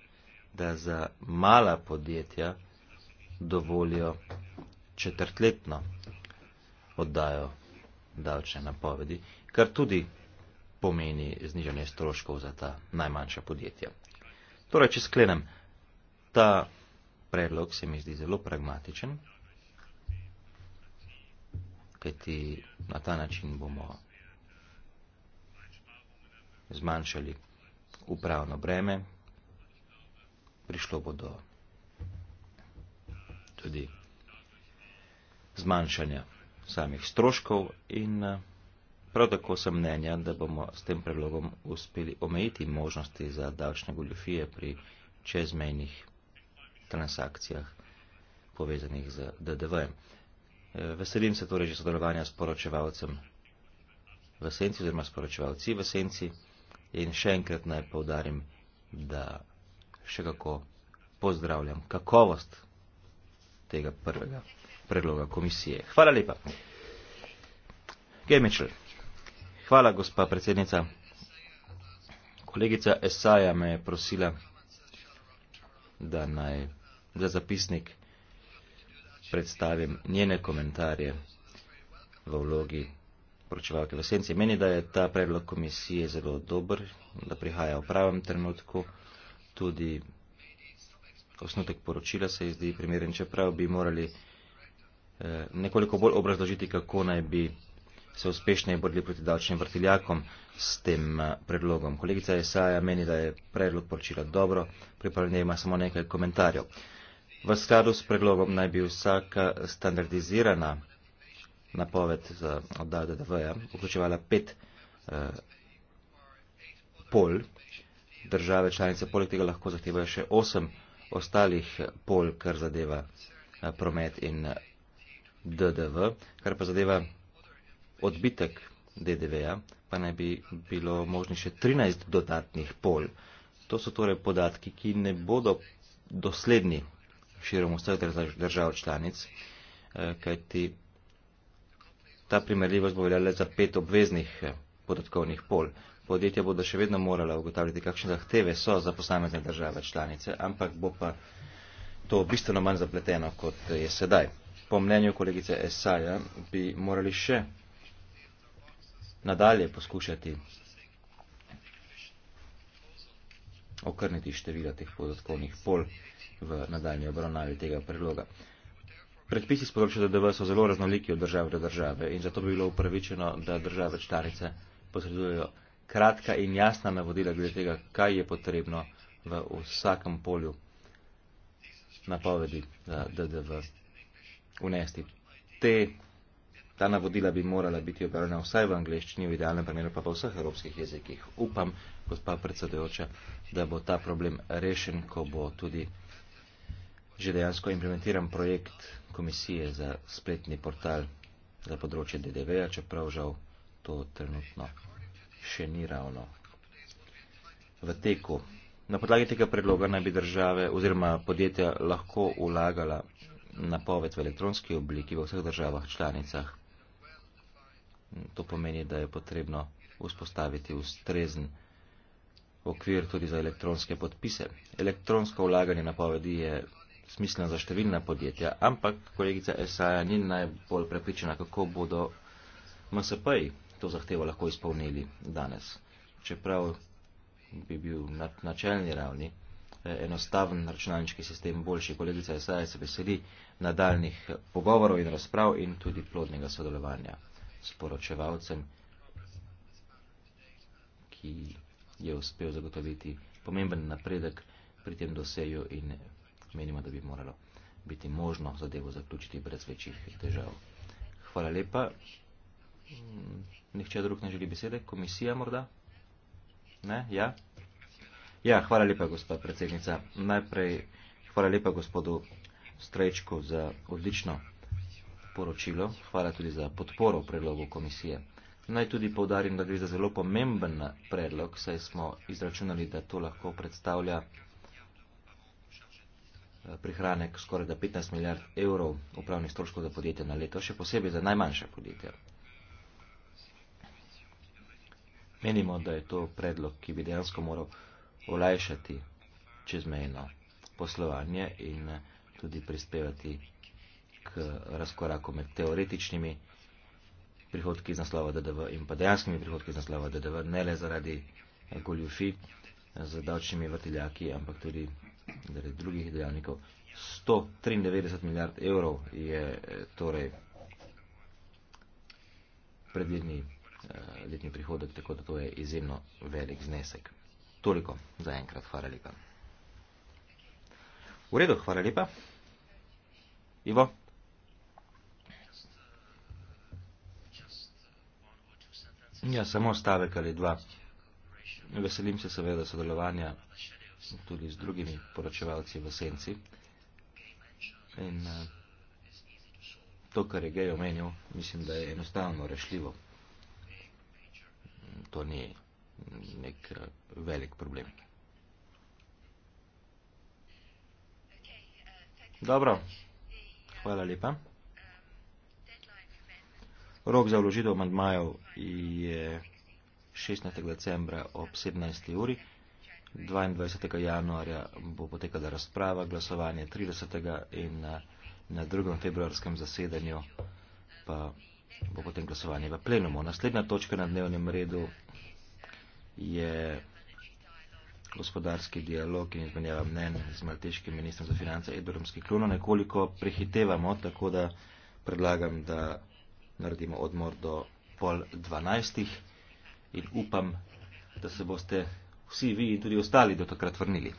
da za mala podjetja dovolijo četrtletno oddajo davčne napovedi, kar tudi pomeni znižanje stroškov za ta najmanjša podjetja. Torej, če sklenem, ta predlog se mi zdi zelo pragmatičen, kajti na ta način bomo zmanjšali upravno breme, prišlo bo do tudi zmanjšanja samih stroškov in eh, prav tako sem mnenja, da bomo s tem predlogom uspeli omejiti možnosti za davčne goljofije pri čezmejnih transakcijah povezanih z DDV. Eh, veselim se torej že sodelovanja s poročevalcem v senci oziroma s poročevalci v senci. In še enkrat naj povdarim, da še kako pozdravljam kakovost tega prvega predloga komisije. Hvala lepa. Gemičl. Hvala, gospa predsednica. Kolegica Esaja me je prosila, da naj za zapisnik predstavim njene komentarje v vlogi poročevalke v senci, meni, da je ta predlog komisije zelo dober, da prihaja v pravem trenutku, tudi osnutek poročila se zdi primeren, čeprav bi morali eh, nekoliko bolj obrazložiti, kako naj bi se uspešno borili proti davčnim vrtiljakom s tem eh, predlogom. Kolegica Jesaja meni, da je predlog poročila dobro, pripravljena ima samo nekaj komentarjev. V skladu s predlogom naj bi vsaka standardizirana napoved za oddajo DDV-ja vključevala pet eh, pol. Države članice poleg tega lahko zahtevajo še osem ostalih pol, kar zadeva eh, promet in eh, DDV, kar pa zadeva odbitek DDV-ja, pa naj bi bilo možni še 13 dodatnih pol. To so torej podatki, ki ne bodo dosledni širom vseh držav članic, kajti Ta primerljivost bo veljala za pet obveznih eh, podatkovnih pol. Podjetja bodo še vedno morala ugotavljati, kakšne zahteve so za posamezne države članice, ampak bo pa to bistveno manj zapleteno, kot je sedaj. Po mnenju kolegice Esaja bi morali še nadalje poskušati okrniti število teh podatkovnih pol v nadaljni obravnavi tega predloga predpisi z področja DDV so zelo raznoliki od države do države in zato bi bilo upravičeno, da države članice posredujejo kratka in jasna navodila glede tega, kaj je potrebno v vsakem polju napovedi za eh, DDV unesti. Te, ta navodila bi morala biti objavljena vsaj v angleščini, v idealnem primeru pa v vseh evropskih jezikih. Upam, gospa predsedujoča, da bo ta problem rešen, ko bo tudi že dejansko implementiran projekt komisije za spletni portal za področje DDV-ja, čeprav žal to trenutno še ni ravno v teku. Na podlagi tega predloga naj bi države oziroma podjetja lahko ulagala napoved v elektronski obliki v vseh državah članicah. To pomeni, da je potrebno vzpostaviti ustrezen okvir tudi za elektronske podpise. Elektronsko ulaganje napovedi je smiselna za številne podjetja, ampak kolegica Esaja ni najbolj prepričana, kako bodo MSP-ji to zahtevo lahko izpolnili danes. Čeprav bi bil na načelni ravni eh, enostaven računalniški sistem boljši, kolegica Esaja se veseli nadaljnih pogovorov in razprav in tudi plodnega sodelovanja s poročevalcem, ki je uspel zagotoviti pomemben napredek pri tem doseju in menimo, da bi moralo biti možno zadevo zaključiti brez večjih težav. Hvala lepa. Nihče drug ne želi besede? Komisija morda? Ne? Ja? Ja, hvala lepa, gospa predsednica. Najprej hvala lepa gospodu Strečku za odlično poročilo. Hvala tudi za podporo predlogu komisije. Naj tudi povdarim, da gre za zelo pomemben predlog, saj smo izračunali, da to lahko predstavlja Eh, prihranek skoraj da 15 milijard evrov upravnih stroškov za podjetje na leto, še posebej za najmanjše podjetje. Menimo, da je to predlog, ki bi dejansko moral olajšati čezmejno poslovanje in eh, tudi prispevati k razkoraku med teoretičnimi prihodki iz naslova DDV in pa dejanskimi prihodki iz naslova DDV, ne le zaradi eh, goljufi z davčnimi vrtiljaki, ampak tudi zaradi drugih dejavnikov. 193 milijard evrov je eh, torej predvidni eh, letni prihodek, tako da to je izjemno velik znesek. Toliko za enkrat, hvala lepa. V redu, hvala lepa. Ivo. Ja, samo stavek ali dva. Veselim se seveda sodelovanja sem tudi z drugimi poročevalci v senci. In eh, to, kar je gej omenil, mislim, da je enostavno rešljivo. To ni nek eh, velik problem. Dobro, hvala lepa. Rok za vložitev amandmajev je 16. decembra ob 17. uri. 22. januarja bo potekala razprava, glasovanje 30. in na, eh, na drugem februarskem zasedanju pa bo potem glasovanje v plenumu. Naslednja točka na dnevnem redu je gospodarski dialog in izmenjava mnen z malteškim ministrom za finance Edorom Skikluno. Nekoliko prehitevamo, tako da predlagam, da naredimo odmor do pol dvanajstih in upam, da se boste vsi vi in tudi ostali do takrat vrnili.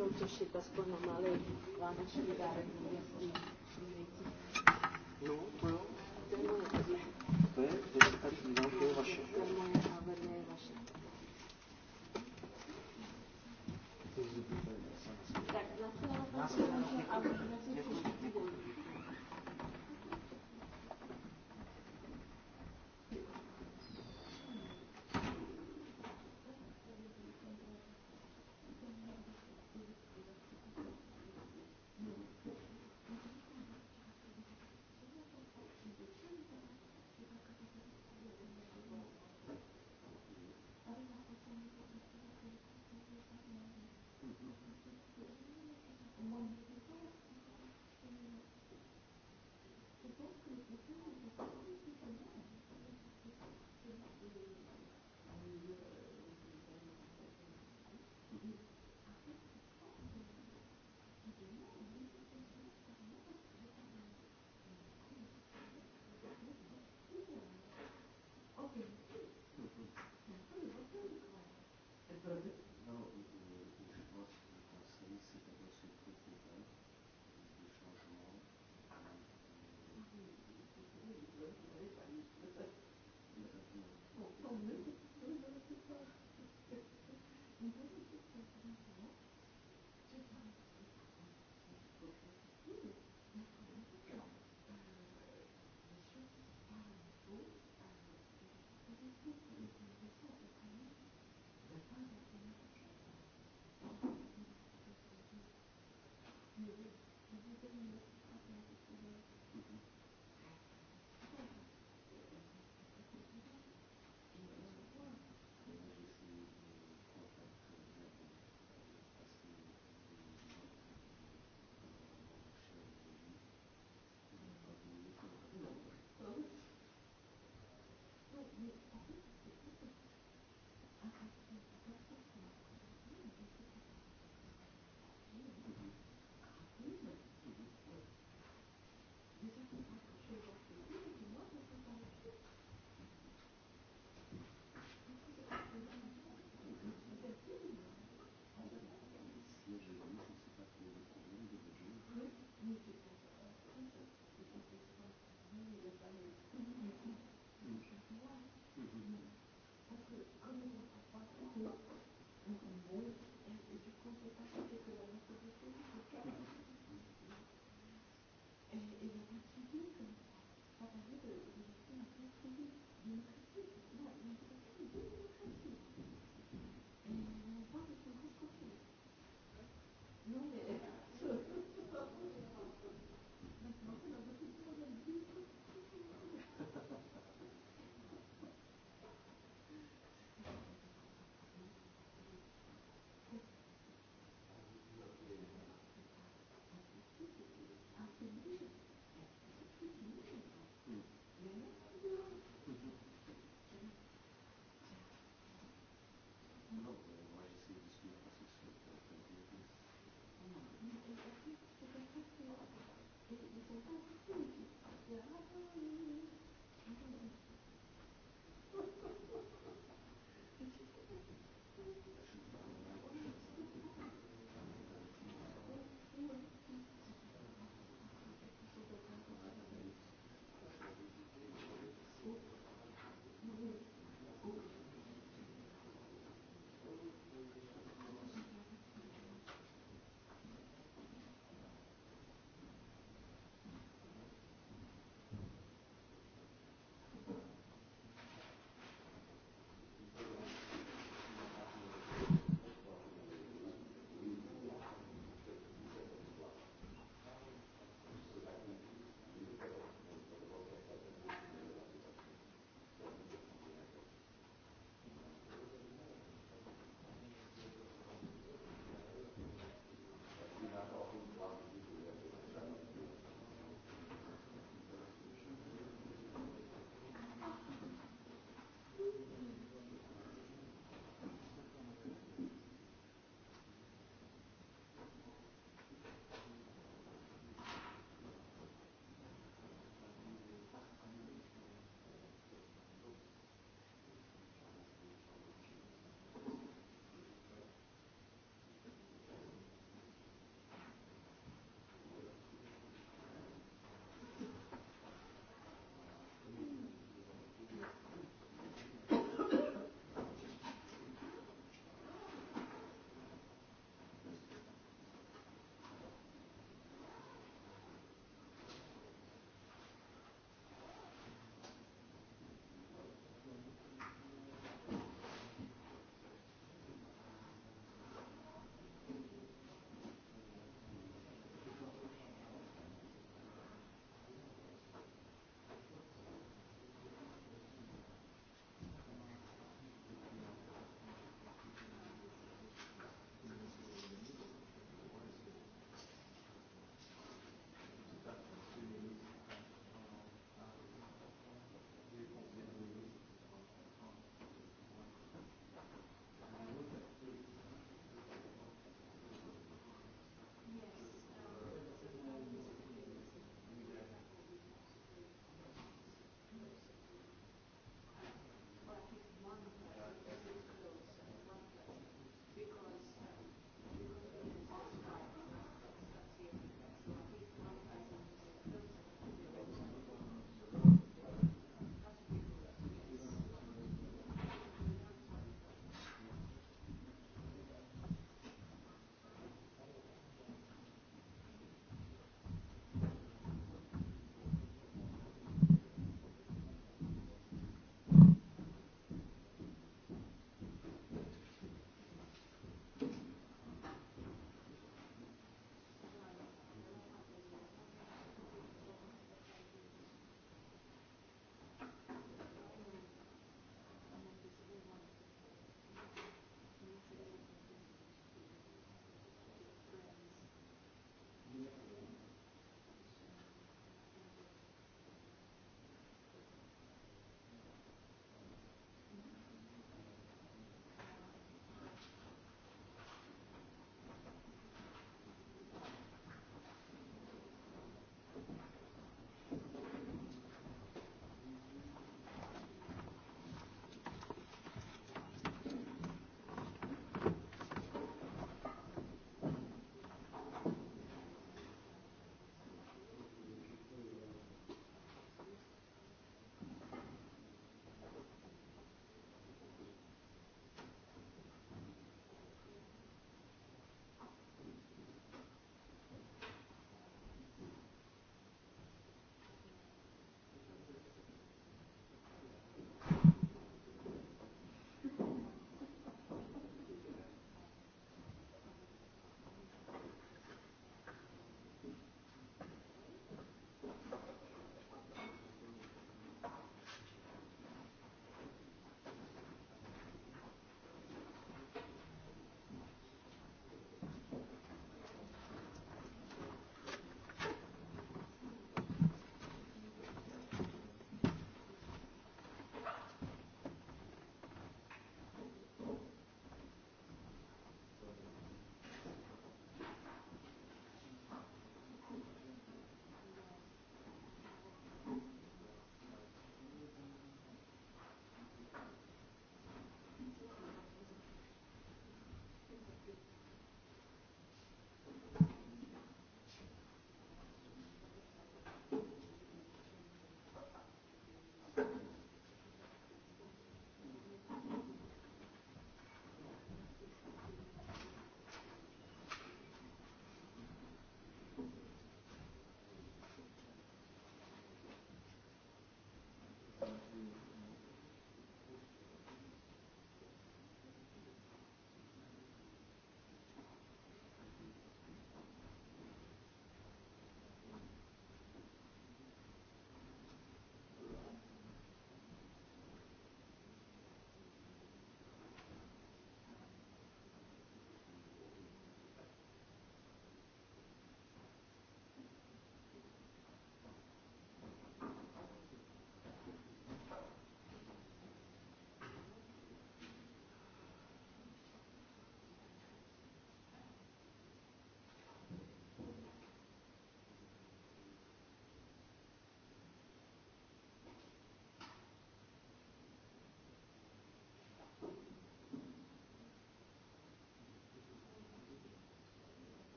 уже утешит, господь на малый, два наши дары, Ну, Так, на следующий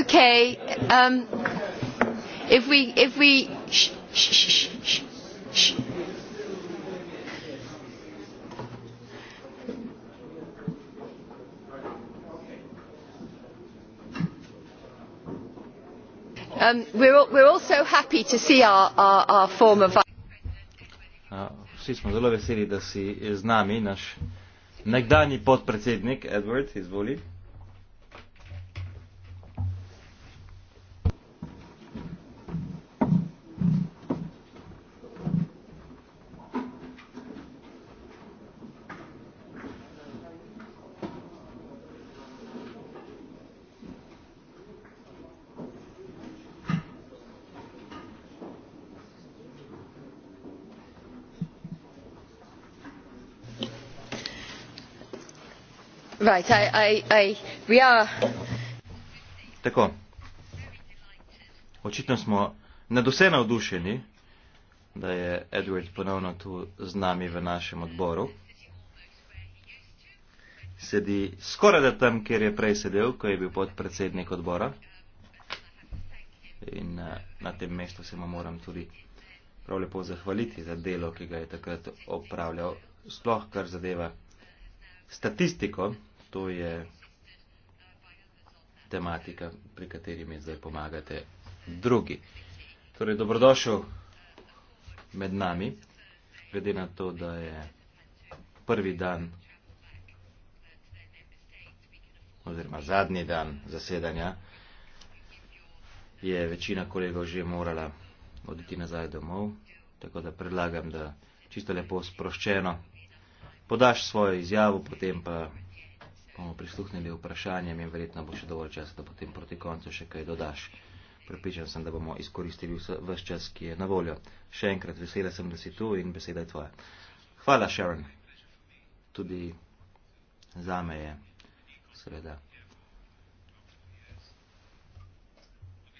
okay um, if we if we sh- sh- sh- sh- sh- sh- Um, we're, we're also happy to see our, our, our former vice Vsi smo zelo veseli, da si z nami naš nekdani podpredsednik Edward, izvoli. Tako. Očitno smo nadvse navdušeni, da je Edward ponovno tu z nami v našem odboru. Sedi skorajda tam, kjer je prej sedel, ko je bil podpredsednik odbora. In eh, na tem mestu se mu moram tudi prav lepo zahvaliti za delo, ki ga je takrat opravljal, sploh kar zadeva statistiko to je tematika, pri kateri mi zdaj pomagate drugi. Torej, dobrodošel med nami, glede na to, da je prvi dan oziroma zadnji dan zasedanja, je večina kolegov že morala oditi nazaj domov, tako da predlagam, da čisto lepo sproščeno podaš svojo izjavo, potem pa bomo prisluhnili vprašanjem in verjetno bo še dovolj časa, da potem proti koncu še kaj dodaš. Pripričan sem, da bomo izkoristili vse čas, ki je na voljo. Še enkrat, vesela sem, da si tu in beseda je tvoja. Hvala, Sharon. Tudi za me je sreda.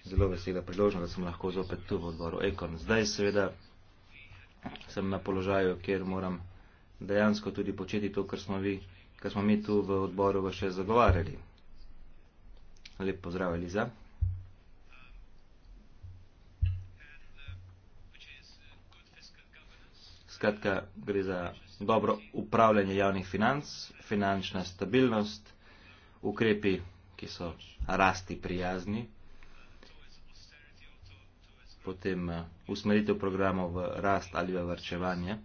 Zelo vesela priložnost, da sem lahko zopet tu v odboru Ekon. Zdaj seveda sem na položaju, kjer moram dejansko tudi početi to, kar smo vi kar smo mi tu v odboru še zagovarjali. Lep pozdrav, Eliza. Skratka, gre za dobro upravljanje javnih financ, finančna stabilnost, ukrepi, ki so rasti prijazni, potem eh, usmeritev programov v rast ali v varčevanje.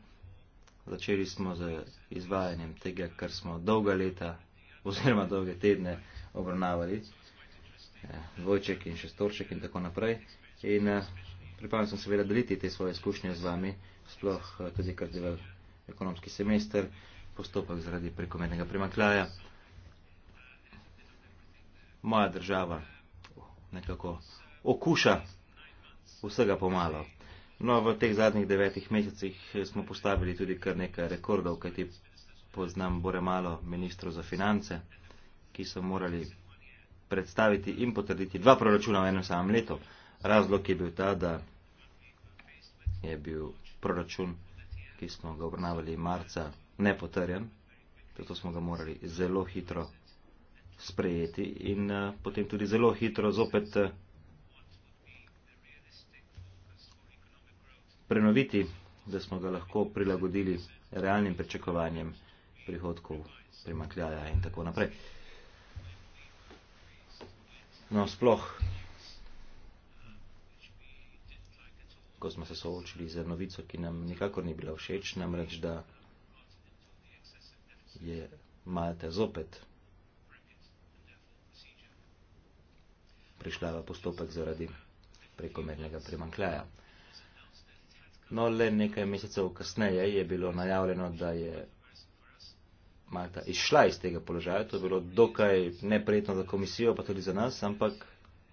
Začeli smo z izvajanjem tega, kar smo dolga leta oziroma dolge tedne obravnavali, dvojček eh, in šestorček in tako naprej. In eh, pripravljam sem seveda deliti te svoje izkušnje z vami, sploh eh, tudi kar delal ekonomski semester, postopek zaradi prekomernega primakljaja. Moja država nekako okuša vsega pomalo. No, v teh zadnjih devetih mesecih smo postavili tudi kar nekaj rekordov, kajti poznam bore malo ministrov za finance, ki so morali predstaviti in potrditi dva proračuna v enem samem letu. Razlog je bil ta, da je bil proračun, ki smo ga obravnavali marca, nepotrjen, zato smo ga morali zelo hitro sprejeti in uh, potem tudi zelo hitro zopet. Uh, prenoviti, da smo ga lahko prilagodili realnim pričakovanjem prihodkov, primakljaja in tako naprej. No, sploh, ko smo se soočili z novico, ki nam nikakor ni bila všeč, nam reč, da je Malta zopet prišla v postopek zaradi prekomernega primankljaja. No, le nekaj mesecev kasneje je bilo najavljeno, da je Malta izšla iz tega položaja. To je bilo dokaj neprijetno za komisijo, pa tudi za nas, ampak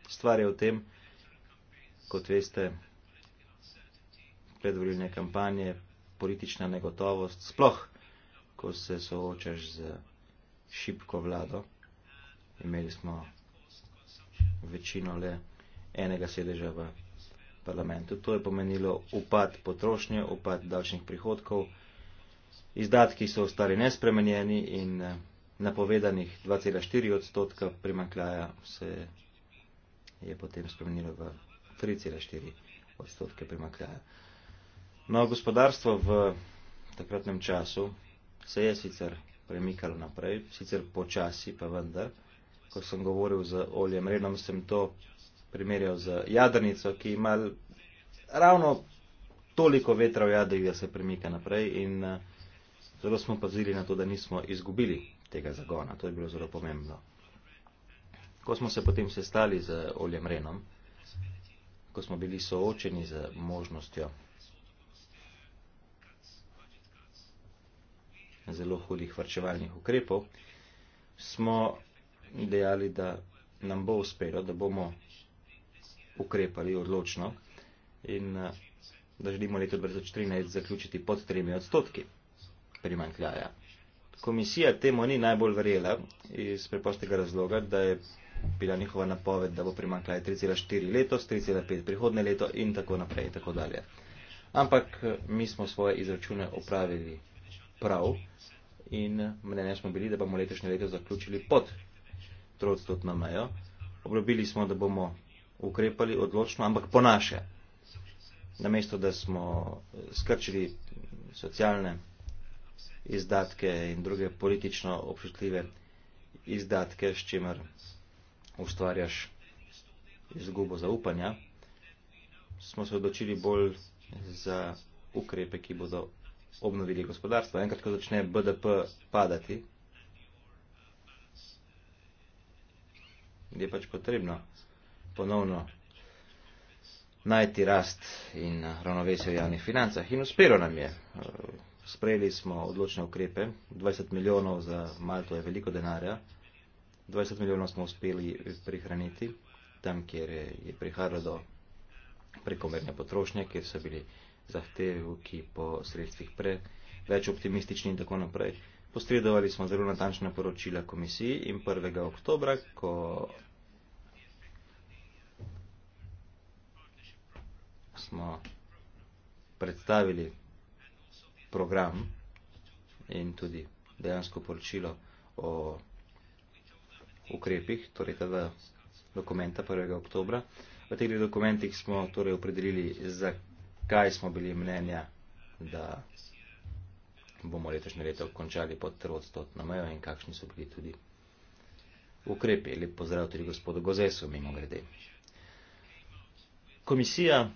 stvar je v tem, kot veste, predvoljene kampanje, politična negotovost, sploh, ko se soočaš z šipko vlado. Imeli smo večino le enega sedeža v parlamentu. To je pomenilo upad potrošnje, upad davčnih prihodkov. Izdatki so ostali nespremenjeni in eh, napovedanih 2,4 odstotka primankljaja se je potem spremenilo v 3,4 odstotke primankljaja. No, gospodarstvo v takratnem času se je sicer premikalo naprej, sicer počasi, pa vendar, ko sem govoril z Oljem Renom, sem to primerjal z jadrnico, ki ima ravno toliko vetra v jadrih, da se premika naprej in eh, zelo smo pazili na to, da nismo izgubili tega zagona. To je bilo zelo pomembno. Ko smo se potem sestali z Oljem Renom, ko smo bili soočeni z možnostjo zelo hudih vrčevalnih ukrepov, smo dejali, da nam bo uspelo, da bomo ukrepali odločno in eh, da želimo leto 2013 zaključiti pod 3 odstotki primankljaja. Komisija temu ni najbolj verjela iz preprostega razloga, da je bila njihova napoved, da bo primankljaj 3,4 letos, 3,5 prihodne leto in tako naprej in tako dalje. Ampak eh, mi smo svoje izračune opravili prav in eh, mnenja smo bili, da bomo letošnje leto zaključili pod 3 odstotno mejo. Obljubili smo, da bomo ukrepali odločno, ampak po naše. Namesto, da smo skrčili socialne izdatke in druge politično občutljive izdatke, s čimer ustvarjaš izgubo zaupanja, smo se odločili bolj za ukrepe, ki bodo obnovili gospodarstvo. Enkrat, ko začne BDP padati, je pač potrebno ponovno najti rast in ravnovesje v javnih financah. In uspelo nam je. Sprejeli smo odločne ukrepe. 20 milijonov za Malto je veliko denarja. 20 milijonov smo uspeli prihraniti tam, kjer je prihajalo do prekomerne potrošnje, kjer so bili zahtevki po sredstvih pre, več optimistični in tako naprej. Postredovali smo zelo natančna poročila komisiji in 1. oktobra, ko smo predstavili program in tudi dejansko poročilo o ukrepih, torej ta dva dokumenta 1. oktobra. V teh dokumentih smo torej opredelili, zakaj smo bili mnenja, da bomo letošnje leto končali pod 3-odstotno mejo in kakšni so bili tudi ukrepi. Lep pozdrav tudi gospodu Gozesu, mimo grede. Komisija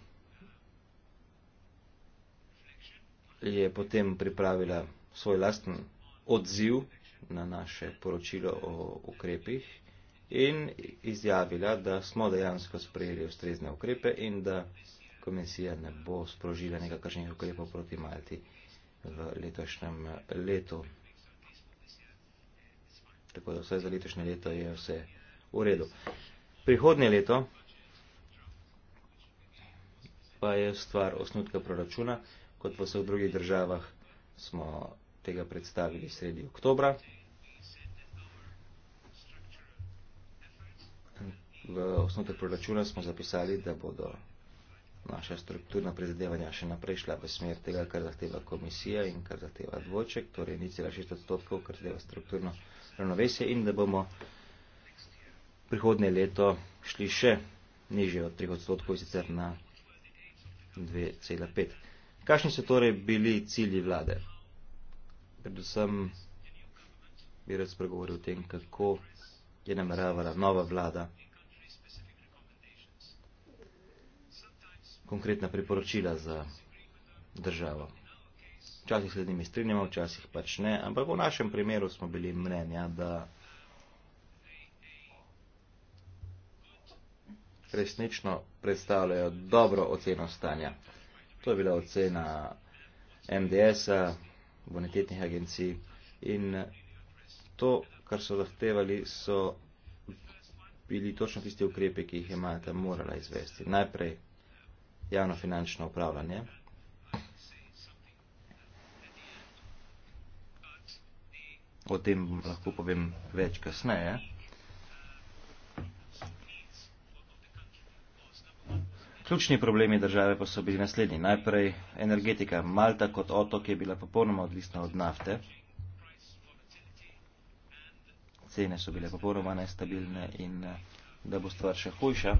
je potem pripravila svoj lasten odziv na naše poročilo o ukrepih in izjavila, da smo dejansko sprejeli ustrezne ukrepe in da komisija ne bo sprožila nekakršnih ukrepov proti Malti v letošnjem letu. Tako da vse za letošnje leto je vse v redu. Prihodnje leto pa je stvar osnutka proračuna kot pa se v drugih državah, smo tega predstavili sredi oktobra. V osnotek proračuna smo zapisali, da bodo naša strukturna prizadevanja še naprej šla v smer tega, kar zahteva komisija in kar zahteva dvoček, torej ni cela šest odstotkov, kar zahteva strukturno ravnovesje in da bomo prihodnje leto šli še nižje od 3 odstotkov, sicer na 2,5. Kakšni so torej bili cilji vlade? Predvsem bi rad spregovoril o tem, kako je nameravala nova vlada konkretna priporočila za državo. Včasih se z njimi strinjamo, včasih pač ne, ampak v našem primeru smo bili mnenja, da resnično predstavljajo dobro oceno stanja. To je bila ocena MDS-a, bonitetnih agencij in to, kar so zahtevali, so bili točno tiste ukrepe, ki jih je Malta morala izvesti. Najprej javno finančno upravljanje. O tem lahko povem več kasneje. Eh? Ključni problemi države pa so bili naslednji. Najprej energetika. Malta kot otok je bila popolnoma odvisna od nafte. Cene so bile popolnoma nestabilne in da bo stvar še hujša,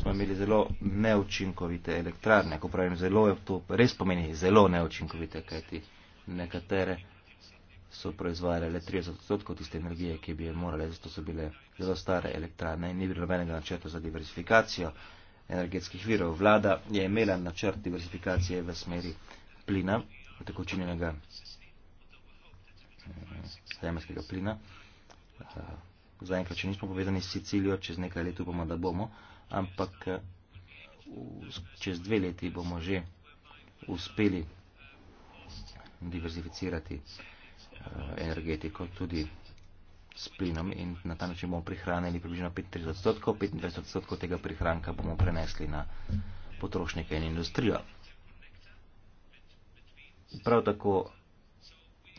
smo imeli zelo neučinkovite elektrarne. Ko pravim zelo, to res pomeni zelo neučinkovite, kajti nekatere so proizvajale le 30 odstotkov tiste energije, ki bi jo morale, zato so bile zelo stare elektrarne in ni bilo nobenega načrta za diversifikacijo energetskih virov. Vlada je imela načrt diversifikacije v smeri plina, tekočinjenega eh, zemljskega plina. Eh, zaenkrat, če nismo povedani s Sicilijo, čez nekaj let upamo, da bomo, ampak eh, čez dve leti bomo že uspeli diverzificirati energetiko, tudi s plinom in na ta način bomo prihranili približno 35 odstotkov, 25 odstotkov tega prihranka bomo prenesli na potrošnike in industrijo. Prav tako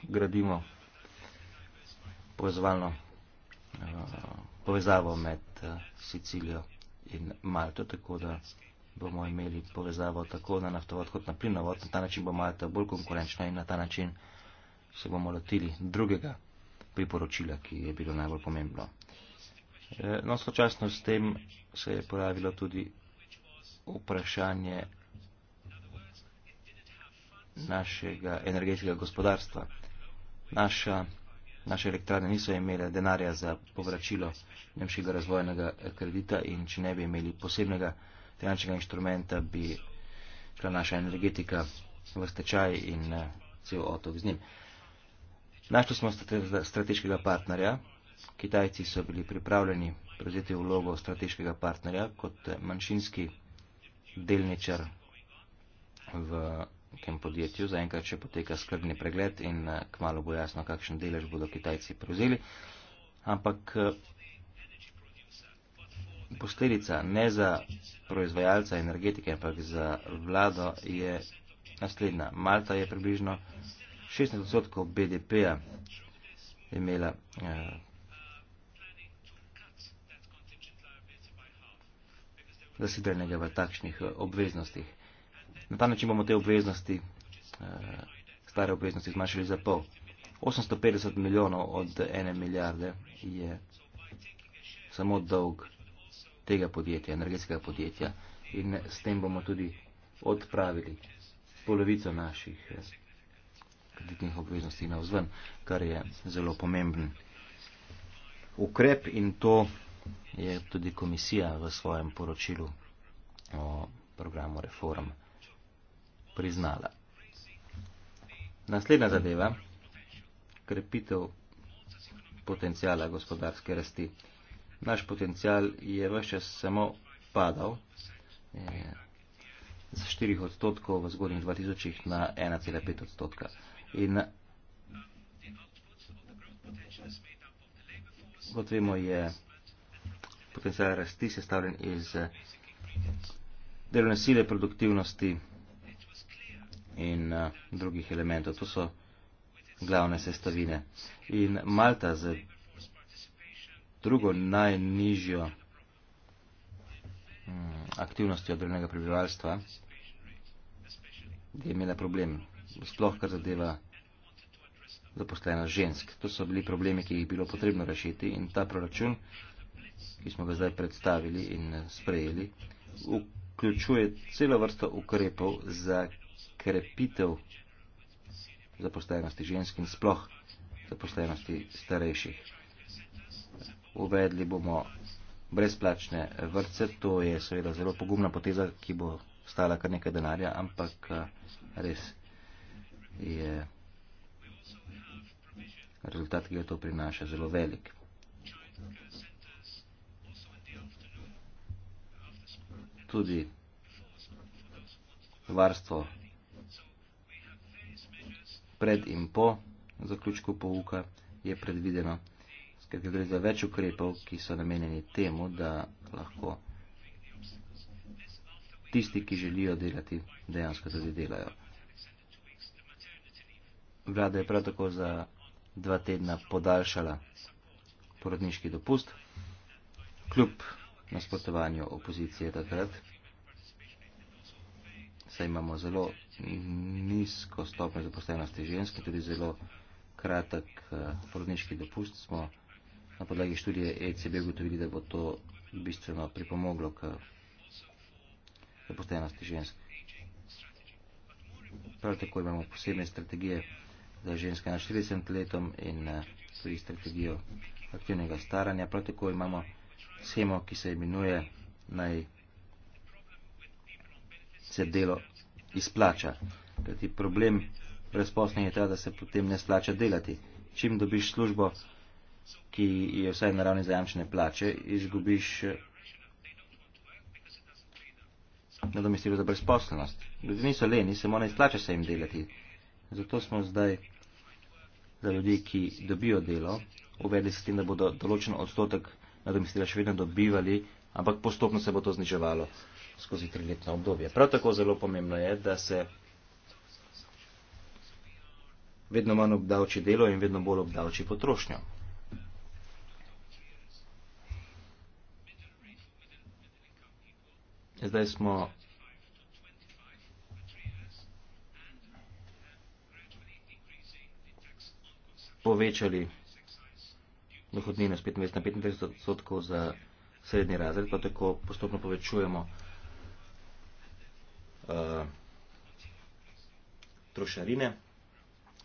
gradimo povezovalno eh, povezavo med eh, Sicilijo in Malto, tako da bomo imeli povezavo tako na naftovod kot na plinovod, na ta način bo Malta bolj konkurenčna in na ta način se bomo lotili drugega priporočila, ki je bilo najbolj pomembno. E, no, sočasno s tem se je pojavilo tudi vprašanje našega energetskega gospodarstva. Naša, naše elektrane niso imele denarja za povračilo nemškega razvojnega kredita in če ne bi imeli posebnega finančnega inštrumenta, bi šla naša energetika v stečaj in e, cel otok z njim. Našli smo strateškega partnerja. Kitajci so bili pripravljeni prevzeti vlogo strateškega partnerja kot manjšinski delničar v tem podjetju. Zaenkrat še poteka skrbni pregled in eh, kmalo bo jasno, kakšen delež bodo Kitajci prevzeli. Ampak eh, posledica ne za proizvajalca energetike, ampak za vlado je naslednja. Malta je približno 16 odstotkov BDP-ja imela uh, eh, zasidrenega v takšnih eh, obveznostih. Na ta način bomo te obveznosti, uh, stare obveznosti, zmanjšali za pol. 850 milijonov od ene milijarde je samo dolg tega podjetja, energetskega podjetja in s tem bomo tudi odpravili polovico naših. Uh, kreditnih obveznosti na vzven, kar je zelo pomemben ukrep in to je tudi komisija v svojem poročilu o programu reform priznala. Naslednja zadeva, krepitev potencijala gospodarske rasti. Naš potencijal je vse samo padal z 4 odstotkov v zgodnjih 2000 na 1,5 odstotka. In kot vemo, je potencijal rasti sestavljen iz eh, delovne sile, produktivnosti in eh, drugih elementov. To so glavne sestavine. In Malta z drugo najnižjo mm, aktivnostjo delovnega prebivalstva je imela problem sploh kar zadeva zaposlena žensk. To so bili problemi, ki jih bilo potrebno rešiti in ta proračun, ki smo ga zdaj predstavili in eh, sprejeli, vključuje celo vrsto ukrepov za krepitev zaposlenosti žensk in sploh zaposlenosti starejših. Uvedli bomo brezplačne vrtce, to je seveda zelo pogumna poteza, ki bo stala kar nekaj denarja, ampak eh, res je rezultat, ki ga to prinaša, zelo velik. Tudi varstvo pred in po zaključku pouka je predvideno, skratka gre za več ukrepov, ki so namenjeni temu, da lahko tisti, ki želijo delati, dejansko tudi delajo. Vlada je prav tako za dva tedna podaljšala porodniški dopust, kljub nasprotovanju opozicije takrat. Saj imamo zelo nizko stopnjo zaposlenosti žensk in tudi zelo kratek eh, porodniški dopust. Smo na podlagi študije ECB ugotovili, da bo to bistveno pripomoglo k zaposlenosti žensk. Prav tako imamo posebne strategije za ženske na 60 letom in eh, tudi strategijo aktivnega staranja. Prav tako imamo schemo, ki se imenuje naj se delo izplača. Kajti problem brezposlen je ta, da se potem ne splača delati. Čim dobiš službo, ki je vsaj na ravni zajamčene plače, izgubiš eh, nadomestilo za brezposlenost. Ljudje niso leni, samo ne splača se jim delati. Zato smo zdaj za ljudi, ki dobijo delo, uvedli s tem, da bodo določen odstotek nadomestila še vedno dobivali, ampak postopno se bo to zniževalo skozi triletno obdobje. Prav tako zelo pomembno je, da se vedno manj obdavči delo in vedno bolj obdavči potrošnjo. Zdaj smo povečali dohodnino z 25 na 35 odstotkov za srednji razred, pa tako postopno povečujemo uh, trošarine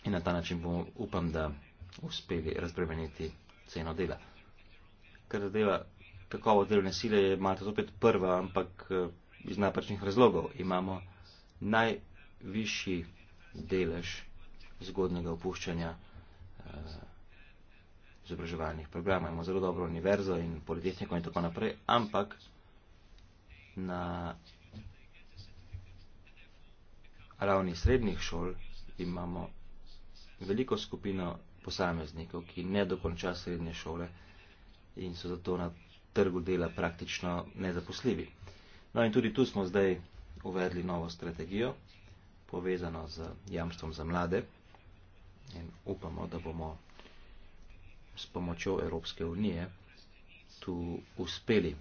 in na ta način bomo, upam, da uspeli razbremeniti ceno dela. Ker zadeva kakovo delovne sile je malo zopet prva, ampak eh, iz napačnih razlogov imamo najvišji delež zgodnega opuščanja Eh, izobraževalnih programov, imamo zelo dobro univerzo in politehniko in tako naprej, ampak na ravni srednjih šol imamo veliko skupino posameznikov, ki ne dokonča srednje šole in so zato na trgu dela praktično nezaposljivi. No in tudi tu smo zdaj uvedli novo strategijo, povezano z jamstvom za mlade. In upamo, da bomo s pomočjo Evropske unije tu uspeli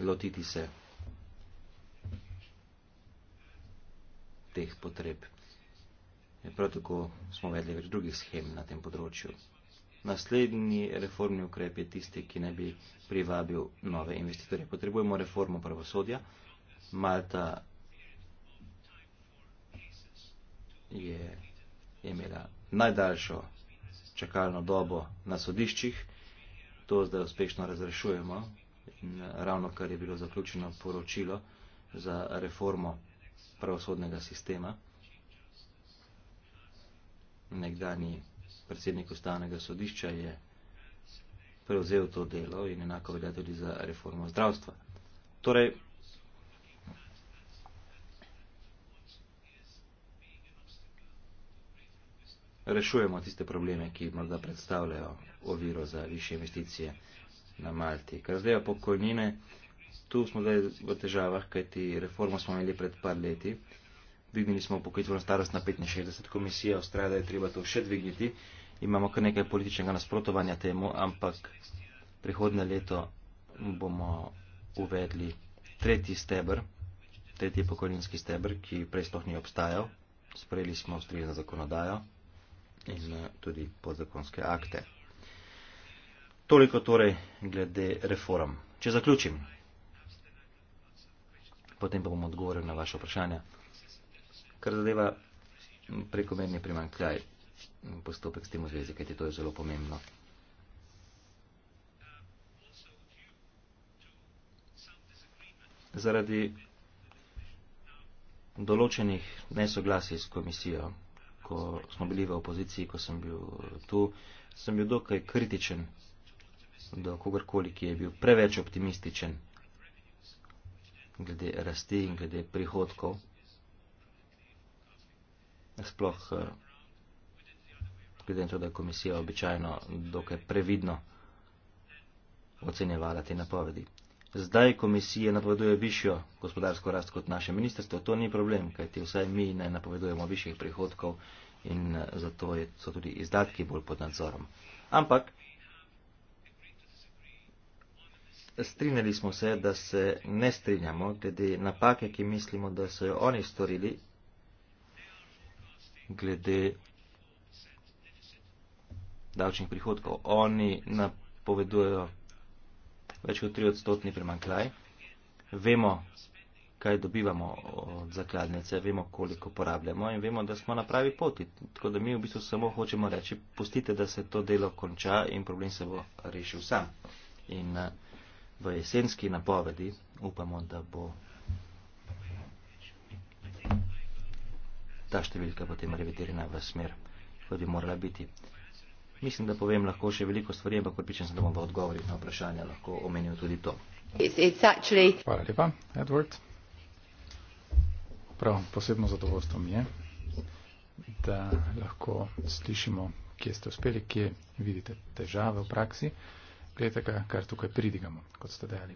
lotiti se teh potreb. In prav tako smo vedli več drugih schem na tem področju. Naslednji reformni ukrep je tisti, ki ne bi privabil nove investitorje. Potrebujemo reformo pravosodja. Malta je imela najdaljšo čakalno dobo na sodiščih. To zdaj uspešno razrešujemo in eh, ravno kar je bilo zaključeno poročilo za reformo pravosodnega sistema. Nekdani predsednik ustavnega sodišča je prevzel to delo in enako velja tudi za reformo zdravstva. Torej, rešujemo tiste probleme, ki morda predstavljajo oviro za više investicije na Malti. Kar zdaj je pokojnine, tu smo zdaj v težavah, kajti reformo smo imeli pred par leti. Dvignili smo pokojnino starost na 65, komisija ostraja, da je treba to še dvigniti. Imamo kar nekaj političnega nasprotovanja temu, ampak prihodne leto bomo uvedli tretji stebr, tretji pokojninski stebr, ki prej sploh ni obstajal. Sprejeli smo ustrezno zakonodajo in eh, tudi podzakonske akte. Toliko torej glede reform. Če zaključim, potem pa bom odgovoril na vaše vprašanje, kar zadeva prekomerni primankljaj postopek s tem v zvezi, kajti to je zelo pomembno. Zaradi določenih nesoglasij s komisijo ko smo bili v opoziciji, ko sem bil tu, sem bil dokaj kritičen do kogarkoli, ki je bil preveč optimističen glede rasti in glede prihodkov. Sploh eh, glede na to, da je komisija običajno dokaj previdno ocenjevala te napovedi. Zdaj komisije napoveduje višjo gospodarsko rast kot naše ministrstvo, to ni problem, kajti vsaj mi ne napovedujemo višjih prihodkov in eh, zato je, so tudi izdatki bolj pod nadzorom. Ampak strinjali smo se, da se ne strinjamo glede napake, ki mislimo, da so jo oni storili, glede davčnih prihodkov. Oni napovedujejo več kot 3-odstotni primankljaj. Vemo, kaj dobivamo od zakladnice, vemo, koliko porabljamo in vemo, da smo na pravi poti. Tako da mi v bistvu samo hočemo reči, pustite, da se to delo konča in problem se bo rešil sam. In eh, v jesenski napovedi upamo, da bo ta številka potem revidirana v smer, kot bi morala biti. Mislim, da povem lahko še veliko stvari, ampak pripričam se, da bom v odgovorih na vprašanja lahko omenil tudi to. It's, it's actually... Hvala lepa, Edward. Prav, posebno zadovoljstvo mi je, da lahko slišimo, kje ste uspeli, kje vidite težave v praksi. Gledajte, kar tukaj pridigamo, kot ste dejali.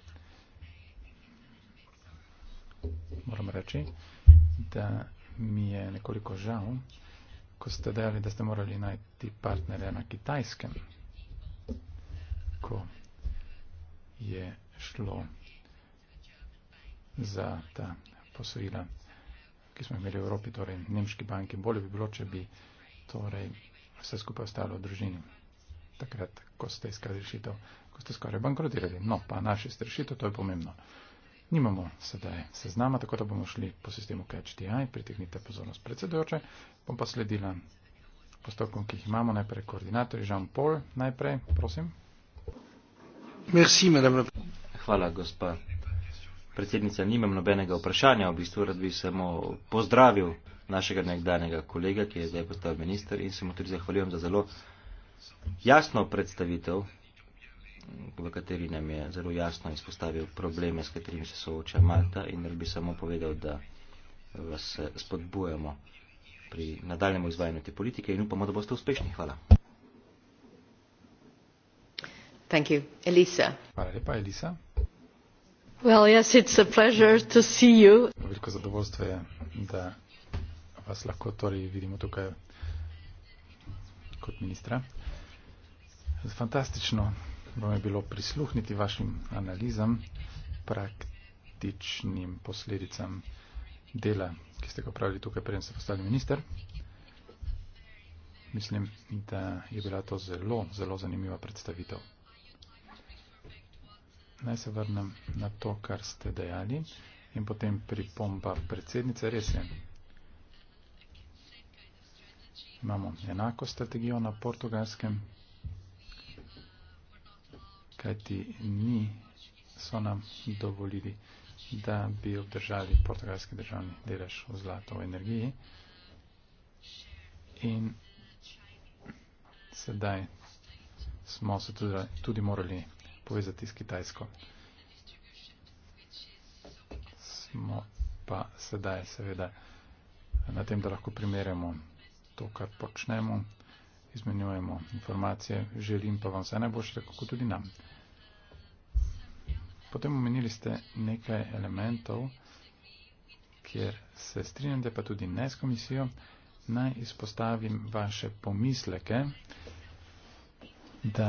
Moram reči, da mi je nekoliko žal, ko ste dejali, da ste morali najti partnere na kitajskem, ko je šlo za ta posojila, ki smo imeli v Evropi, torej nemški banki. Bolje bi bilo, če bi torej vse skupaj ostalo v družini. Takrat, ko ste iskali rešitev, ko ste skoraj bankrotirali. No, pa naše rešitev, to je pomembno. Nimamo sedaj seznama, tako da bomo šli po sistemu KHDI, pritegnite pozornost predsedujoče, bom pa sledila postopkom, ki jih imamo, najprej koordinator Jean-Paul, najprej, prosim. Merci, madame. Hvala, gospa. Predsednica, nimam nobenega vprašanja, v bistvu rad bi samo pozdravil našega nekdanjega kolega, ki je zdaj postal minister in se mu tudi zahvaljujem za zelo jasno predstavitev v kateri nam je zelo jasno izpostavil probleme, s katerimi se sooča Malta in da bi samo povedal, da vas eh, spodbujamo pri nadaljemu izvajanju te politike in upamo, da boste uspešni. Hvala. Thank you. Elisa. Hvala lepa, Elisa. Well, yes, it's a pleasure to see you. Veliko zadovoljstvo je, da vas lahko torej vidimo tukaj kot ministra. Fantastično vam je bilo prisluhniti vašim analizam, praktičnim posledicam dela, ki ste ga pravili tukaj, preden ste postali minister. Mislim, da je bila to zelo, zelo zanimiva predstavitev. Naj se vrnem na to, kar ste dejali in potem pripomba predsednice. Res je, imamo enako strategijo na portugalskem kajti ni so nam dovolili, da bi obdržali portugalski državni delež v zlato energiji. In sedaj smo se tudi, tudi morali povezati s Kitajsko. Smo pa sedaj seveda na tem, da lahko primerjamo to, kar počnemo, izmenjujemo informacije. Želim pa vam vse najboljše, tako tudi nam. Potem omenili ste nekaj elementov, kjer se strinjate, pa tudi ne s komisijo. Naj izpostavim vaše pomisleke, da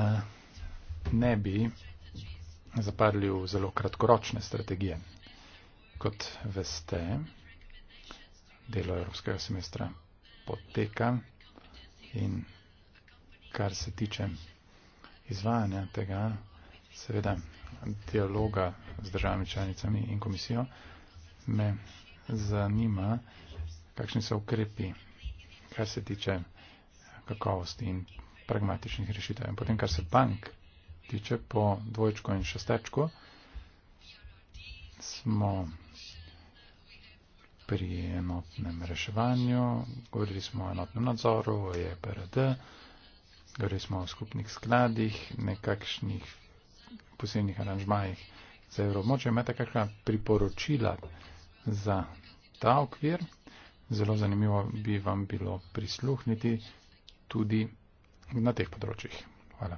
ne bi zapadli v zelo kratkoročne strategije. Kot veste, delo Evropskega semestra poteka in kar se tiče izvajanja tega, seveda dialoga z državami članicami in komisijo, me zanima, kakšni so ukrepi, kar se tiče kakovosti in pragmatičnih rešitev. In potem, kar se bank tiče po dvojčko in šestečko, smo pri enotnem reševanju, govorili smo o enotnem nadzoru, o EPRD, govorili smo o skupnih skladih, nekakšnih posebnih aranžmajih za evroobmočje, imate kakšna priporočila za ta okvir. Zelo zanimivo bi vam bilo prisluhniti tudi na teh področjih. Hvala.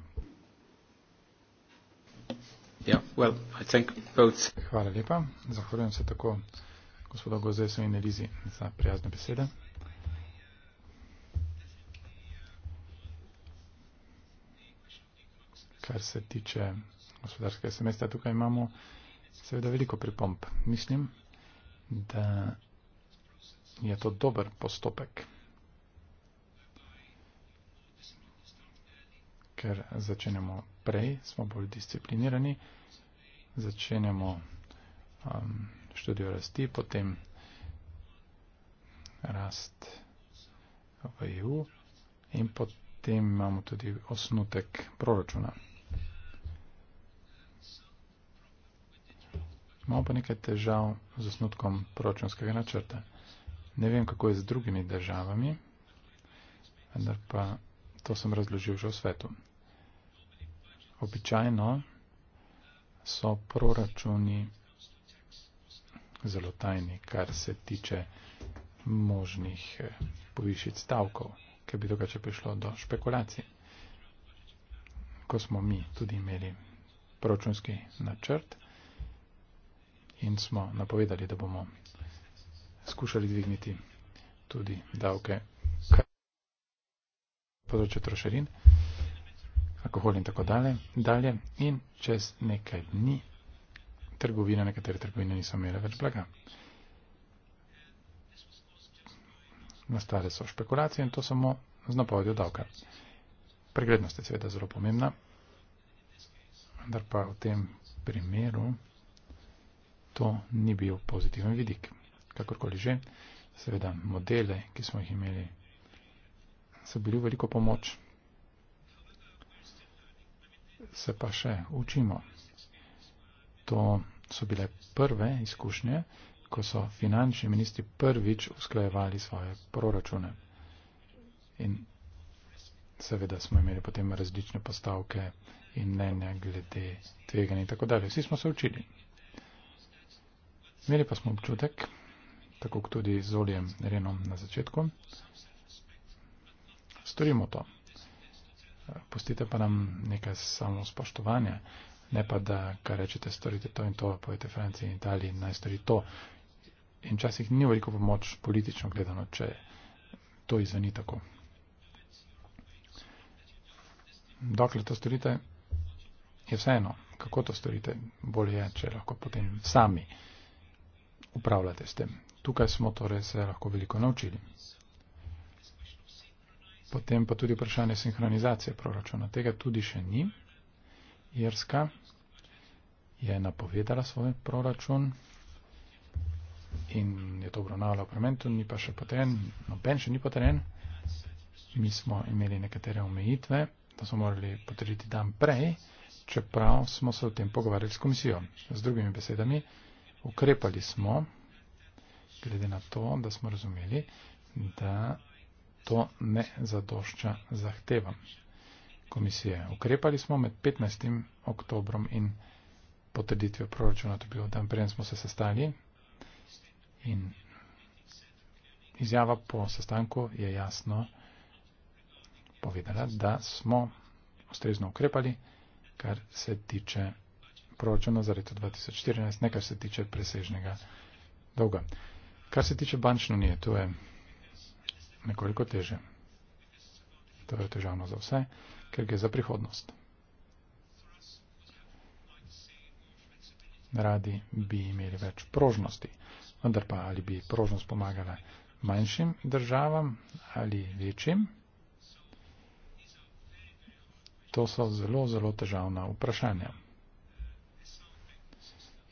Yeah, well, I think both. Hvala lepa. Zahvaljujem se tako gospodu Gozesu in Elizi za prijazne besede. Kar se tiče gospodarskega semestra, tukaj imamo seveda veliko pripomp. Mislim, da je to dober postopek, ker začenjamo prej, smo bolj disciplinirani, začenjamo um, študijo rasti, potem rast v EU in potem imamo tudi osnutek proračuna. Imamo pa nekaj težav z osnutkom proračunskega načrta. Ne vem, kako je z drugimi državami, vendar pa to sem razložil že v svetu. Običajno so proračuni zelo tajni, kar se tiče možnih eh, povišic stavkov, ker bi drugače prišlo do špekulacij. Ko smo mi tudi imeli proračunski načrt, in smo napovedali, da bomo skušali dvigniti tudi davke, kar področje trošarin, alkohol in tako dalje, dalje. In čez nekaj dni trgovine, nekatere trgovine niso imele več blaga. Nastale so špekulacije in to samo z napovedjo davka. Preglednost je seveda zelo pomembna, vendar pa v tem primeru to ni bil pozitiven vidik. Kakorkoli že, seveda modele, ki smo jih imeli, so bili veliko pomoč. Se pa še učimo. To so bile prve izkušnje, ko so finančni ministri prvič usklajevali svoje proračune. In seveda smo imeli potem različne postavke in mnenja glede tvega in tako dalje. Vsi smo se učili. Imeli pa smo občutek, tako kot tudi z olijem Renom na začetku. Storimo to. Pustite pa nam nekaj samo spoštovanja, ne pa da, kar rečete, storite to in to, pojete Franciji in Italiji, naj stori to. In včasih ni veliko pomoč politično gledano, če to izveni tako. Dokler to storite, je vseeno, kako to storite, bolje je, če lahko potem sami upravljate s tem. Tukaj smo torej se lahko veliko naučili. Potem pa tudi vprašanje sinhronizacije proračuna. Tega tudi še ni. Irska je napovedala svoj proračun in je to obravnavala v parlamentu, ni pa še potrjen, noben še ni potrjen. Mi smo imeli nekatere omejitve, da smo morali potrditi dan prej, čeprav smo se o tem pogovarjali s komisijo. Z drugimi besedami, Ukrepali smo, glede na to, da smo razumeli, da to ne zadošča zahtevam komisije. Ukrepali smo med 15. oktobrom in potreditvijo proračuna, to bilo dan, preden smo se sestali in izjava po sestanku je jasno povedala, da smo ustrezno ukrepali, kar se tiče proračuna za leto 2014, ne kar se tiče presežnega dolga. Kar se tiče bančne unije, to je nekoliko teže. To je težavno za vse, ker gre za prihodnost. Radi bi imeli več prožnosti, vendar pa ali bi prožnost pomagala manjšim državam ali večjim, to so zelo, zelo težavna vprašanja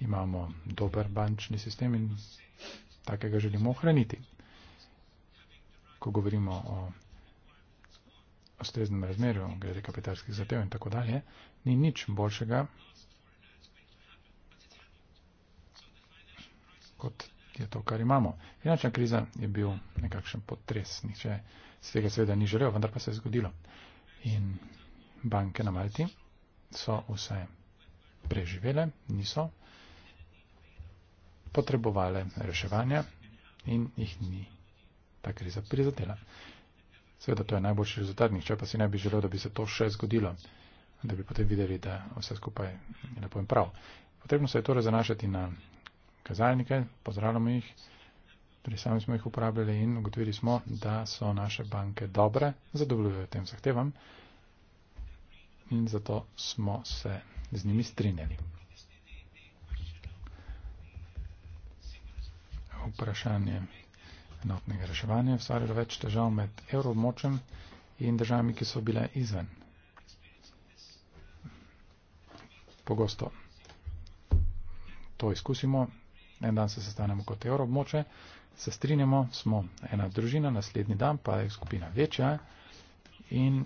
imamo dober bančni sistem in takega želimo ohraniti. Ko govorimo o ustreznem razmerju glede kapitalskih zatev in tako dalje, ni nič boljšega kot je to, kar imamo. Finančna kriza je bil nekakšen potres, nihče z tega sveda ni želel, vendar pa se je zgodilo. In banke na Malti so vse preživele, niso potrebovale reševanja in jih ni ta kriza prizadela. Seveda to je najboljši rezultat, nihče pa si ne bi želel, da bi se to še zgodilo, da bi potem videli, da vse skupaj je lepo in prav. Potrebno se je torej zanašati na kazalnike, pozdravljamo jih, pri sami smo jih uporabljali in ugotovili smo, da so naše banke dobre, zadovoljujejo tem zahtevam in zato smo se z njimi strinjali. vprašanje enotnega reševanja ustvarjalo več težav med evroobmočem in državami, ki so bile izven. Pogosto to izkusimo, en dan se sestanemo kot evroobmoče, se strinjamo, smo ena družina, naslednji dan pa je skupina večja in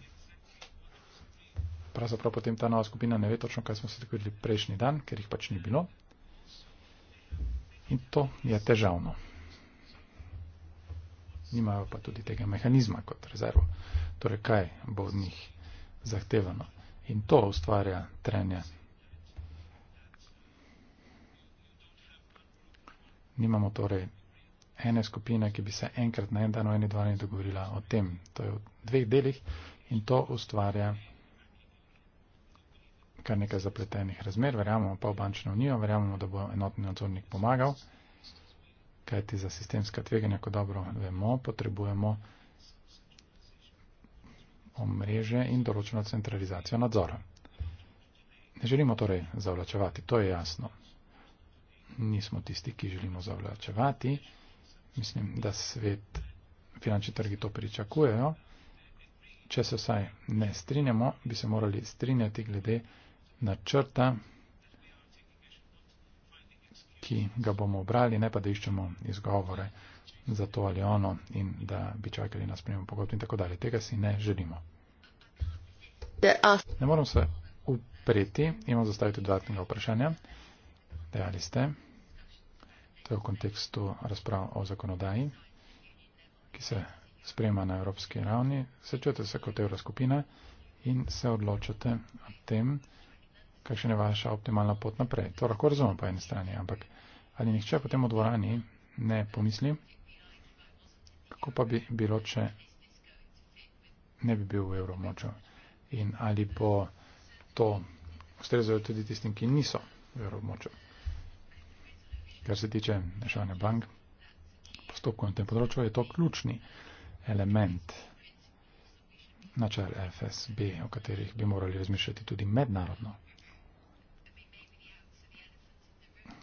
pravzaprav potem ta nova skupina ne ve točno, kaj smo se dogovorili prejšnji dan, ker jih pač ni bilo. In to je težavno. Nimajo pa tudi tega mehanizma kot rezervo. Torej, kaj bo od njih zahtevano. In to ustvarja trenje. Nimamo torej ene skupine, ki bi se enkrat na en dan v eni dvorani dogovorila o tem. To je v dveh delih in to ustvarja trenje kar nekaj zapletenih razmer, verjamemo pa v bančno unijo, verjamemo, da bo enotni nadzornik pomagal, kajti za sistemska tveganja, kot dobro vemo, potrebujemo omrežje in določeno centralizacijo nadzora. Ne želimo torej zavlačevati, to je jasno. Nismo tisti, ki želimo zavlačevati. Mislim, da svet, finančni trgi to pričakujejo. Če se vsaj ne strinjamo, bi se morali strinjati glede načrta, ki ga bomo obrali, ne pa da iščemo izgovore za to ali ono in da bi čakali na sprejemo pogodbo in tako dalje. Tega si ne želimo. Ne moram se upreti, imam zastaviti dodatnega vprašanja. Dejali ste, to je v kontekstu razprav o zakonodaji, ki se sprejema na evropski ravni, se čujete se kot evroskupina in se odločate o tem, kakšna je vaša optimalna pot naprej. To lahko razumem po eni strani, ampak ali nihče potem v dvorani ne pomisli, kako pa bi bilo, če ne bi bil v evromočju in ali bo to ustrezalo tudi tistim, ki niso v evromočju. Kar se tiče reševanja bank, postopkov na tem področju je to ključni element načel FSB, o katerih bi morali razmišljati tudi mednarodno.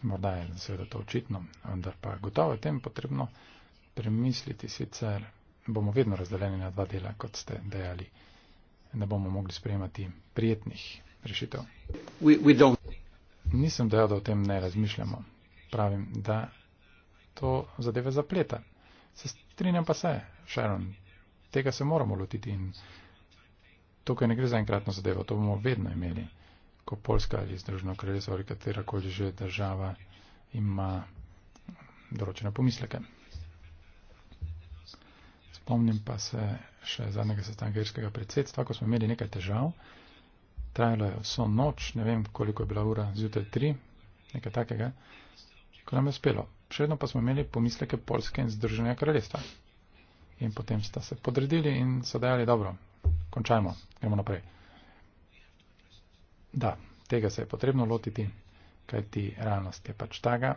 morda je seveda to očitno, vendar pa gotovo je tem potrebno premisliti sicer, bomo vedno razdeljeni na dva dela, kot ste dejali, da bomo mogli sprejemati prijetnih rešitev. We, we Nisem dejal, da o tem ne razmišljamo. Pravim, da to zadeve zapleta. Se strinjam pa se, Sharon, tega se moramo lotiti in tukaj ne gre za enkratno zadevo, to bomo vedno imeli ko Poljska ali Združeno kraljestvo ali katera koli že država ima določene pomisleke. Spomnim pa se še zadnjega sestanka irskega predsedstva, ko smo imeli nekaj težav. Trajalo je vso noč, ne vem koliko je bila ura, zjutraj tri, nekaj takega, ko nam je uspelo. Še vedno pa smo imeli pomisleke Poljske in Združenega kraljestva. In potem sta se podredili in so dejali, dobro, končajmo, gremo naprej da, tega se je potrebno lotiti, kaj ti realnost je pač taga.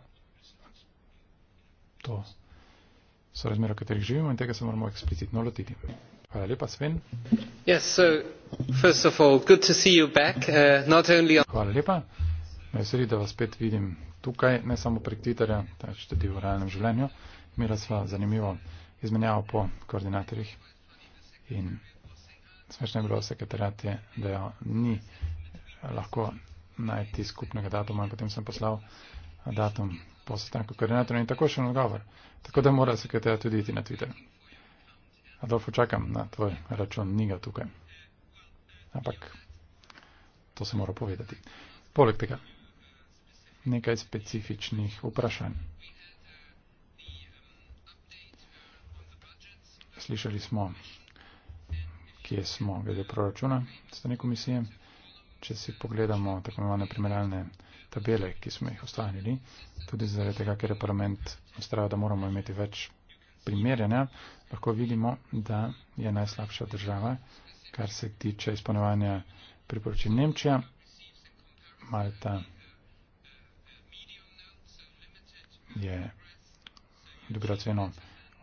To so razmere, v katerih živimo in tega se moramo eksplicitno lotiti. Hvala lepa, Sven. Yes, so, all, back, uh, on... Hvala lepa. Me veseli, da vas spet vidim tukaj, ne samo prek Twitterja, pač tudi v realnem življenju. Imela sva zanimivo izmenjavo po koordinatorjih in smešno je bilo sekretariat, da jo ni lahko najti skupnega datuma in potem sem poslal eh, datum po sestanku koordinatorja in tako še na odgovor. Tako da mora se kateri tudi iti na Twitter. Adolfo, čakam na tvoj račun, ni ga tukaj. Ampak to se mora povedati. Poleg tega, nekaj specifičnih vprašanj. Slišali smo, kje smo glede proračuna strani komisije če si pogledamo tako imenovane primerjalne tabele, ki smo jih ustvarili, tudi zaradi tega, ker je parlament ustrajal, da moramo imeti več primerjanja, lahko vidimo, da je najslabša država, kar se tiče izpolnjevanja priporočil Nemčija, Malta je dobila ceno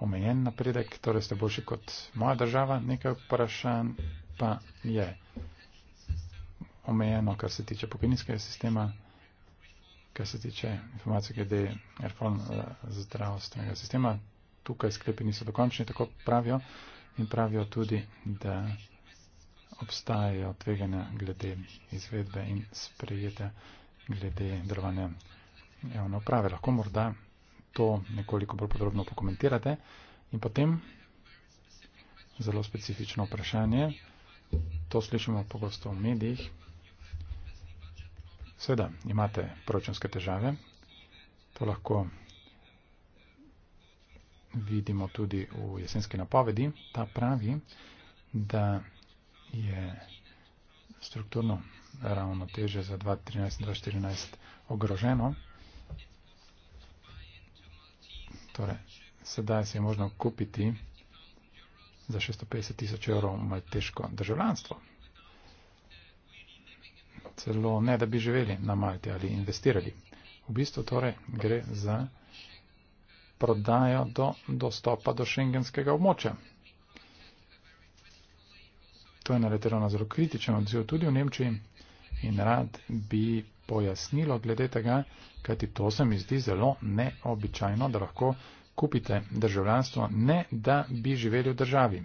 omejen napredek, torej ste boljši kot moja država, nekaj vprašanj pa je. Yeah omejeno, kar se tiče pokojninskega sistema, kar se tiče informacij glede reform eh, zdravstvenega sistema. Tukaj sklepi niso dokončni, tako pravijo in pravijo tudi, da obstajajo tveganja glede izvedbe in sprejete glede delovanja javne uprave. Lahko morda to nekoliko bolj podrobno pokomentirate in potem zelo specifično vprašanje. To slišimo pogosto v medijih, Seveda, imate proračunske težave. To lahko vidimo tudi v jesenski napovedi. Ta pravi, da je strukturno ravno teže za 2013 in 2014 ogroženo. Torej, sedaj se je možno kupiti za 650 tisoč evrov malteško državljanstvo celo ne, da bi živeli na Malti ali investirali. V bistvu torej gre za prodajo do dostopa do šengenskega območja. To je naletelo na zelo kritičen odziv tudi v Nemčiji in rad bi pojasnilo glede tega, kajti to se mi zdi zelo neobičajno, da lahko kupite državljanstvo, ne da bi živeli v državi.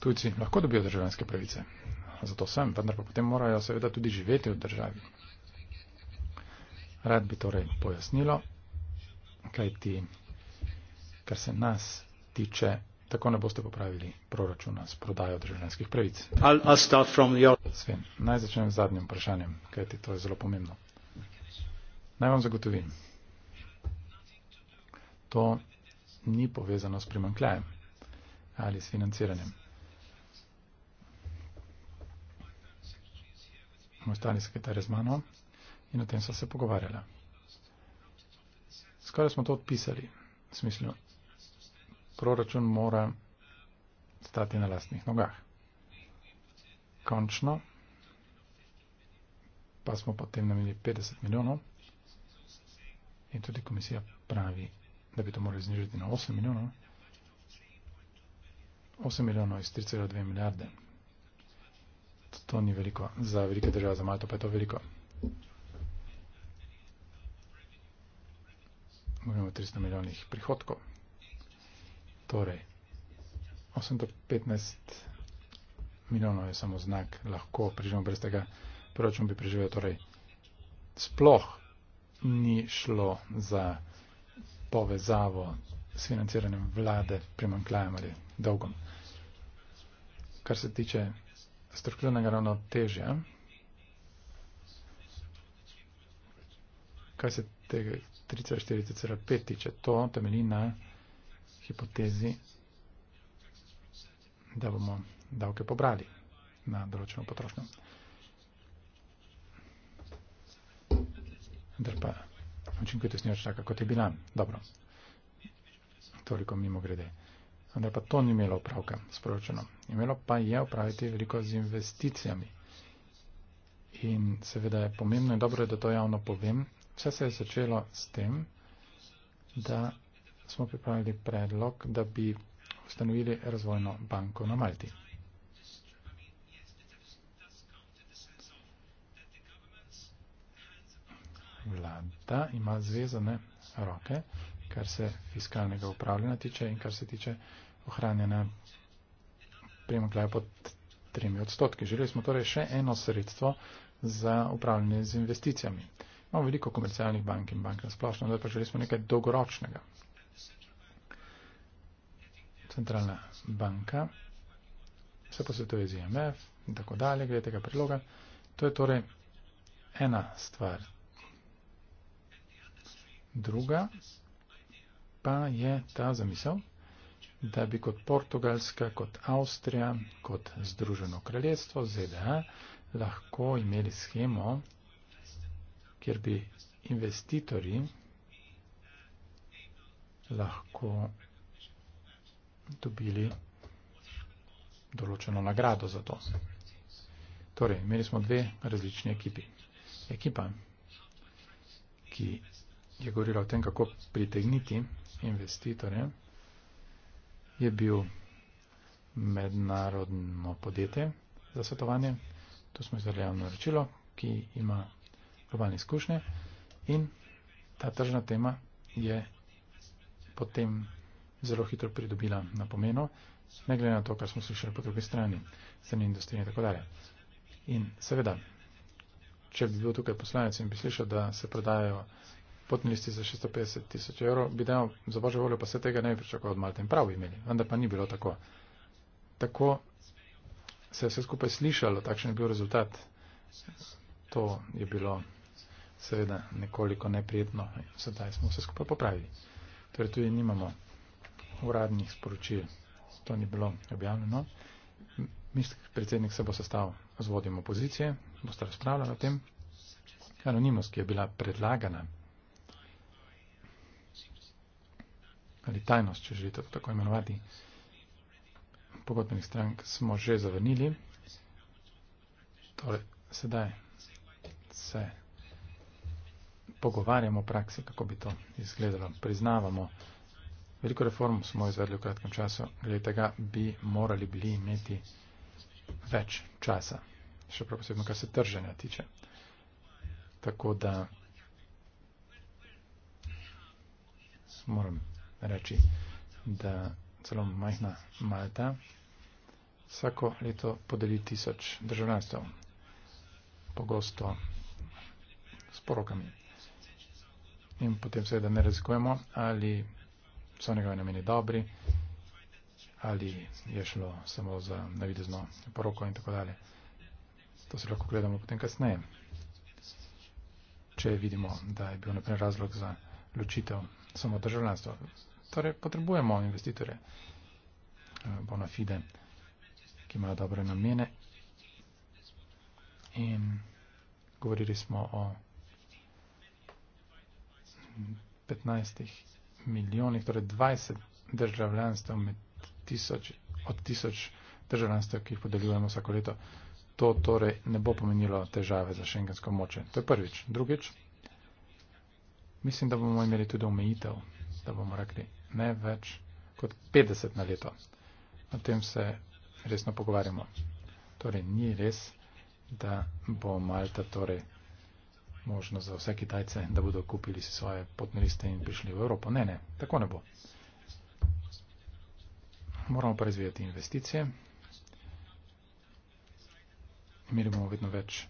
Tujci lahko dobijo državljanske pravice zato sem, vendar pa potem morajo seveda tudi živeti v državi. Rad bi torej pojasnilo, kaj ti, kar se nas tiče, tako ne boste popravili proračuna s prodajo državljanskih pravic. Sven, naj začnem z zadnjim vprašanjem, kaj ti to je zelo pomembno. Naj vam zagotovim, to ni povezano s primankljajem ali s financiranjem. ostali sekretarji z mano in o tem so se pogovarjala. Skoraj smo to odpisali, v smislu, proračun mora stati na lastnih nogah. Končno pa smo potem namenili 50 milijonov in tudi komisija pravi, da bi to morali znižiti na 8 milijonov. 8 milijonov iz 3,2 milijarde, to ni veliko za velike države, za Malto pa je to veliko. Govorimo o 300 milijonih prihodkov. Torej, 815 milijonov je samo znak, lahko preživimo brez tega, proračun bi preživel. Torej, sploh ni šlo za povezavo s financiranjem vlade, primankljajem ali dolgom. Kar se tiče strukturnega ravnotežja. Kaj se tega 3,4,5 tiče, to temelji na hipotezi, da bomo davke pobrali na določeno potrošnjo. Vendar pa učinkovitost ni več taka, kot je bila. Dobro, toliko mimo grede vendar pa to ni imelo opravka s proračunom. Imelo pa je opraviti veliko z investicijami. In seveda je pomembno in dobro, da to javno povem. Vse se je začelo s tem, da smo pripravili predlog, da bi ustanovili razvojno banko na Malti. Vlada ima zvezane roke, kar se fiskalnega upravljanja tiče in kar se tiče uh, ohranjene premoglaje pod tremi odstotki. Želeli smo torej še eno sredstvo za upravljanje z investicijami. Imamo veliko komercialnih bank in bank na splošno, da pa želeli smo nekaj dolgoročnega. Centralna banka se posvetuje z IMF in tako dalje, glede tega priloga. To je torej ena stvar. Druga pa je ta zamisel da bi kot Portugalska, kot Avstrija, kot Združeno kraljestvo ZDA lahko imeli schemo, kjer bi investitorji lahko dobili določeno nagrado za to. Torej, imeli smo dve različne ekipi. Ekipa, ki je govorila o tem, kako pritegniti investitorje, je bil mednarodno podjetje za svetovanje. Tu smo izdali javno naročilo, ki ima globalne izkušnje in ta tržna tema je potem zelo hitro pridobila na pomenu, ne glede na to, kar smo slišali po drugi strani, strani industrije in tako dalje. In seveda, če bi bil tukaj poslanec in bi slišal, da se prodajajo potni listi za 650 tisoč evrov, bi dal za božjo voljo, pa se tega ne bi pričakoval od Malte in prav imeli, vendar pa ni bilo tako. Tako se je vse skupaj slišalo, takšen je bil rezultat. To je bilo seveda nekoliko neprijetno in sedaj smo vse skupaj popravili. Torej tudi nimamo uradnih sporočil, to ni bilo objavljeno. Mislim, predsednik se bo sestal z vodjem opozicije, boste razpravljali o tem. Anonimnost, ki je bila predlagana ali tajnost, če želite tako imenovati, pogodbenih strank smo že zavrnili. Torej, sedaj se pogovarjamo o praksi, kako bi to izgledalo. Priznavamo, veliko reform smo izvedli v kratkem času, glede tega bi morali bili imeti več časa, še prav posebno, kar se trženja tiče. Tako da moram reči, da celo majhna Malta vsako leto podeli tisoč državljanstv, pogosto s porokami. In potem seveda ne razlikujemo, ali so njegovi nameni dobri, ali je šlo samo za navidezno poroko in tako dalje. To se lahko gledamo potem kasneje. Če vidimo, da je bil naprej razlog za ločitev samo državljanstva, Torej, potrebujemo investitore eh, bona fide, ki imajo dobre namene. In govorili smo o 15 milijonih, torej 20 državljanstv med tisoč, od tisoč državljanstv, ki jih podeljujemo vsako leto. To torej ne bo pomenilo težave za šengensko moče. To je prvič. Drugič, mislim, da bomo imeli tudi omejitev da bomo rekli, ne več kot 50 na leto. O tem se resno pogovarjamo. Torej, ni res, da bo Malta torej možno za vse Kitajce, da bodo kupili si svoje potne liste in prišli v Evropo. Ne, ne, tako ne bo. Moramo pa razvijati investicije. Imeli bomo vedno več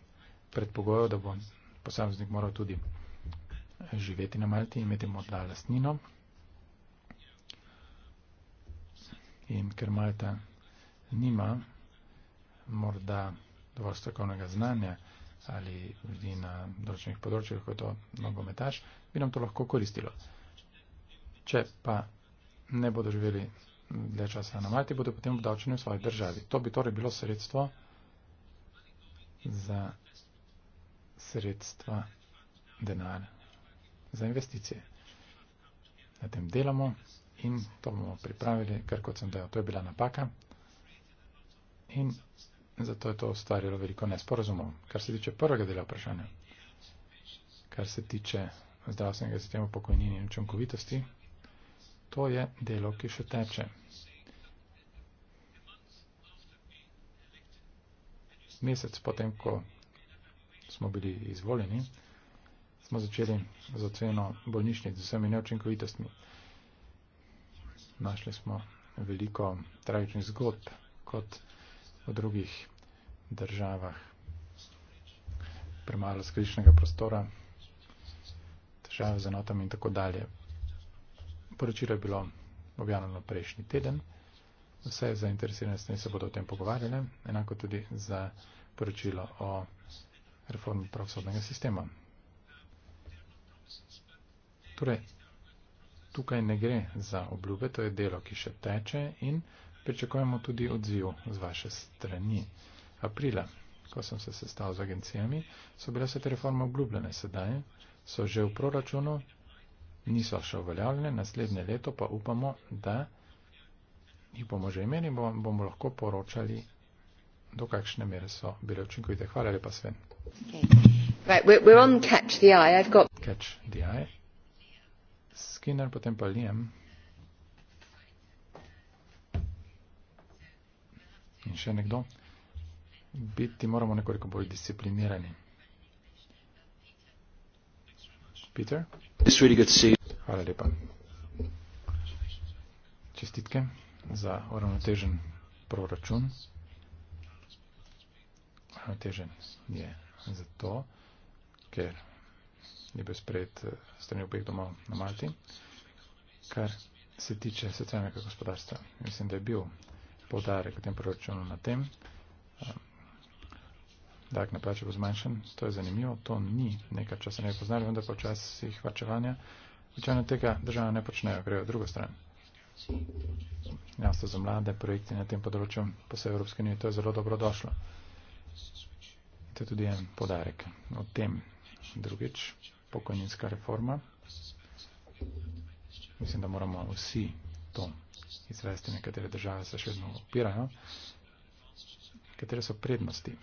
predpogojev, da bo posameznik moral tudi živeti na Malti in imeti morda lastnino. in ker Malta nima morda dovolj strokovnega znanja ali ljudi na določenih področjih, kot je to nogometaš, bi nam to lahko koristilo. Če pa ne bodo živeli dlje časa na Malti, bodo potem obdavčeni v svoji državi. To bi torej bilo sredstvo za sredstva denar za investicije. Na tem delamo in to bomo pripravili, ker kot sem dejal, to je bila napaka in zato je to ustvarjalo veliko nesporazumov. Kar se tiče prvega dela vprašanja, kar se tiče zdravstvenega sistema pokojnine in učinkovitosti, to je delo, ki še teče. Mesec potem, ko smo bili izvoljeni, smo začeli z oceno bolnišnic z vsemi neučinkovitostmi našli smo veliko tragičnih zgodb kot v drugih državah. Premalo skrišnega prostora, težave z enotami in tako dalje. Poročilo je bilo objavljeno prejšnji teden. Vse zainteresirane strani se bodo o tem pogovarjale, enako tudi za poročilo o reformi pravosodnega sistema. Torej, tukaj ne gre za obljube, to je delo, ki še teče in pričakujemo tudi odziv z vaše strani. Aprila, ko sem se sestal z agencijami, so bile vse te reforme obljubljene sedaj, so že v proračunu, niso še uveljavljene, naslednje leto pa upamo, da jih bomo že imeli in bomo, bomo lahko poročali, do kakšne mere so bile učinkovite. Hvala lepa, Sven. Okay. Right, we're, we're on catch the eye. I've got catch the eye. Skinner, potem pa Liam. In še nekdo. Biti moramo nekoliko bolj disciplinirani. Peter? Hvala lepa. Čestitke za uravnotežen proračun. Uravnotežen je zato, ker je bil sprejet eh, strani obeh domov na Malti, kar se tiče socialnega gospodarstva. Mislim, da je bil povdarek v tem proračunu na tem, eh, da ak ne plače bo zmanjšan, to je zanimivo, to ni nekaj časa ne poznali, vendar počasih vačevanja, Včeraj tega država ne počnejo, grejo v drugo stran. Jasno za mlade, projekti na tem področju, po vsej Evropske unije, to je zelo dobro došlo. To je tudi en podarek. O tem drugič pokojninska reforma. Mislim, da moramo vsi to izvesti, nekatere države se še vedno opirajo. Katere so prednosti,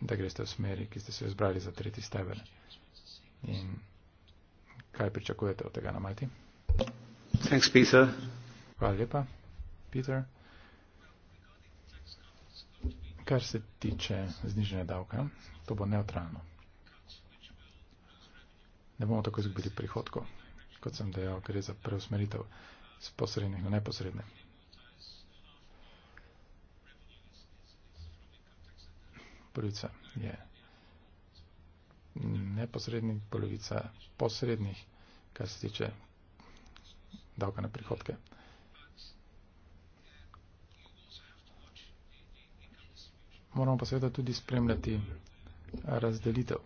da greste v smeri, ki ste se izbrali za tretji steber? In kaj pričakujete od tega na Malti? Thanks, Peter. Hvala lepa, Peter. Kar se tiče znižene davka, to bo neutralno ne bomo tako izgubili prihodkov, kot sem dejal, ker je za preusmeritev z posrednih na neposredne. Polovica je neposredni, polovica posrednih, kar se tiče davka na prihodke. Moramo pa seveda tudi spremljati razdelitev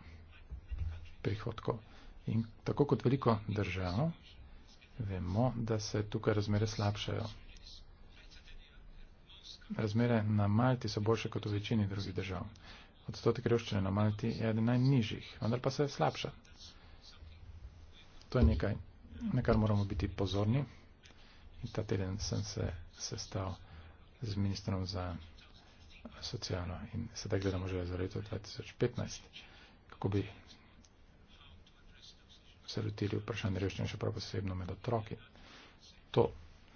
prihodkov. In tako kot veliko držav, vemo, da se tukaj razmere slabšajo. Razmere na Malti so boljše kot v večini drugih držav. Odstotek revščine na Malti je eden najnižjih, vendar pa se slabša. To je nekaj, na kar moramo biti pozorni. In ta teden sem se sestal z ministrom za socialno in sedaj gledamo že za leto 2015, kako bi se lotili vprašanj revščine, še prav posebno med otroki. To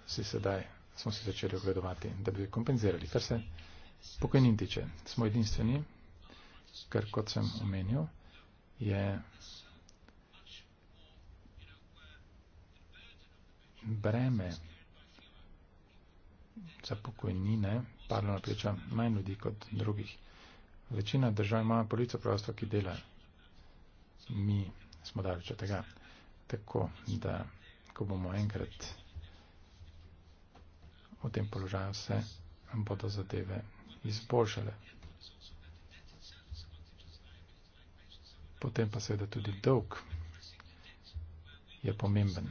si sedaj smo si začeli ogledovati, da bi kompenzirali. Kar se pokojnin tiče, smo edinstveni, ker kot sem omenil, je breme za pokojnine padlo na pleča manj ljudi kot drugih. Večina držav ima polico pravstva, ki dela. Mi smo dali če tega. Tako, da ko bomo enkrat v tem položaju se, bodo zadeve izboljšale. Potem pa seveda tudi dolg je pomemben.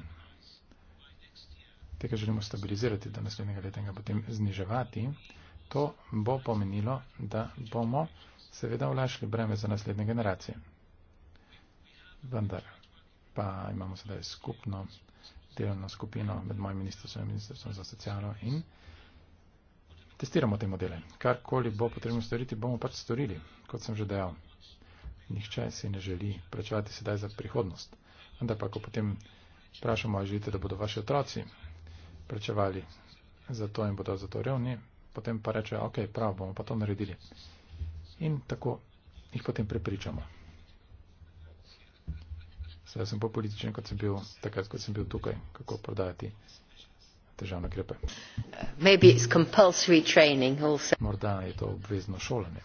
Tega želimo stabilizirati do naslednjega leta in ga potem zniževati. To bo pomenilo, da bomo seveda vlašili breme za naslednje generacije vendar pa imamo sedaj skupno delovno skupino med mojim ministrstvom in ministrstvom za socialno in testiramo te modele. Karkoli bo potrebno storiti, bomo pač storili, kot sem že dejal. Nihče si ne želi plačevati sedaj za prihodnost. Vendar pa, ko potem vprašamo, ali želite, da bodo vaši otroci plačevali za to in bodo za to revni, potem pa rečejo, ok, prav, bomo pa to naredili. In tako jih potem prepričamo. Zdaj sem bolj političen, kot sem bil takrat, kot sem bil tukaj, kako prodajati težavne krepe. Morda je to obvezno šolanje.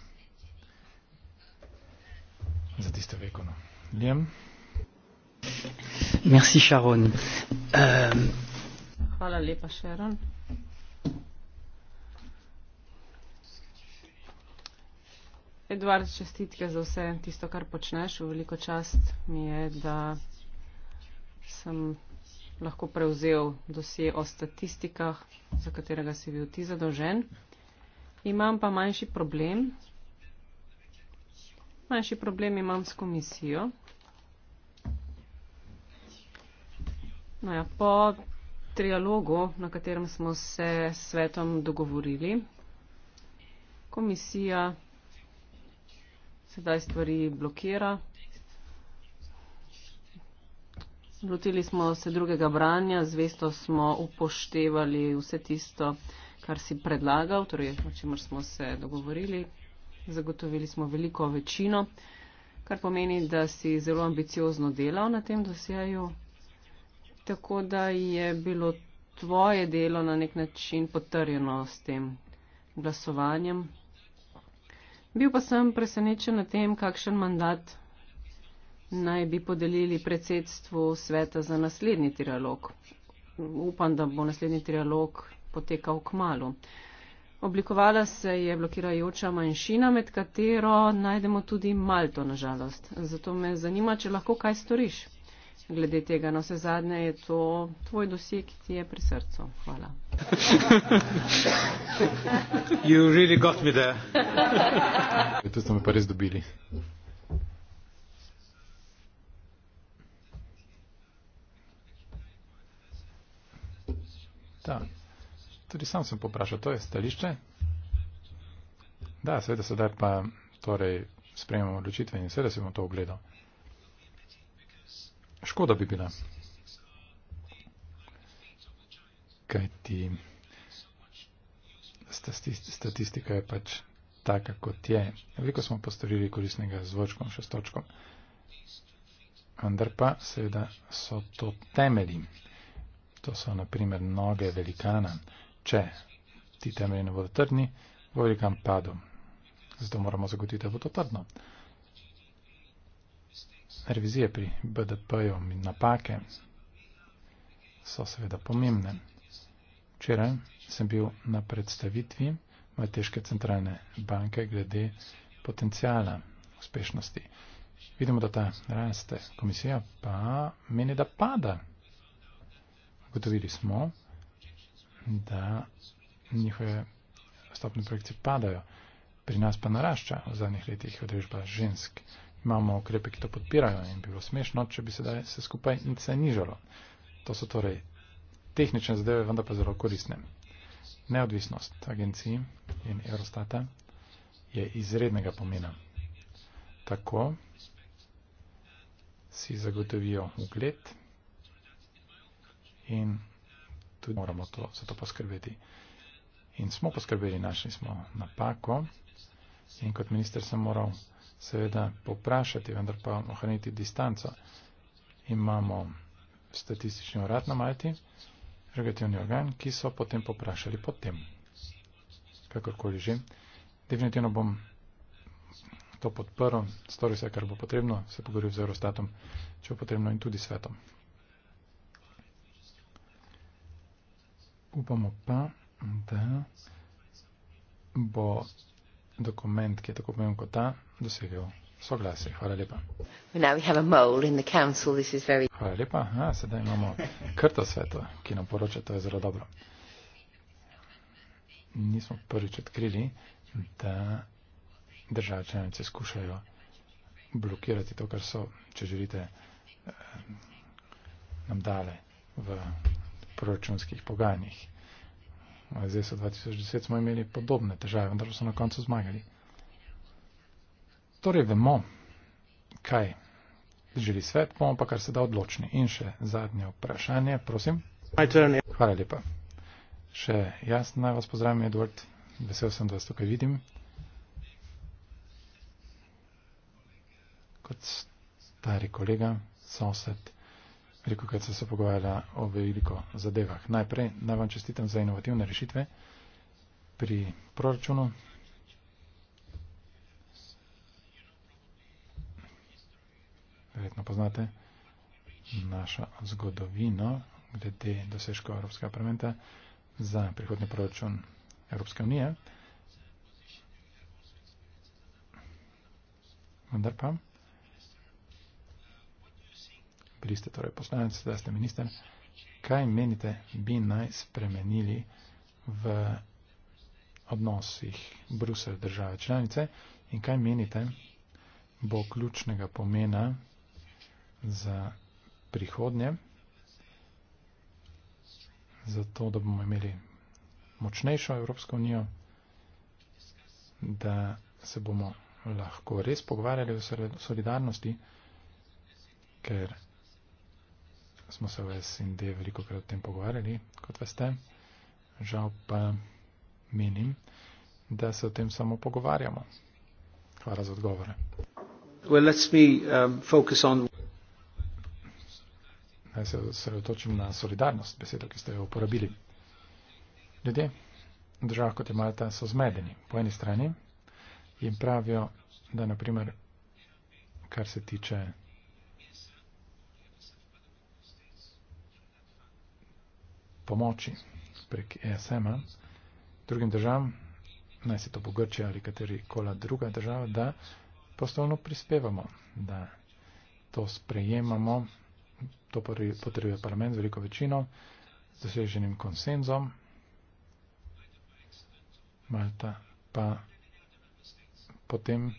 Za tisto vekono. Liam? Merci, Sharon. Um... Hvala lepa, Sharon. Edvard, čestitke za vse tisto, kar počneš. Veliko čast mi je, da sem lahko prevzel dosje o statistikah, za katerega si bil ti zadolžen. Imam pa manjši problem. Manjši problem imam s komisijo. No ja, po trialogu, na katerem smo se s svetom dogovorili, komisija sedaj stvari blokira. Lotili smo se drugega branja, zvesto smo upoštevali vse tisto, kar si predlagal, torej o čemer smo se dogovorili. Zagotovili smo veliko večino, kar pomeni, da si zelo ambiciozno delal na tem dosjeju. Tako da je bilo tvoje delo na nek način potrjeno s tem glasovanjem. Bil pa sem presenečen na tem, kakšen mandat naj bi podelili predsedstvu sveta za naslednji trialog. Upam, da bo naslednji trialog potekal k malu. Oblikovala se je blokirajoča manjšina, med katero najdemo tudi Malto, nažalost. Zato me zanima, če lahko kaj storiš glede tega. No, vse zadnje je to tvoj dosje, ki ti je pri srcu. Hvala. Really ja, to ste me pa res dobili. Da. Tudi sam sem poprašal, to je stališče. Da, seveda sedaj pa torej, sprejemamo odločitve in seveda si bomo to ogledali. Škoda bi bila. Kaj ti statistika je pač taka, kot je. Veliko smo postorili korisnega z vočkom, šestočkom. Vendar pa seveda so to temelji. To so naprimer noge velikana. Če ti temelji ne bodo trdni, bo velikan padel. Zato moramo zagotoviti, da bo to trdno revizije pri BDP-ju in napake so seveda pomembne. Včeraj sem bil na predstavitvi Mateške centralne banke glede potencijala uspešnosti. Vidimo, da ta raste komisija, pa meni, da pada. Ugotovili smo, da njihove stopne projekcije padajo, pri nas pa narašča v zadnjih letih odrežba žensk imamo ukrepe, ki to podpirajo in bi bilo smešno, če bi se, daj, se skupaj se nižalo. To so torej tehnične zadeve, vendar pa zelo koristne. Neodvisnost agencij in Eurostata je izrednega pomena. Tako si zagotovijo ugled in tudi moramo to, za to poskrbeti. In smo poskrbeli, našli smo napako in kot minister sem moral seveda poprašati, vendar pa ohraniti distanco. Imamo statistični urad na Malti, regativni organ, ki so potem poprašali potem. Kakorkoli že. Definitivno bom to podprl, storil vse, kar bo potrebno, se pogovoril z Eurostatom, če bo potrebno in tudi svetom. Upamo pa, da bo dokument, ki je tako pomemben kot ta, dosegel soglasje. Hvala lepa. Council, very... Hvala lepa. Ja, sedaj imamo krto sveto, ki nam poroča, to je zelo dobro. Nismo prvič odkrili, da države članice skušajo blokirati to, kar so, če želite, eh, nam dale v proračunskih pogajanjih. Zdaj so 2010 smo imeli podobne težave, vendar so na koncu zmagali. Torej vemo, kaj želi svet, bomo pa kar se da odločni. In še zadnje vprašanje, prosim. Ja. Hvala lepa. Še jaz naj vas pozdravim, Edward. Vesel sem, da vas tukaj vidim. Kot stari kolega, sosed, veliko krat sem se pogovarjala o veliko zadevah. Najprej naj vam čestitam za inovativne rešitve pri proračunu, verjetno poznate našo zgodovino glede dosežkov Evropskega parlamenta za prihodni proračun Evropske unije. Vendar pa, bili ste torej poslanec, da ste minister, kaj menite bi naj spremenili v odnosih Brusel države članice in kaj menite bo ključnega pomena za prihodnje, za to, da bomo imeli močnejšo Evropsko unijo, da se bomo lahko res pogovarjali o solidarnosti, ker smo se v SND veliko krat o tem pogovarjali, kot veste. Žal pa menim, da se o tem samo pogovarjamo. Hvala za odgovore. Well, let me um, focus on Naj se osredotočim na solidarnost, besedo, ki ste jo uporabili. Ljudje v državah kot je Malta so zmedeni po eni strani in pravijo, da naprimer, kar se tiče pomoči prek ESM-a drugim državam, naj se to bo Grčija ali kateri kola druga država, da prostovoljno prispevamo, da to sprejemamo to potrebuje parlament z veliko večino, z doseženim konsenzom. Malta pa potem,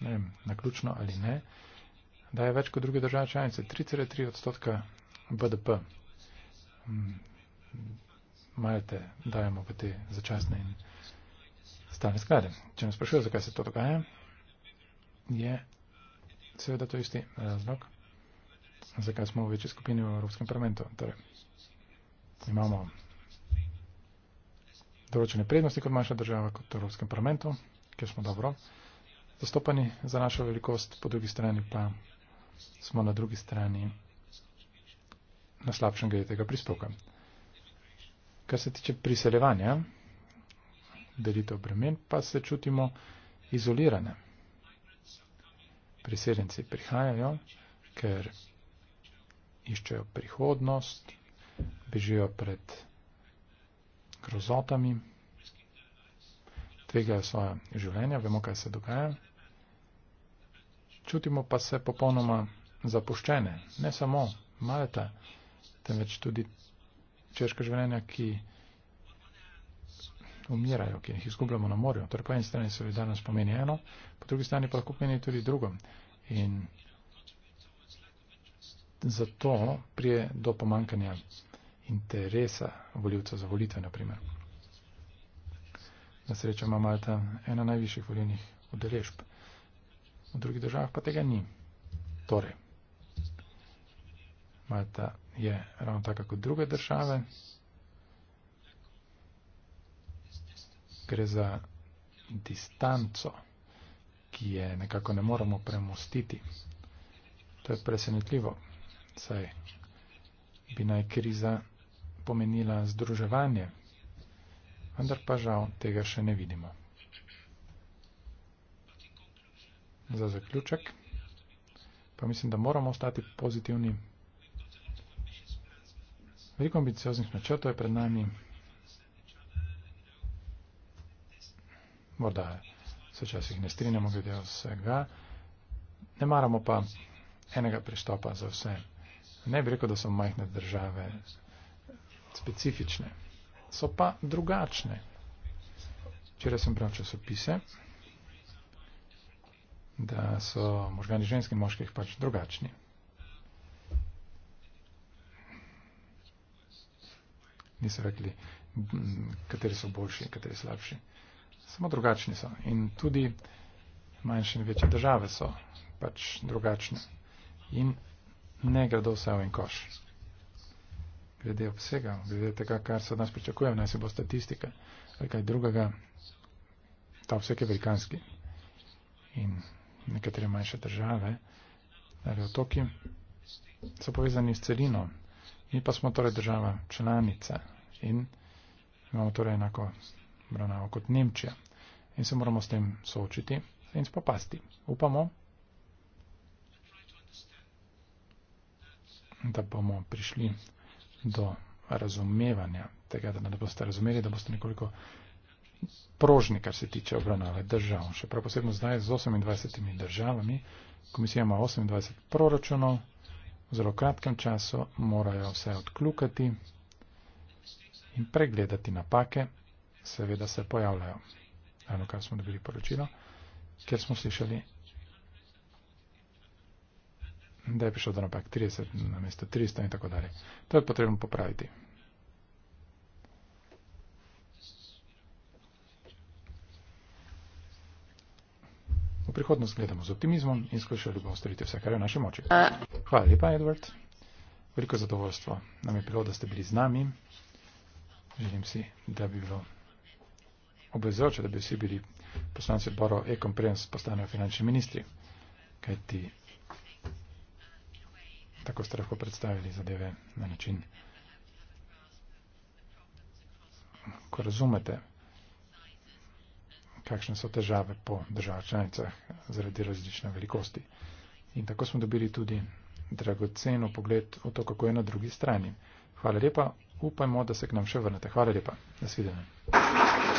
ne vem, naključno ali ne, daje več kot druge države članice, 3,3 odstotka BDP. Mm. Malte dajemo v te začasne in stane sklade. Če me sprašujejo, zakaj se to dogaja, je seveda to isti razlog zakaj smo v večji skupini v Evropskem parlamentu. Torej, imamo določene prednosti kot manjša država kot v Evropskem parlamentu, kjer smo dobro zastopani za našo velikost, po drugi strani pa smo na drugi strani na slabšem glede tega pristopa. Kar se tiče priseljevanja, delitev bremen, pa se čutimo izolirane. Priseljenci prihajajo, ker iščejo prihodnost, bežijo pred grozotami, tvegajo svoje življenje, vemo, kaj se dogaja. Čutimo pa se popolnoma zapuščene, ne samo Malta, temveč tudi češka življenja, ki umirajo, ki jih izgubljamo na morju. Torej po eni strani solidarnost pomeni eno, po drugi strani pa lahko pomeni tudi drugo. In zato prije do pomankanja interesa voljivca za volitve, naprimer. Na srečo ima Malta ena najvišjih voljenih udeležb. V drugih državah pa tega ni. Torej, Malta je ravno tako kot druge države. Gre za distanco, ki je nekako ne moramo premostiti. To je presenetljivo saj bi naj kriza pomenila združevanje, vendar pa žal tega še ne vidimo. Za zaključek pa mislim, da moramo ostati pozitivni. Veliko ambicioznih načrtov je pred nami. Morda se včasih ne strinjamo glede vsega, ne maramo pa enega pristopa za vse. Ne bi rekel, da so majhne države specifične. So pa drugačne. Včeraj sem bral časopise, da so možgani žensk in moških pač drugačni. Niso rekli, kateri so boljši in kateri slabši. Samo drugačni so. In tudi manjše in večje države so pač drugačne. In ne gredo vse v en koš. Glede obsega, glede tega, kar se od nas pričakuje, naj se bo statistika ali kaj drugega, ta obseg je velikanski. In nekatere manjše države ali otoki so povezani s celino. Mi pa smo torej država članica in imamo torej enako obravnavo kot Nemčija. In se moramo s tem soočiti in spopasti. Upamo, da bomo prišli do razumevanja tega, da ne boste razumeli, da boste nekoliko prožni, kar se tiče obravnave držav. Še prav posebno zdaj z 28 državami. Komisija ima 28 proračunov, v zelo kratkem času morajo vse odklukati in pregledati napake, seveda se pojavljajo. Eno, kar smo dobili poročilo, kjer smo slišali da je prišel do napak 30 na mesto 300 in tako dalje. To je potrebno popraviti. V prihodnost gledamo z optimizmom in skušali bomo storiti vse, kar je v naši moči. Hvala lepa, Edward. Veliko zadovoljstvo nam je bilo, da ste bili z nami. Želim si, da bi bilo obvezoče, da bi vsi bili poslanci odborov e-conference postanejo finančni ministri, kajti tako ste lahko predstavili zadeve na način. Ko razumete, kakšne so težave po državah članicah zaradi različne velikosti. In tako smo dobili tudi dragoceno pogled v to, kako je na drugi strani. Hvala lepa, upajmo, da se k nam še vrnete. Hvala lepa, nasvidenje.